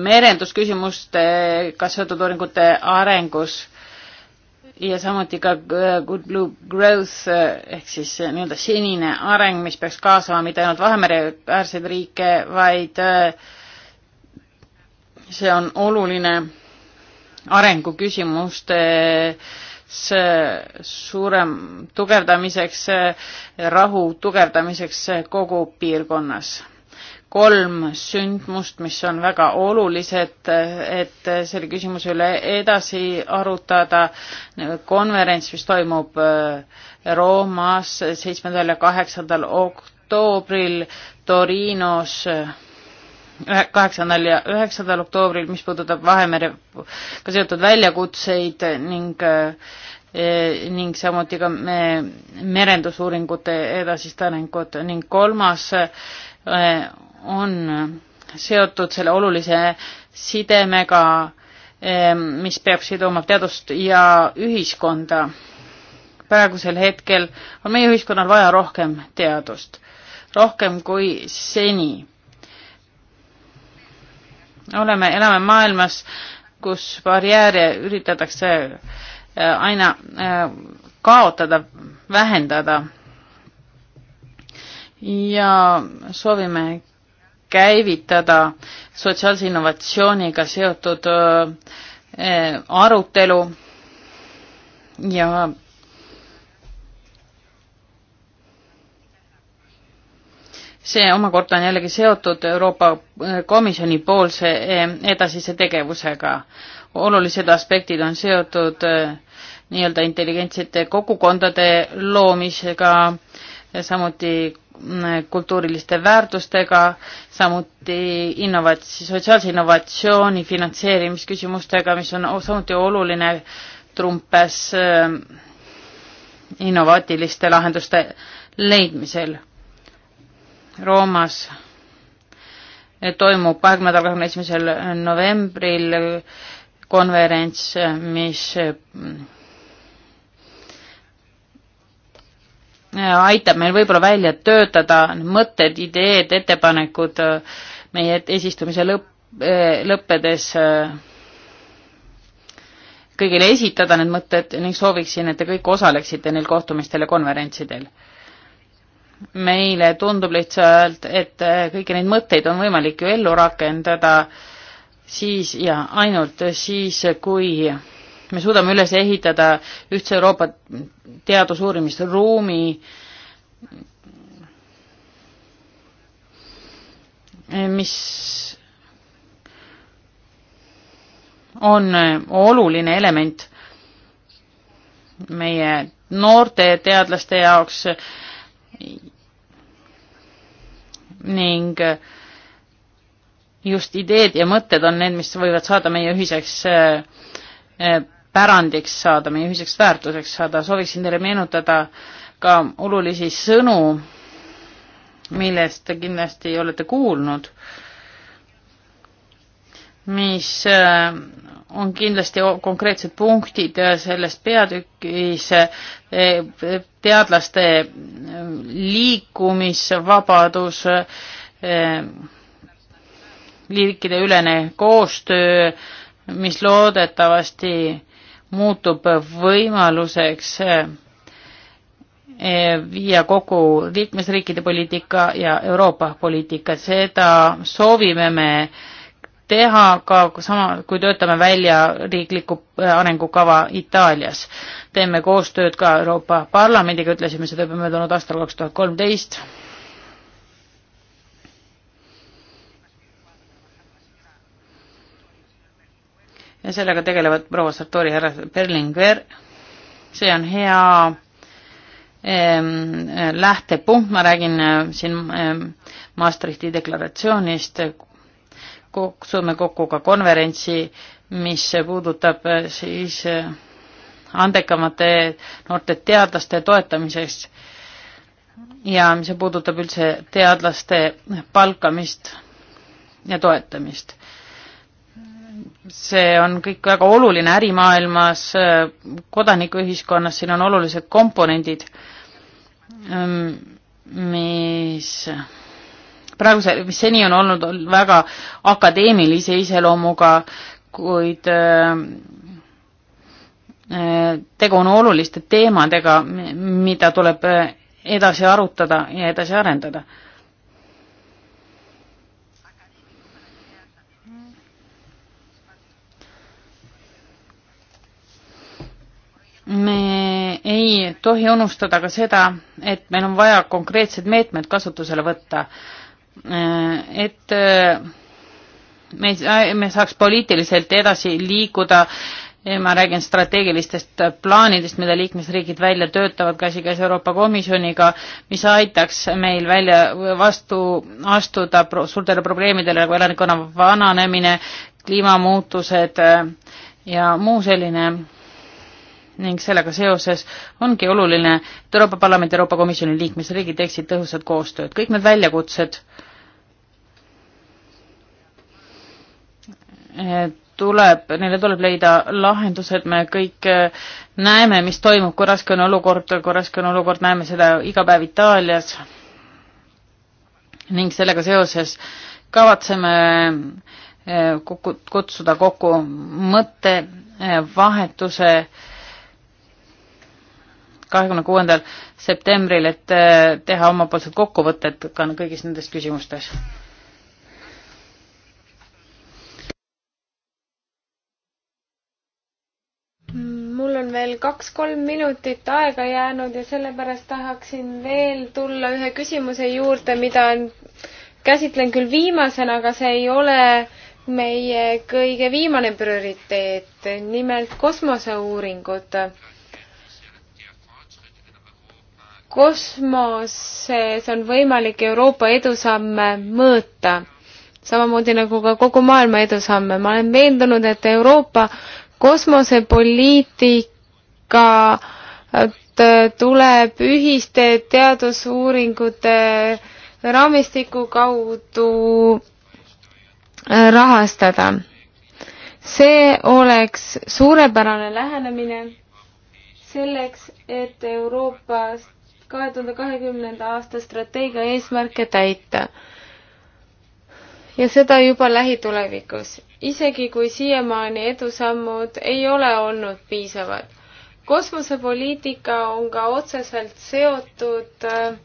merendusküsimustega seotud uuringute arengus ja samuti ka äh, Good Blue Growth äh, ehk siis äh, nii-öelda senine areng, mis peaks kaasama mitte ainult Vahemere-äärseid riike, vaid see on oluline arenguküsimustes suurem tugevdamiseks, rahu tugevdamiseks kogu piirkonnas kolm sündmust, mis on väga olulised, et selle küsimuse üle edasi arutada. konverents, mis toimub äh, Roomas seitsmendal ja kaheksandal oktoobril, Torinos kaheksandal ja üheksandal oktoobril, mis puudutab Vahemerega seotud väljakutseid ning äh, ning samuti ka me merendusuuringute edasist arengut ning kolmas äh, on seotud selle olulise sidemega, ehm, mis peab siduma teadust ja ühiskonda. praegusel hetkel on meie ühiskonnal vaja rohkem teadust, rohkem kui seni. oleme, elame maailmas, kus barjääre üritatakse eh, aina eh, kaotada, vähendada. ja soovime käivitada sotsiaalse innovatsiooniga seotud arutelu ja see omakorda on jällegi seotud Euroopa Komisjoni poolse edasise tegevusega. olulised aspektid on seotud nii-öelda intelligentsete kogukondade loomisega, samuti Äh, kultuuriliste väärtustega, samuti innovatsi-, sotsiaalse innovatsiooni finantseerimisküsimustega, mis on samuti oluline trumpes äh, innovaatiliste lahenduste leidmisel. Roomas äh, toimub kahekümnendal, kahekümne esimesel novembril konverents, mis Äh, aitab meil võib-olla välja töötada mõtted, ideed, ettepanekud äh, meie eesistumise lõpp, äh, lõppedes kõigile esitada need mõtted ning sooviksin, et te kõik osaleksite neil kohtumistel ja konverentsidel. meile tundub lihtsalt, et kõiki neid mõtteid on võimalik ju ellu rakendada siis ja ainult siis, kui me suudame üles ehitada ühtse Euroopa teadusuurimisruumi, mis on oluline element meie noorte teadlaste jaoks ning just ideed ja mõtted on need, mis võivad saada meie ühiseks eh, eh, pärandiks saada, meie ühiseks väärtuseks saada, sooviksin teile meenutada ka olulisi sõnu, millest te kindlasti olete kuulnud, mis äh, on kindlasti konkreetsed punktid äh, selles peatükis äh, teadlaste liikumisvabadus, liikide ülene koostöö, mis loodetavasti muutub võimaluseks eh, viia kogu liikmesriikide poliitika ja Euroopa poliitika, seda soovime me teha ka sama, kui töötame välja riikliku eh, arengukava Itaalias. teeme koostööd ka Euroopa Parlamendiga, ütlesime seda juba möödunud aastal kaks tuhat kolmteist ja sellega tegelevad proua Sartori härra Berlinger. see on hea ähm, lähtepunkt, ma räägin äh, siin ähm, Maastrichti deklaratsioonist, kutsume kokku ka konverentsi, mis puudutab äh, siis äh, andekamate noorte teadlaste toetamiseks ja mis puudutab üldse teadlaste palkamist ja toetamist see on kõik väga oluline ärimaailmas, kodanikuühiskonnas, siin on olulised komponendid, ähm, mis praeguse, mis seni on olnud väga akadeemilise iseloomuga, kuid ähm, äh, tegu on oluliste teemadega, mida tuleb äh, edasi arutada ja edasi arendada me ei tohi unustada ka seda, et meil on vaja konkreetsed meetmed kasutusele võtta. Äh, et äh, me, me saaks poliitiliselt edasi liikuda, ma räägin strateegilistest plaanidest, mida liikmesriigid välja töötavad käsikäes Euroopa Komisjoniga, mis aitaks meil välja vastu astuda suurtele probleemidele nagu elanikkonna vananemine, kliimamuutused äh, ja muu selline ning sellega seoses ongi oluline, et Euroopa Parlamendi, Euroopa Komisjoni liikmesriigid teeksid tõhusat koostööd. kõik need väljakutsed eh, tuleb, neile tuleb leida lahendused, me kõik eh, näeme, mis toimub, kui raske on olukord, kui raske on olukord, näeme seda iga päev Itaalias ning sellega seoses kavatseme eh, kokku, kutsuda kokku mõttevahetuse äh, kahekümne kuuendal septembril, et äh, teha omapoolsed kokkuvõtted ka kõigis nendes küsimustes. mul on veel kaks-kolm minutit aega jäänud ja sellepärast tahaksin veel tulla ühe küsimuse juurde, mida käsitlen küll viimasena, aga see ei ole meie kõige viimane prioriteet, nimelt kosmoseuuringud kosmoses on võimalik Euroopa edusamme mõõta, samamoodi nagu ka kogu maailma edusamme. ma olen veendunud, et Euroopa kosmosepoliitika äh, tuleb ühiste teadusuuringute raamistiku kaudu äh, rahastada. see oleks suurepärane lähenemine selleks, et Euroopast kahe tuhande kahekümnenda aasta strateegia eesmärke täita. ja seda juba lähitulevikus, isegi kui siiamaani edusammud ei ole olnud piisavad. kosmosepoliitika on ka otseselt seotud äh,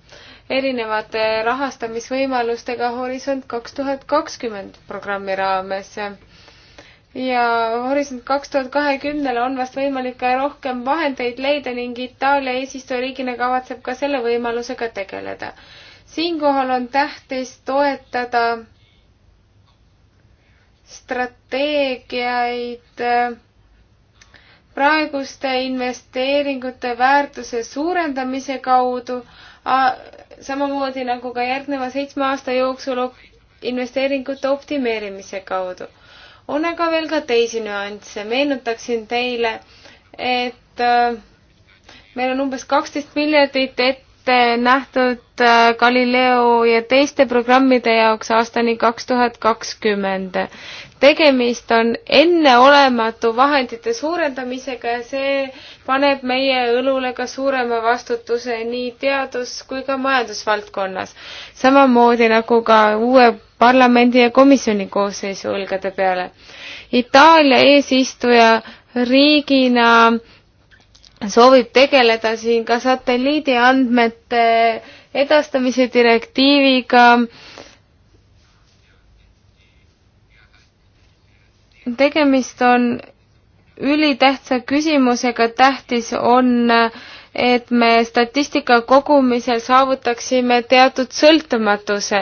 erinevate rahastamisvõimalustega Horisont kaks tuhat kakskümmend programmi raames ja Horisont kaks tuhat kahekümnele on vast võimalik ka rohkem vahendeid leida ning Itaalia eesistujariigina kavatseb ka selle võimalusega tegeleda. siinkohal on tähtis toetada strateegiaid äh, praeguste investeeringute väärtuse suurendamise kaudu, samamoodi nagu ka järgneva seitsme aasta jooksul investeeringute optimeerimise kaudu on aga veel ka teisi nüansse. meenutaksin teile, et äh, meil on umbes kaksteist miljardit ette ette nähtud äh, Galileo ja teiste programmide jaoks aastani kaks tuhat kakskümmend. tegemist on enneolematu vahendite suurendamisega ja see paneb meie õlule ka suurema vastutuse nii teadus- kui ka majandusvaldkonnas. samamoodi nagu ka uue parlamendi ja komisjoni koosseisu õlgade peale. Itaalia eesistuja riigina soovib tegeleda siin ka satelliidiandmete edastamise direktiiviga. tegemist on ülitähtsa küsimusega, tähtis on, et me statistika kogumisel saavutaksime teatud sõltumatuse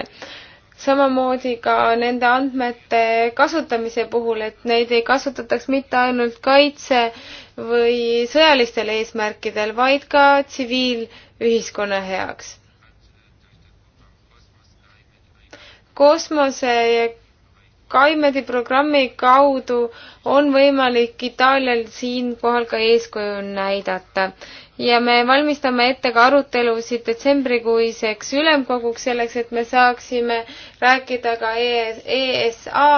samamoodi ka nende andmete kasutamise puhul, et neid ei kasutataks mitte ainult kaitse või sõjalistel eesmärkidel, vaid ka tsiviilühiskonna heaks. kosmose ja Kaimedi programmi kaudu on võimalik Itaalial siinkohal ka eeskuju näidata ja me valmistame ette ka arutelusid detsembrikuiseks ülemkoguks, selleks et me saaksime rääkida ka ESA,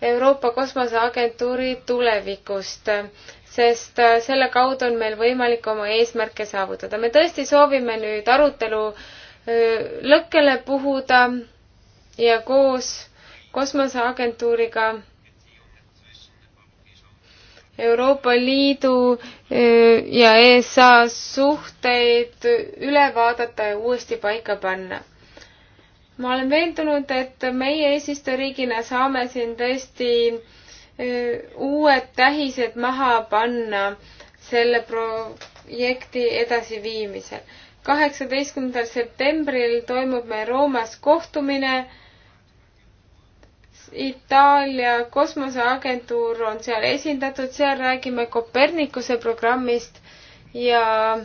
e Euroopa Kosmoseagentuuri tulevikust, sest äh, selle kaudu on meil võimalik oma eesmärke saavutada. me tõesti soovime nüüd arutelu äh, lõkkele puhuda ja koos kosmoseagentuuriga Euroopa Liidu eh, ja ESA suhteid üle vaadata ja uuesti paika panna. ma olen veendunud, et meie eesistujariigina saame siin tõesti eh, uued tähised maha panna selle projekti edasiviimisel. kaheksateistkümnendal septembril toimub meil Roomas kohtumine Itaalia kosmoseagentuur on seal esindatud, seal räägime Kopernikuse programmist ja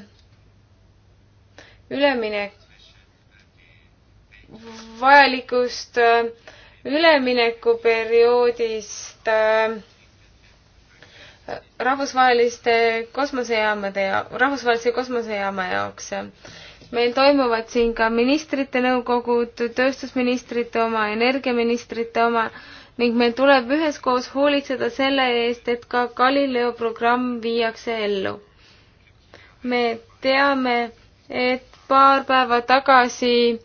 üleminek, vajalikust üleminekuperioodist äh, rahvusvaheliste kosmosejaamade ja rahvusvahelise kosmosejaama jaoks meil toimuvad siin ka ministrite nõukogud, tööstusministrite oma, energiaministrite oma ning meil tuleb üheskoos hoolitseda selle eest, et ka Galileo programm viiakse ellu. me teame, et paar päeva tagasi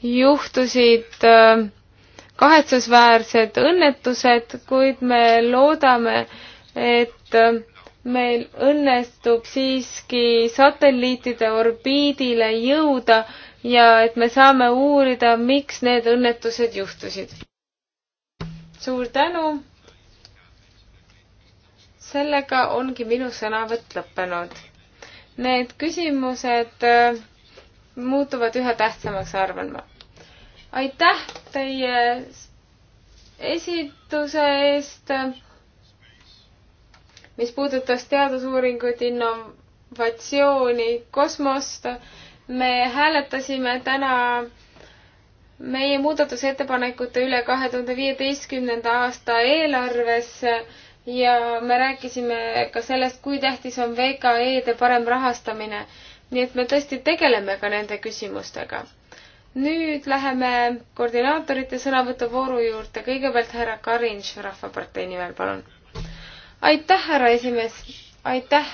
juhtusid äh, kahetsusväärsed õnnetused, kuid me loodame, et äh, meil õnnestub siiski satelliitide orbiidile jõuda ja et me saame uurida, miks need õnnetused juhtusid. suur tänu. sellega ongi minu sõnavõtt lõppenud. Need küsimused äh, muutuvad üha tähtsamaks, arvan ma. aitäh teie esituse eest mis puudutas teadusuuringuid, innovatsiooni, kosmost. me hääletasime täna meie muudatusettepanekute üle kahe tuhande viieteistkümnenda aasta eelarves ja me rääkisime ka sellest, kui tähtis on VKE-de parem rahastamine. nii et me tõesti tegeleme ka nende küsimustega. nüüd läheme koordinaatorite sõnavõtuvooru juurde. kõigepealt härra Karinš Rahvapartei nimel, palun aitäh, härra esimees, aitäh,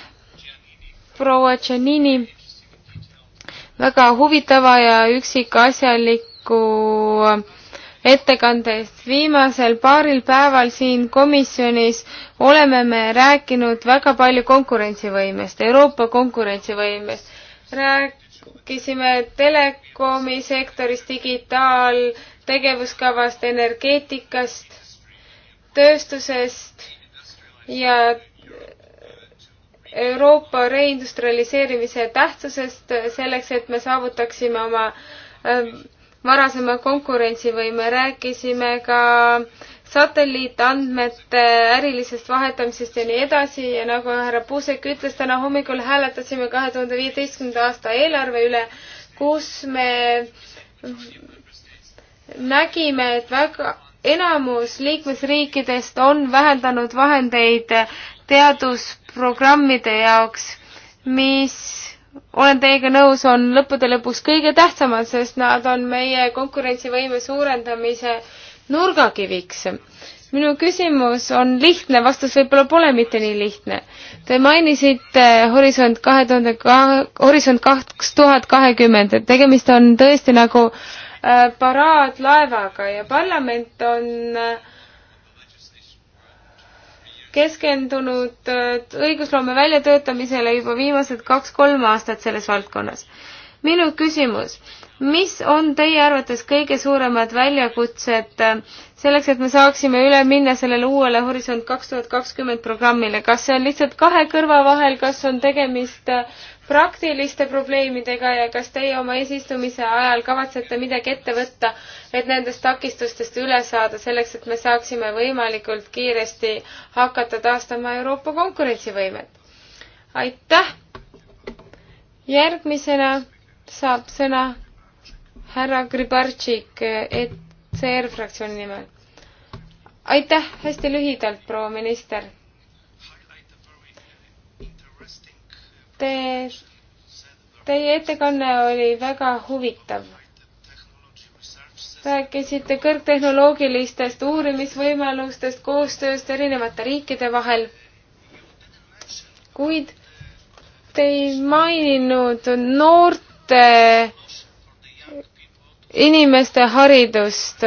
proua Giannini, väga huvitava ja üksikasjaliku ettekande eest. viimasel paaril päeval siin komisjonis oleme me rääkinud väga palju konkurentsivõimest, Euroopa konkurentsivõimest. rääkisime telekomi sektorist, digitaaltegevuskavast, energeetikast, tööstusest ja Euroopa reindustrialiseerimise tähtsusest selleks, et me saavutaksime oma ähm, varasema konkurentsivõime. rääkisime ka satelliitandmete ärilisest vahetamisest ja nii edasi ja nagu härra Puusek ütles, täna hommikul hääletasime kahe tuhande viieteistkümnenda aasta eelarve üle, kus me nägime, et väga enamus liikmesriikidest on vähendanud vahendeid teadusprogrammide jaoks, mis olen teiega nõus, on lõppude lõpuks kõige tähtsamad, sest nad on meie konkurentsivõime suurendamise nurgakiviks. minu küsimus on lihtne, vastus võib-olla pole mitte nii lihtne. Te mainisite Horisont kahe tuhande, Horisont kaks tuhat kahekümmend, et tegemist on tõesti nagu äh, Äh, paraadlaevaga ja parlament on äh, keskendunud äh, õigusloome väljatöötamisele juba viimased kaks-kolm aastat selles valdkonnas. minu küsimus, mis on teie arvates kõige suuremad väljakutsed selleks, et me saaksime üle minna sellele uuele Horisont kaks tuhat kakskümmend programmile, kas see on lihtsalt kahe kõrva vahel, kas on tegemist praktiliste probleemidega ja kas teie oma eesistumise ajal kavatsete midagi ette võtta, et nendest takistustest üle saada, selleks et me saaksime võimalikult kiiresti hakata taastama Euroopa konkurentsivõimet? aitäh! järgmisena saab sõna härra Gribartšik ECR fraktsiooni nimel. aitäh, hästi lühidalt, proua minister Te, teie ettekanne oli väga huvitav. rääkisite kõrgtehnoloogilistest uurimisvõimalustest, koostööst erinevate riikide vahel, kuid te ei maininud noorte inimeste haridust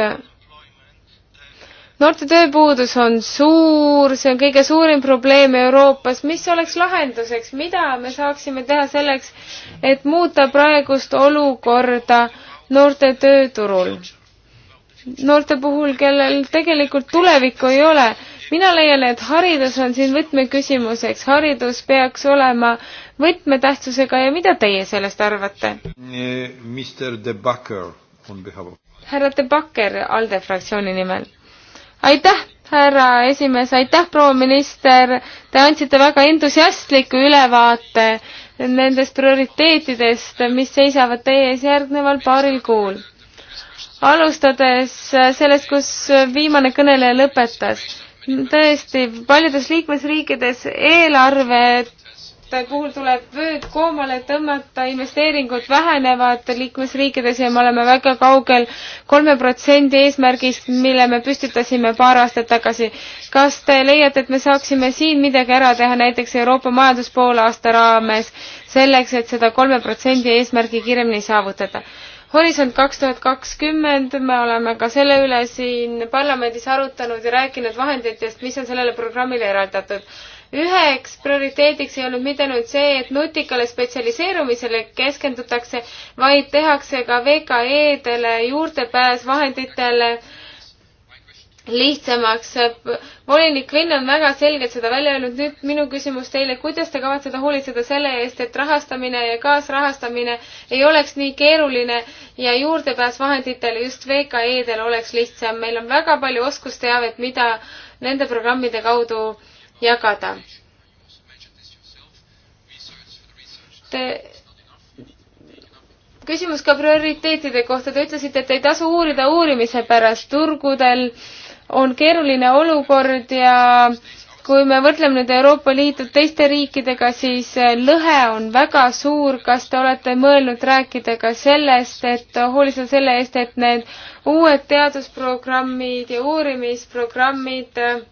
noorte tööpuudus on suur, see on kõige suurim probleem Euroopas, mis oleks lahenduseks, mida me saaksime teha selleks, et muuta praegust olukorda noorte tööturul? noorte puhul, kellel tegelikult tulevikku ei ole. mina leian, et haridus on siin võtmeküsimuseks, haridus peaks olema võtmetähtsusega ja mida teie sellest arvate? härra De Backer, ALDE fraktsiooni nimel aitäh, härra esimees, aitäh, proua minister, te andsite väga entusiastliku ülevaate nendest prioriteetidest, mis seisavad teie ees järgneval paaril kuul. alustades sellest, kus viimane kõneleja lõpetas, tõesti, paljudes liikmesriikides eelarved puhul tuleb vööd koomale tõmmata, investeeringud vähenevad liikmesriikides ja me oleme väga kaugel kolme protsendi eesmärgist, mille me püstitasime paar aastat tagasi. kas te leiate, et me saaksime siin midagi ära teha, näiteks Euroopa majanduspoolaasta raames, selleks, et seda kolme protsendi eesmärgi kiiremini saavutada? horisont kaks tuhat kakskümmend, me oleme ka selle üle siin parlamendis arutanud ja rääkinud vahenditest, mis on sellele programmile eraldatud üheks prioriteediks ei olnud mitte ainult see, et nutikale spetsialiseerumisele keskendutakse, vaid tehakse ka VKE-dele juurdepääs vahenditele lihtsamaks. volinik Kvinn on väga selgelt seda välja öelnud. nüüd minu küsimus teile, kuidas te kavatsete hoolitseda selle eest, et rahastamine ja kaasrahastamine ei oleks nii keeruline ja juurdepääs vahenditele just VKE-del oleks lihtsam. meil on väga palju oskusteavet, mida nende programmide kaudu jagada. Te küsimus ka prioriteetide kohta, te ütlesite, et ei tasu uurida uurimise pärast, turgudel on keeruline olukord ja kui me võrdleme nüüd Euroopa Liitu teiste riikidega, siis lõhe on väga suur. kas te olete mõelnud rääkida ka sellest, et hoolitseda selle eest, et need uued teadusprogrammid ja uurimisprogrammid äh,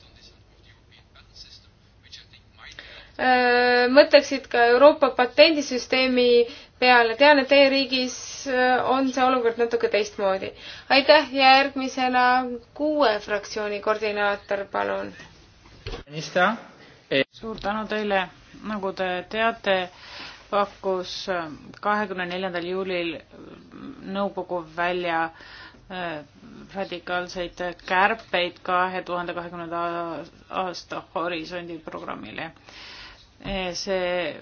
Äh, mõtleksid ka Euroopa patendisüsteemi peale. tean, et teie riigis äh, on see olukord natuke teistmoodi. aitäh ja järgmisena kuue fraktsiooni koordinaator, palun. Eh. suur tänu teile. nagu te teate, pakkus äh, kahekümne neljandal juulil nõukogu välja radikaalseid kärpeid kahe tuhande kahekümnenda aasta horisondi programmile Eh, see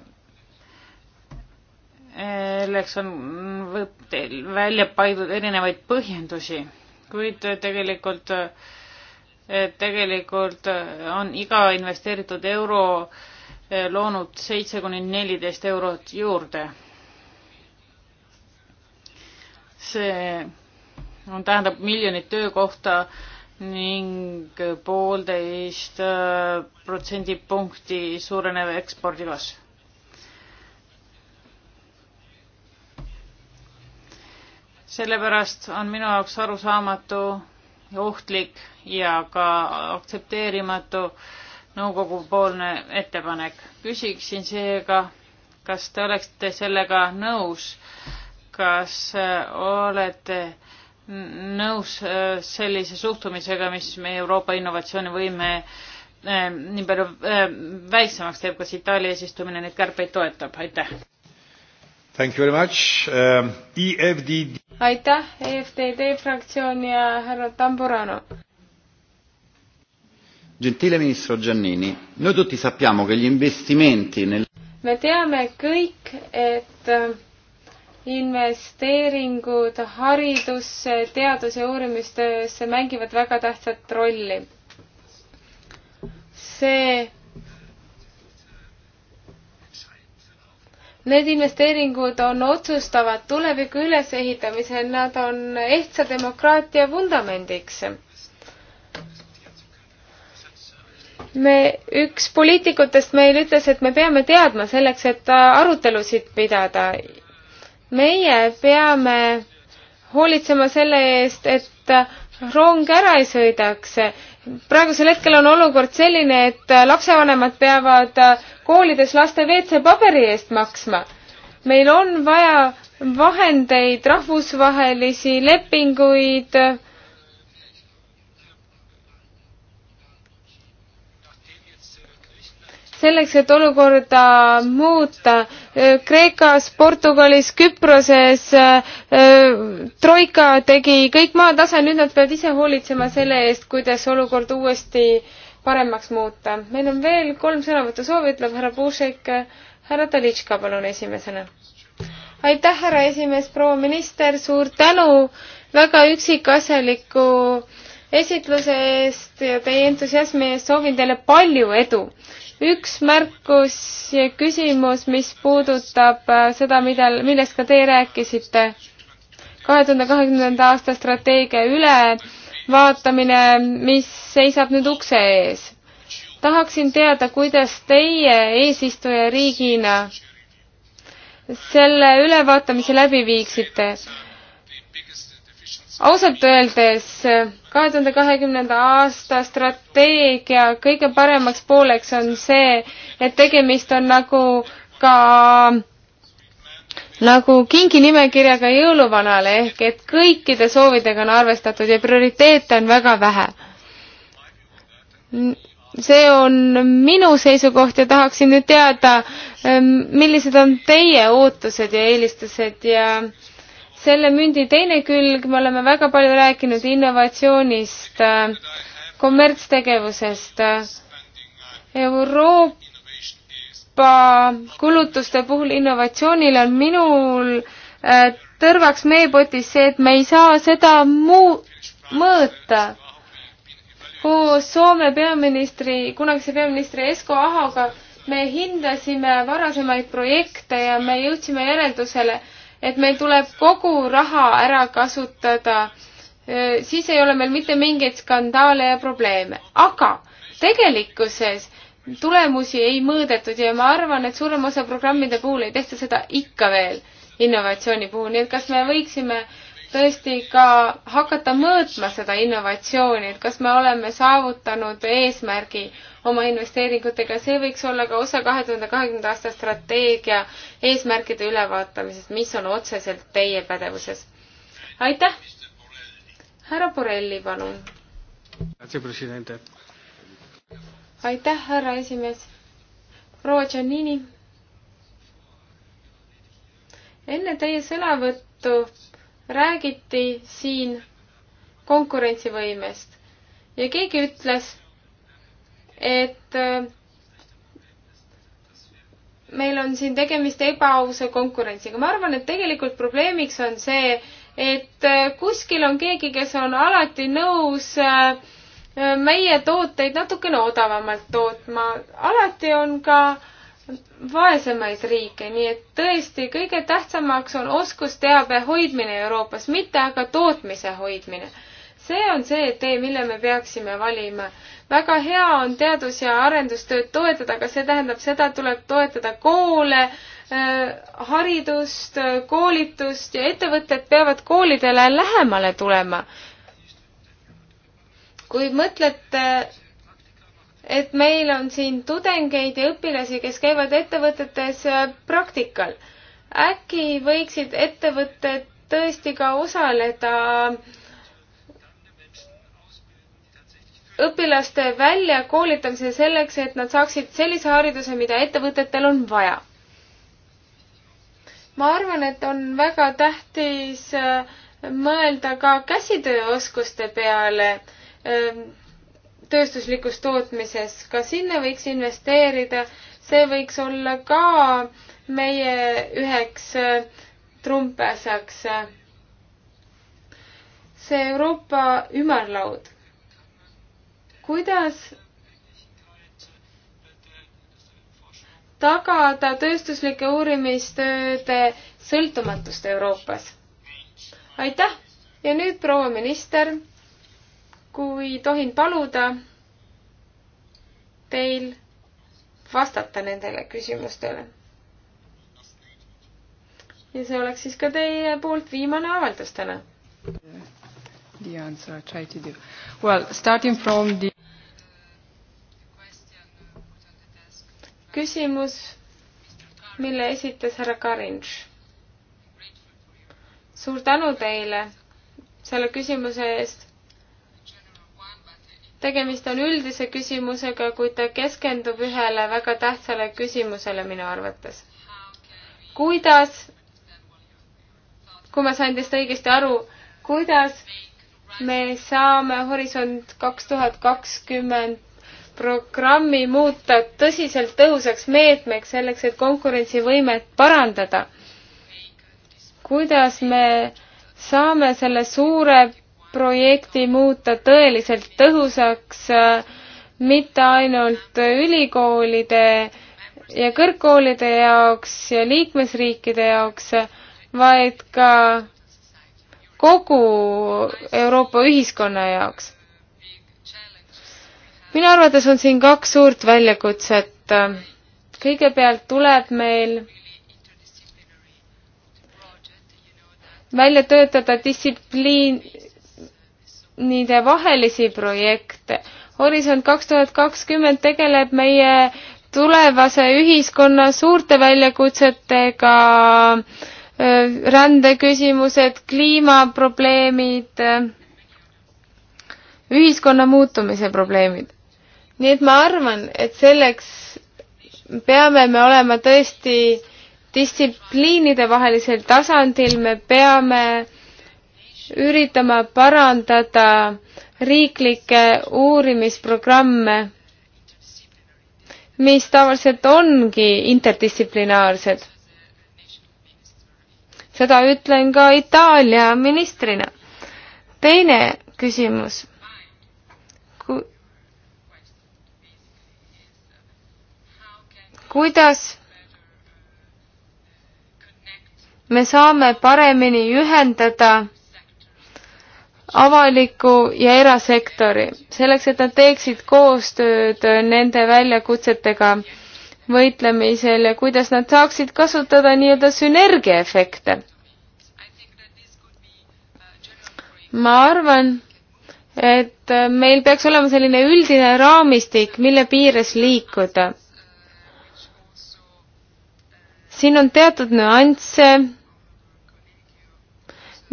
selleks on välja paidud erinevaid põhjendusi, kuid tegelikult, tegelikult on iga investeeritud euro eh, loonud seitse kuni neliteist eurot juurde. see on, tähendab miljonit töökohta ning poolteist äh, protsendipunkti suurenev ekspordi kasv. sellepärast on minu jaoks arusaamatu, ohtlik ja ka aktsepteerimatu nõukogu poolne ettepanek. küsiksin seega, kas te oleksite sellega nõus, kas äh, olete äh, nõus äh, sellise suhtumisega, mis meie Euroopa innovatsioonivõime äh, nii palju äh, väiksemaks teeb, kas Itaalia eesistumine neid kärpeid toetab, aitäh! Thank you very much um,. Ähm, EFDD. aitäh, EFDD fraktsioon ja härra Tamburano. Gentile ministro Giannini, noi tutti sappiamo che gli investimenti nel me teame kõik, et investeeringud haridusse, teadus- ja uurimistöösse mängivad väga tähtsat rolli. see, need investeeringud on otsustavad tuleviku ülesehitamisel, nad on ehtsa demokraatia vundamendiks me, üks poliitikutest meil ütles, et me peame teadma selleks, et arutelusid pidada meie peame hoolitsema selle eest, et rong ära ei sõidaks. praegusel hetkel on olukord selline, et lapsevanemad peavad koolides laste WC-paberi eest maksma. meil on vaja vahendeid, rahvusvahelisi lepinguid selleks, et olukorda muuta. Kreekas, Portugalis, Küproses äh, Troika tegi kõik maatasa, nüüd nad peavad ise hoolitsema selle eest, kuidas olukord uuesti paremaks muuta. meil on veel kolm sõnavõtusoovi, ütleb härra Puusek. härra Talitška, palun esimesena. aitäh, härra esimees, proua minister, suur tänu väga üksikasjaliku esitluse eest ja teie entusiasmi eest soovin teile palju edu üks märkus ja küsimus, mis puudutab äh, seda, mida, millest ka teie rääkisite. kahe tuhande kahekümnenda aasta strateegia ülevaatamine, mis seisab nüüd ukse ees. tahaksin teada, kuidas teie eesistujariigina selle ülevaatamise läbi viiksite ausalt öeldes kahe tuhande kahekümnenda aasta strateegia kõige paremaks pooleks on see, et tegemist on nagu ka nagu kinginimekirjaga jõuluvanale ehk et kõikide soovidega on arvestatud ja prioriteete on väga vähe. see on minu seisukoht ja tahaksin nüüd teada, millised on teie ootused ja eelistused ja äh, selle mündi teine külg, me oleme väga palju rääkinud innovatsioonist, kommertstegevusest. Euroopa kulutuste puhul innovatsioonil on minul äh, tõrvaks meepotis see, et me ei saa seda muu-, mõõta. koos Soome peaministri, kunagise peaministri Esko Ahoga me hindasime varasemaid projekte ja me jõudsime järeldusele, et meil tuleb kogu raha ära kasutada, siis ei ole meil mitte mingeid skandaale ja probleeme. aga tegelikkuses tulemusi ei mõõdetud ja ma arvan, et suurem osa programmide puhul ei tehta seda ikka veel innovatsiooni puhul, nii et kas me võiksime tõesti ka hakata mõõtma seda innovatsiooni, et kas me oleme saavutanud eesmärgi oma investeeringutega. see võiks olla ka osa kahe tuhande kahekümnenda aasta strateegia eesmärkide ülevaatamisest, mis on otseselt teie pädevuses. aitäh! härra Borrelli, palun. aitäh, härra esimees. proua Giannini. enne teie sõnavõttu räägiti siin konkurentsivõimest ja keegi ütles, et äh, meil on siin tegemist ebaausa konkurentsiga. ma arvan, et tegelikult probleemiks on see, et äh, kuskil on keegi, kes on alati nõus äh, meie tooteid natukene odavamalt tootma. alati on ka vaesemaid riike, nii et tõesti kõige tähtsamaks on oskusteabe hoidmine Euroopas, mitte aga tootmise hoidmine. see on see tee, mille me peaksime valima väga hea on teadus- ja arendustööd toetada, aga see tähendab seda, et tuleb toetada koole, äh, haridust, äh, koolitust ja ettevõtted peavad koolidele lähemale tulema. kui mõtlete, et meil on siin tudengeid ja õpilasi, kes käivad ettevõtetes äh, praktikal, äkki võiksid ettevõtted tõesti ka osaleda äh, õpilaste väljakoolitamise selleks, et nad saaksid sellise hariduse, mida ettevõtetel on vaja. ma arvan, et on väga tähtis äh, mõelda ka käsitööoskuste peale ähm, tööstuslikus tootmises, ka sinna võiks investeerida, see võiks olla ka meie üheks äh, trumpeasjaks. Äh, see Euroopa ümarlaud kuidas tagada tööstuslike uurimistööde sõltumatust Euroopas? aitäh ja nüüd proua minister, kui tohin paluda teil vastata nendele küsimustele. ja see oleks siis ka teie poolt viimane avaldus täna. The answer I try to do. Well, starting from the küsimus, mille esitas härra Karinš. suur tänu teile selle küsimuse eest. tegemist on üldise küsimusega, kuid ta keskendub ühele väga tähtsale küsimusele minu arvates. kuidas, kui ma sain teist õigesti aru, kuidas me saame Horisont kaks tuhat kakskümmend programmi muuta tõsiselt tõhusaks meetmeks selleks, et konkurentsivõimet parandada. kuidas me saame selle suure projekti muuta tõeliselt tõhusaks mitte ainult ülikoolide ja kõrgkoolide jaoks ja liikmesriikide jaoks, vaid ka kogu Euroopa ühiskonna jaoks minu arvates on siin kaks suurt väljakutset. kõigepealt tuleb meil välja töötada distsipliinide vahelisi projekte. Horisont kaks tuhat kakskümmend tegeleb meie tulevase ühiskonna suurte väljakutsetega, rändeküsimused, kliimaprobleemid, ühiskonna muutumise probleemid nii et ma arvan, et selleks peame me olema tõesti distsipliinide vahelisel tasandil, me peame üritama parandada riiklikke uurimisprogramme, mis tavaliselt ongi interdistsiplinaarsed. seda ütlen ka Itaalia ministrina. teine küsimus kuidas me saame paremini ühendada avaliku ja erasektori, selleks et nad teeksid koostööd nende väljakutsetega võitlemisel ja kuidas nad saaksid kasutada nii-öelda sünergiaefekte. ma arvan, et meil peaks olema selline üldine raamistik, mille piires liikuda siin on teatud nüansse,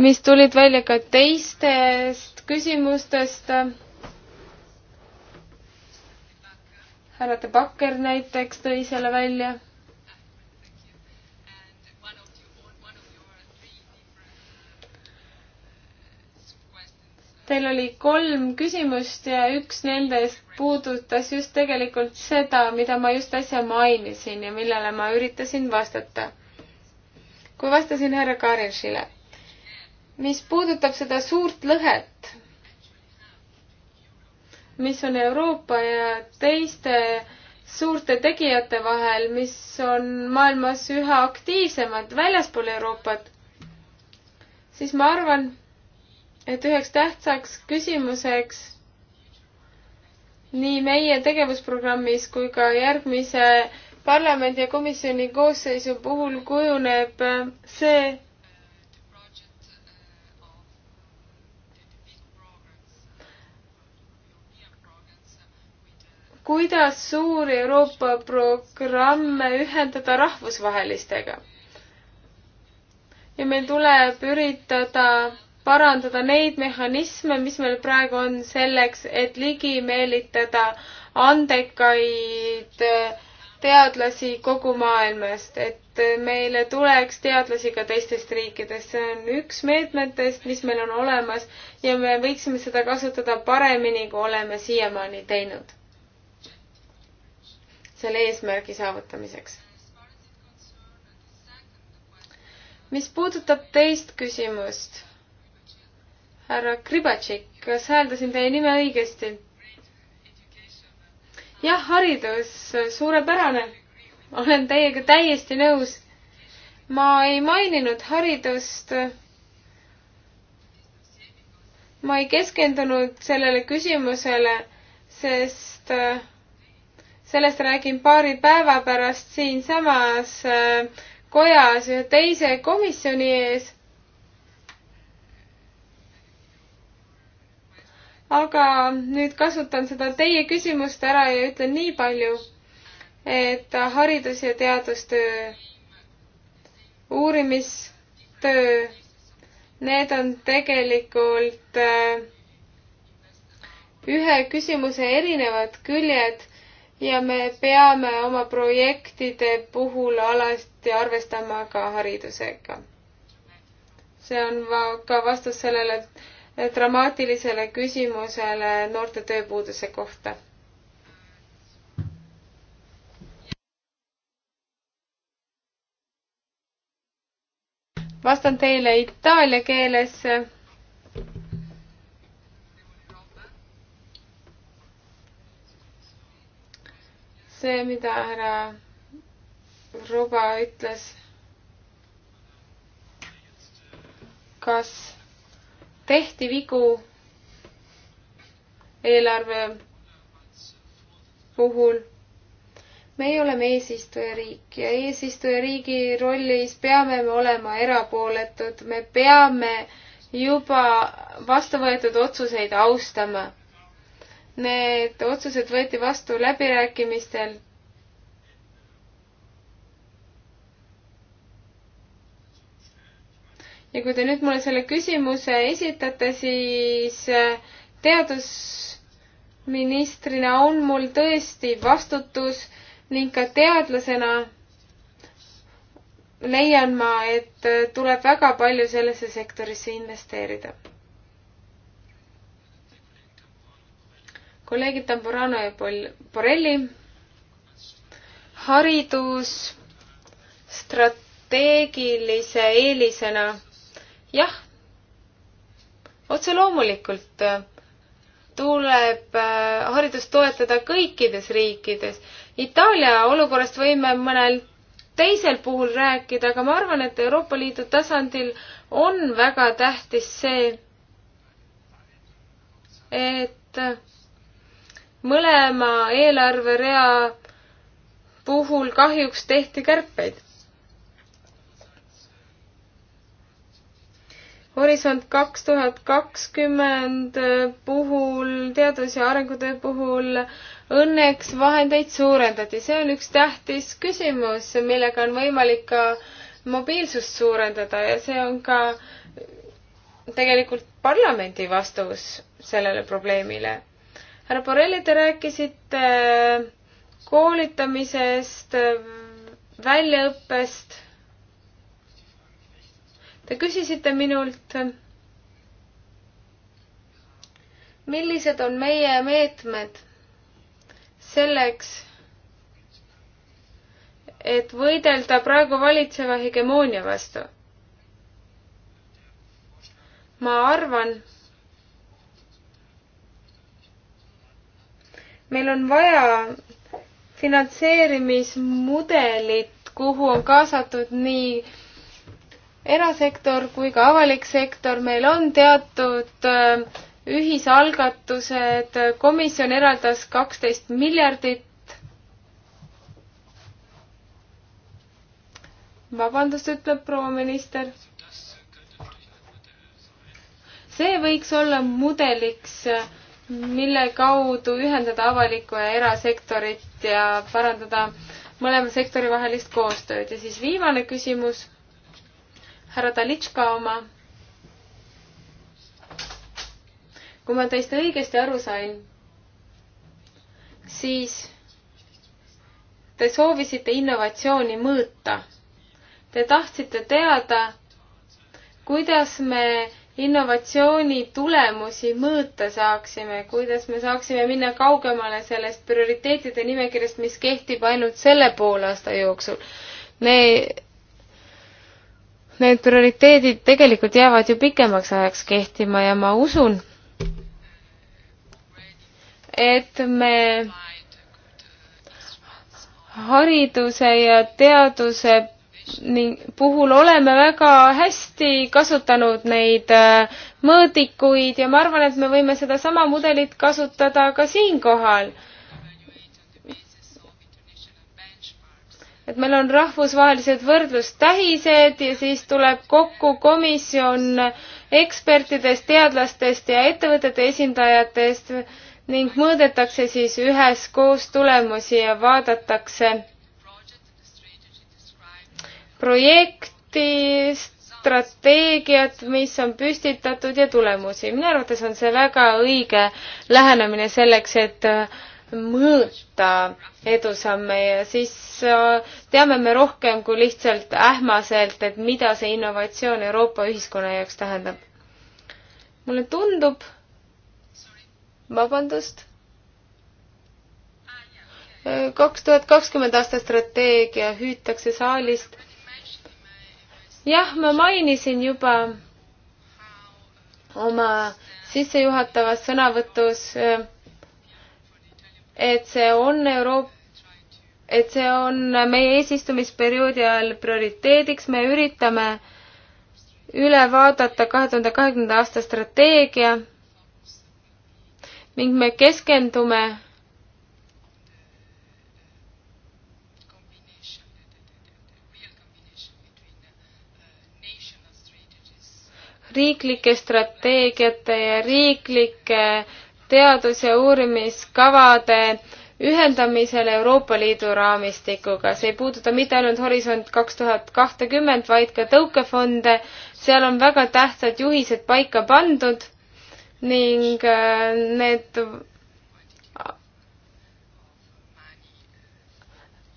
mis tulid välja ka teistest küsimustest. härra De Backer näiteks tõi selle välja Teil oli kolm küsimust ja üks nendest puudutas just tegelikult seda, mida ma just äsja mainisin ja millele ma üritasin vastata. kui vastasin härra Karinšile, mis puudutab seda suurt lõhet, mis on Euroopa ja teiste suurte tegijate vahel, mis on maailmas üha aktiivsemad väljaspool Euroopat, siis ma arvan, et üheks tähtsaks küsimuseks nii meie tegevusprogrammis kui ka järgmise parlamendi ja komisjoni koosseisu puhul kujuneb see, kuidas suuri Euroopa programme ühendada rahvusvahelistega. ja meil tuleb üritada parandada neid mehhanisme, mis meil praegu on selleks, et ligi meelitada andekaid äh, teadlasi kogu maailmast, et äh, meile tuleks teadlasi ka teistest riikidest. see on üks meetmetest, mis meil on olemas ja me võiksime seda kasutada paremini, kui oleme siiamaani teinud selle eesmärgi saavutamiseks. mis puudutab teist küsimust härra Kribatšik, kas hääldasin teie nime õigesti? jah, haridus, suurepärane. olen teiega täiesti nõus. ma ei maininud haridust. ma ei keskendunud sellele küsimusele, sest äh, sellest räägin paari päeva pärast siinsamas äh, kojas ühe teise komisjoni ees aga nüüd kasutan seda teie küsimust ära ja ütlen nii palju, et haridus- ja teadustöö, uurimistöö, need on tegelikult äh, ühe küsimuse erinevad küljed ja me peame oma projektide puhul alati arvestama ka haridusega. see on va ka vastus sellele, et dramaatilisele küsimusele noorte tööpuuduse kohta. vastan teile itaalia keeles. see, mida härra Ruba ütles, kas tehti vigu eelarve puhul. meie oleme eesistujariik ja eesistujariigi rollis peame me olema erapooletud, me peame juba vastu võetud otsuseid austama. Need otsused võeti vastu läbirääkimistel ja kui te nüüd mulle selle küsimuse esitate, siis äh, teadusministrina on mul tõesti vastutus ning ka teadlasena leian ma, et äh, tuleb väga palju sellesse sektorisse investeerida. kolleegid Tamburano ja Borrelli. haridus strateegilise eelisena jah, otse loomulikult äh, tuleb äh, haridust toetada kõikides riikides. Itaalia olukorrast võime mõnel teisel puhul rääkida, aga ma arvan, et Euroopa Liidu tasandil on väga tähtis see, et mõlema eelarverea puhul kahjuks tehti kärpeid. Horisont kaks tuhat kakskümmend äh, puhul, teadus- ja arengutöö puhul õnneks vahendeid suurendati, see on üks tähtis küsimus, millega on võimalik ka mobiilsust suurendada ja see on ka tegelikult parlamendi vastus sellele probleemile. härra Borrelli, te rääkisite koolitamisest, väljaõppest Te küsisite minult, millised on meie meetmed selleks, et võidelda praegu valitseva hegemoonia vastu. ma arvan, meil on vaja finantseerimismudelit, kuhu on kaasatud nii erasektor kui ka avalik sektor, meil on teatud äh, ühisalgatused, komisjon eraldas kaksteist miljardit. vabandust, ütleb proua minister. see võiks olla mudeliks, mille kaudu ühendada avalikku ja erasektorit ja parandada mõlema sektori vahelist koostööd ja siis viimane küsimus härra Talitška oma. kui ma teist õigesti aru sain, siis te soovisite innovatsiooni mõõta. Te tahtsite teada, kuidas me innovatsiooni tulemusi mõõta saaksime, kuidas me saaksime minna kaugemale sellest prioriteetide nimekirjast, mis kehtib ainult selle poolaasta jooksul. me need prioriteedid tegelikult jäävad ju pikemaks ajaks kehtima ja ma usun, et me hariduse ja teaduse puhul oleme väga hästi kasutanud neid äh, mõõdikuid ja ma arvan, et me võime sedasama mudelit kasutada ka siinkohal et meil on rahvusvahelised võrdlustähised ja siis tuleb kokku komisjon ekspertidest, teadlastest ja ettevõtete esindajatest ning mõõdetakse siis üheskoos tulemusi ja vaadatakse projekti, strateegiat, mis on püstitatud ja tulemusi. minu arvates on see väga õige lähenemine selleks, et mõõta edusamme ja siis äh, teame me rohkem kui lihtsalt ähmaselt, et mida see innovatsioon Euroopa ühiskonna jaoks tähendab. mulle tundub, vabandust, äh, kaks tuhat kakskümmend aasta strateegia hüütakse saalist. jah, ma mainisin juba oma sissejuhatavas sõnavõtus äh, et see on Euroop-, et see on meie eesistumisperioodi ajal prioriteediks, me üritame üle vaadata kahe tuhande kahekümnenda aasta strateegia ning me keskendume riiklike strateegiate ja riiklike teadus- ja uurimiskavade ühendamisel Euroopa Liidu raamistikuga. see ei puuduta mitte ainult Horisont kaks tuhat kahtekümmend, vaid ka tõukefonde. seal on väga tähtsad juhised paika pandud ning äh, need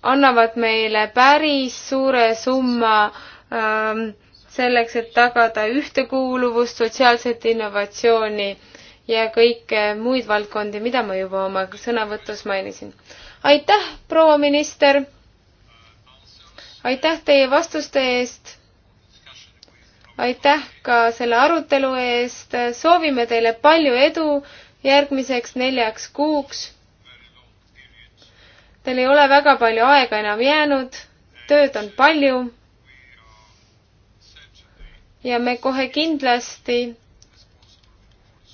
annavad meile päris suure summa ähm, selleks, et tagada ühtekuuluvust, sotsiaalset innovatsiooni ja kõike eh, muid valdkondi, mida ma juba oma sõnavõtus mainisin. aitäh, proua minister! aitäh teie vastuste eest! aitäh ka selle arutelu eest, soovime teile palju edu järgmiseks neljaks kuuks. Teil ei ole väga palju aega enam jäänud, tööd on palju. ja me kohe kindlasti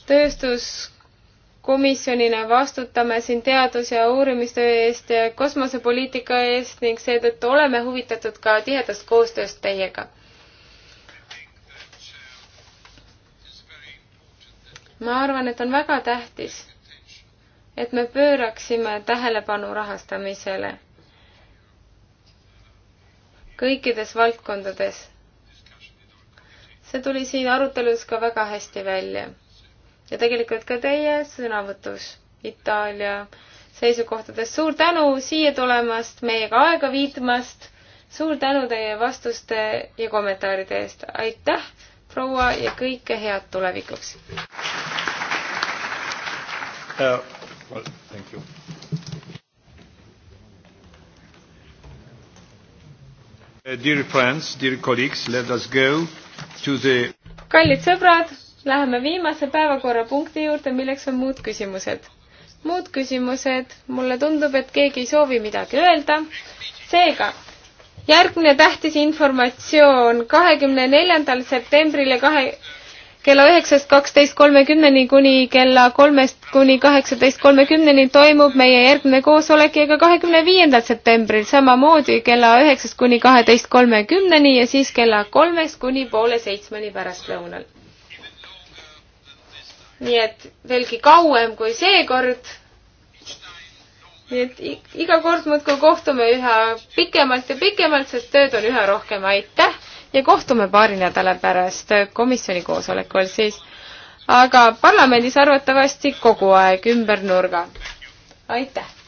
tööstuskomisjonina vastutame siin teadus- ja uurimistöö eest ja kosmosepoliitika eest ning seetõttu oleme huvitatud ka tihedast koostööst teiega. ma arvan, et on väga tähtis, et me pööraksime tähelepanu rahastamisele kõikides valdkondades. see tuli siin arutelus ka väga hästi välja ja tegelikult ka teie sõnavõtus Itaalia seisukohtadest. suur tänu siia tulemast, meiega aega viitmast. suur tänu teie vastuste ja kommentaaride eest. aitäh, proua ja kõike head tulevikuks uh,. Well, thank you. Uh, dear friends, dear colleagues, let us go to the kallid sõbrad, Läheme viimase päevakorrapunkti juurde, milleks on muud küsimused. muud küsimused, mulle tundub, et keegi ei soovi midagi öelda. seega, järgmine tähtis informatsioon kahekümne neljandal septembril ja kahe, kella üheksast kaksteist kolmekümneni kuni kella kolmest kuni kaheksateist kolmekümneni toimub meie järgmine koosolek ja ka kahekümne viiendal septembril samamoodi kella üheksast kuni kaheteist kolmekümneni ja siis kella kolmest kuni poole seitsmeni pärastlõunal nii et veelgi kauem kui seekord. nii et iga kord muudkui kohtume üha pikemalt ja pikemalt, sest tööd on üha rohkem. aitäh ja kohtume paari nädala pärast komisjoni koosolekul siis. aga parlamendis arvatavasti kogu aeg ümber nurga. aitäh!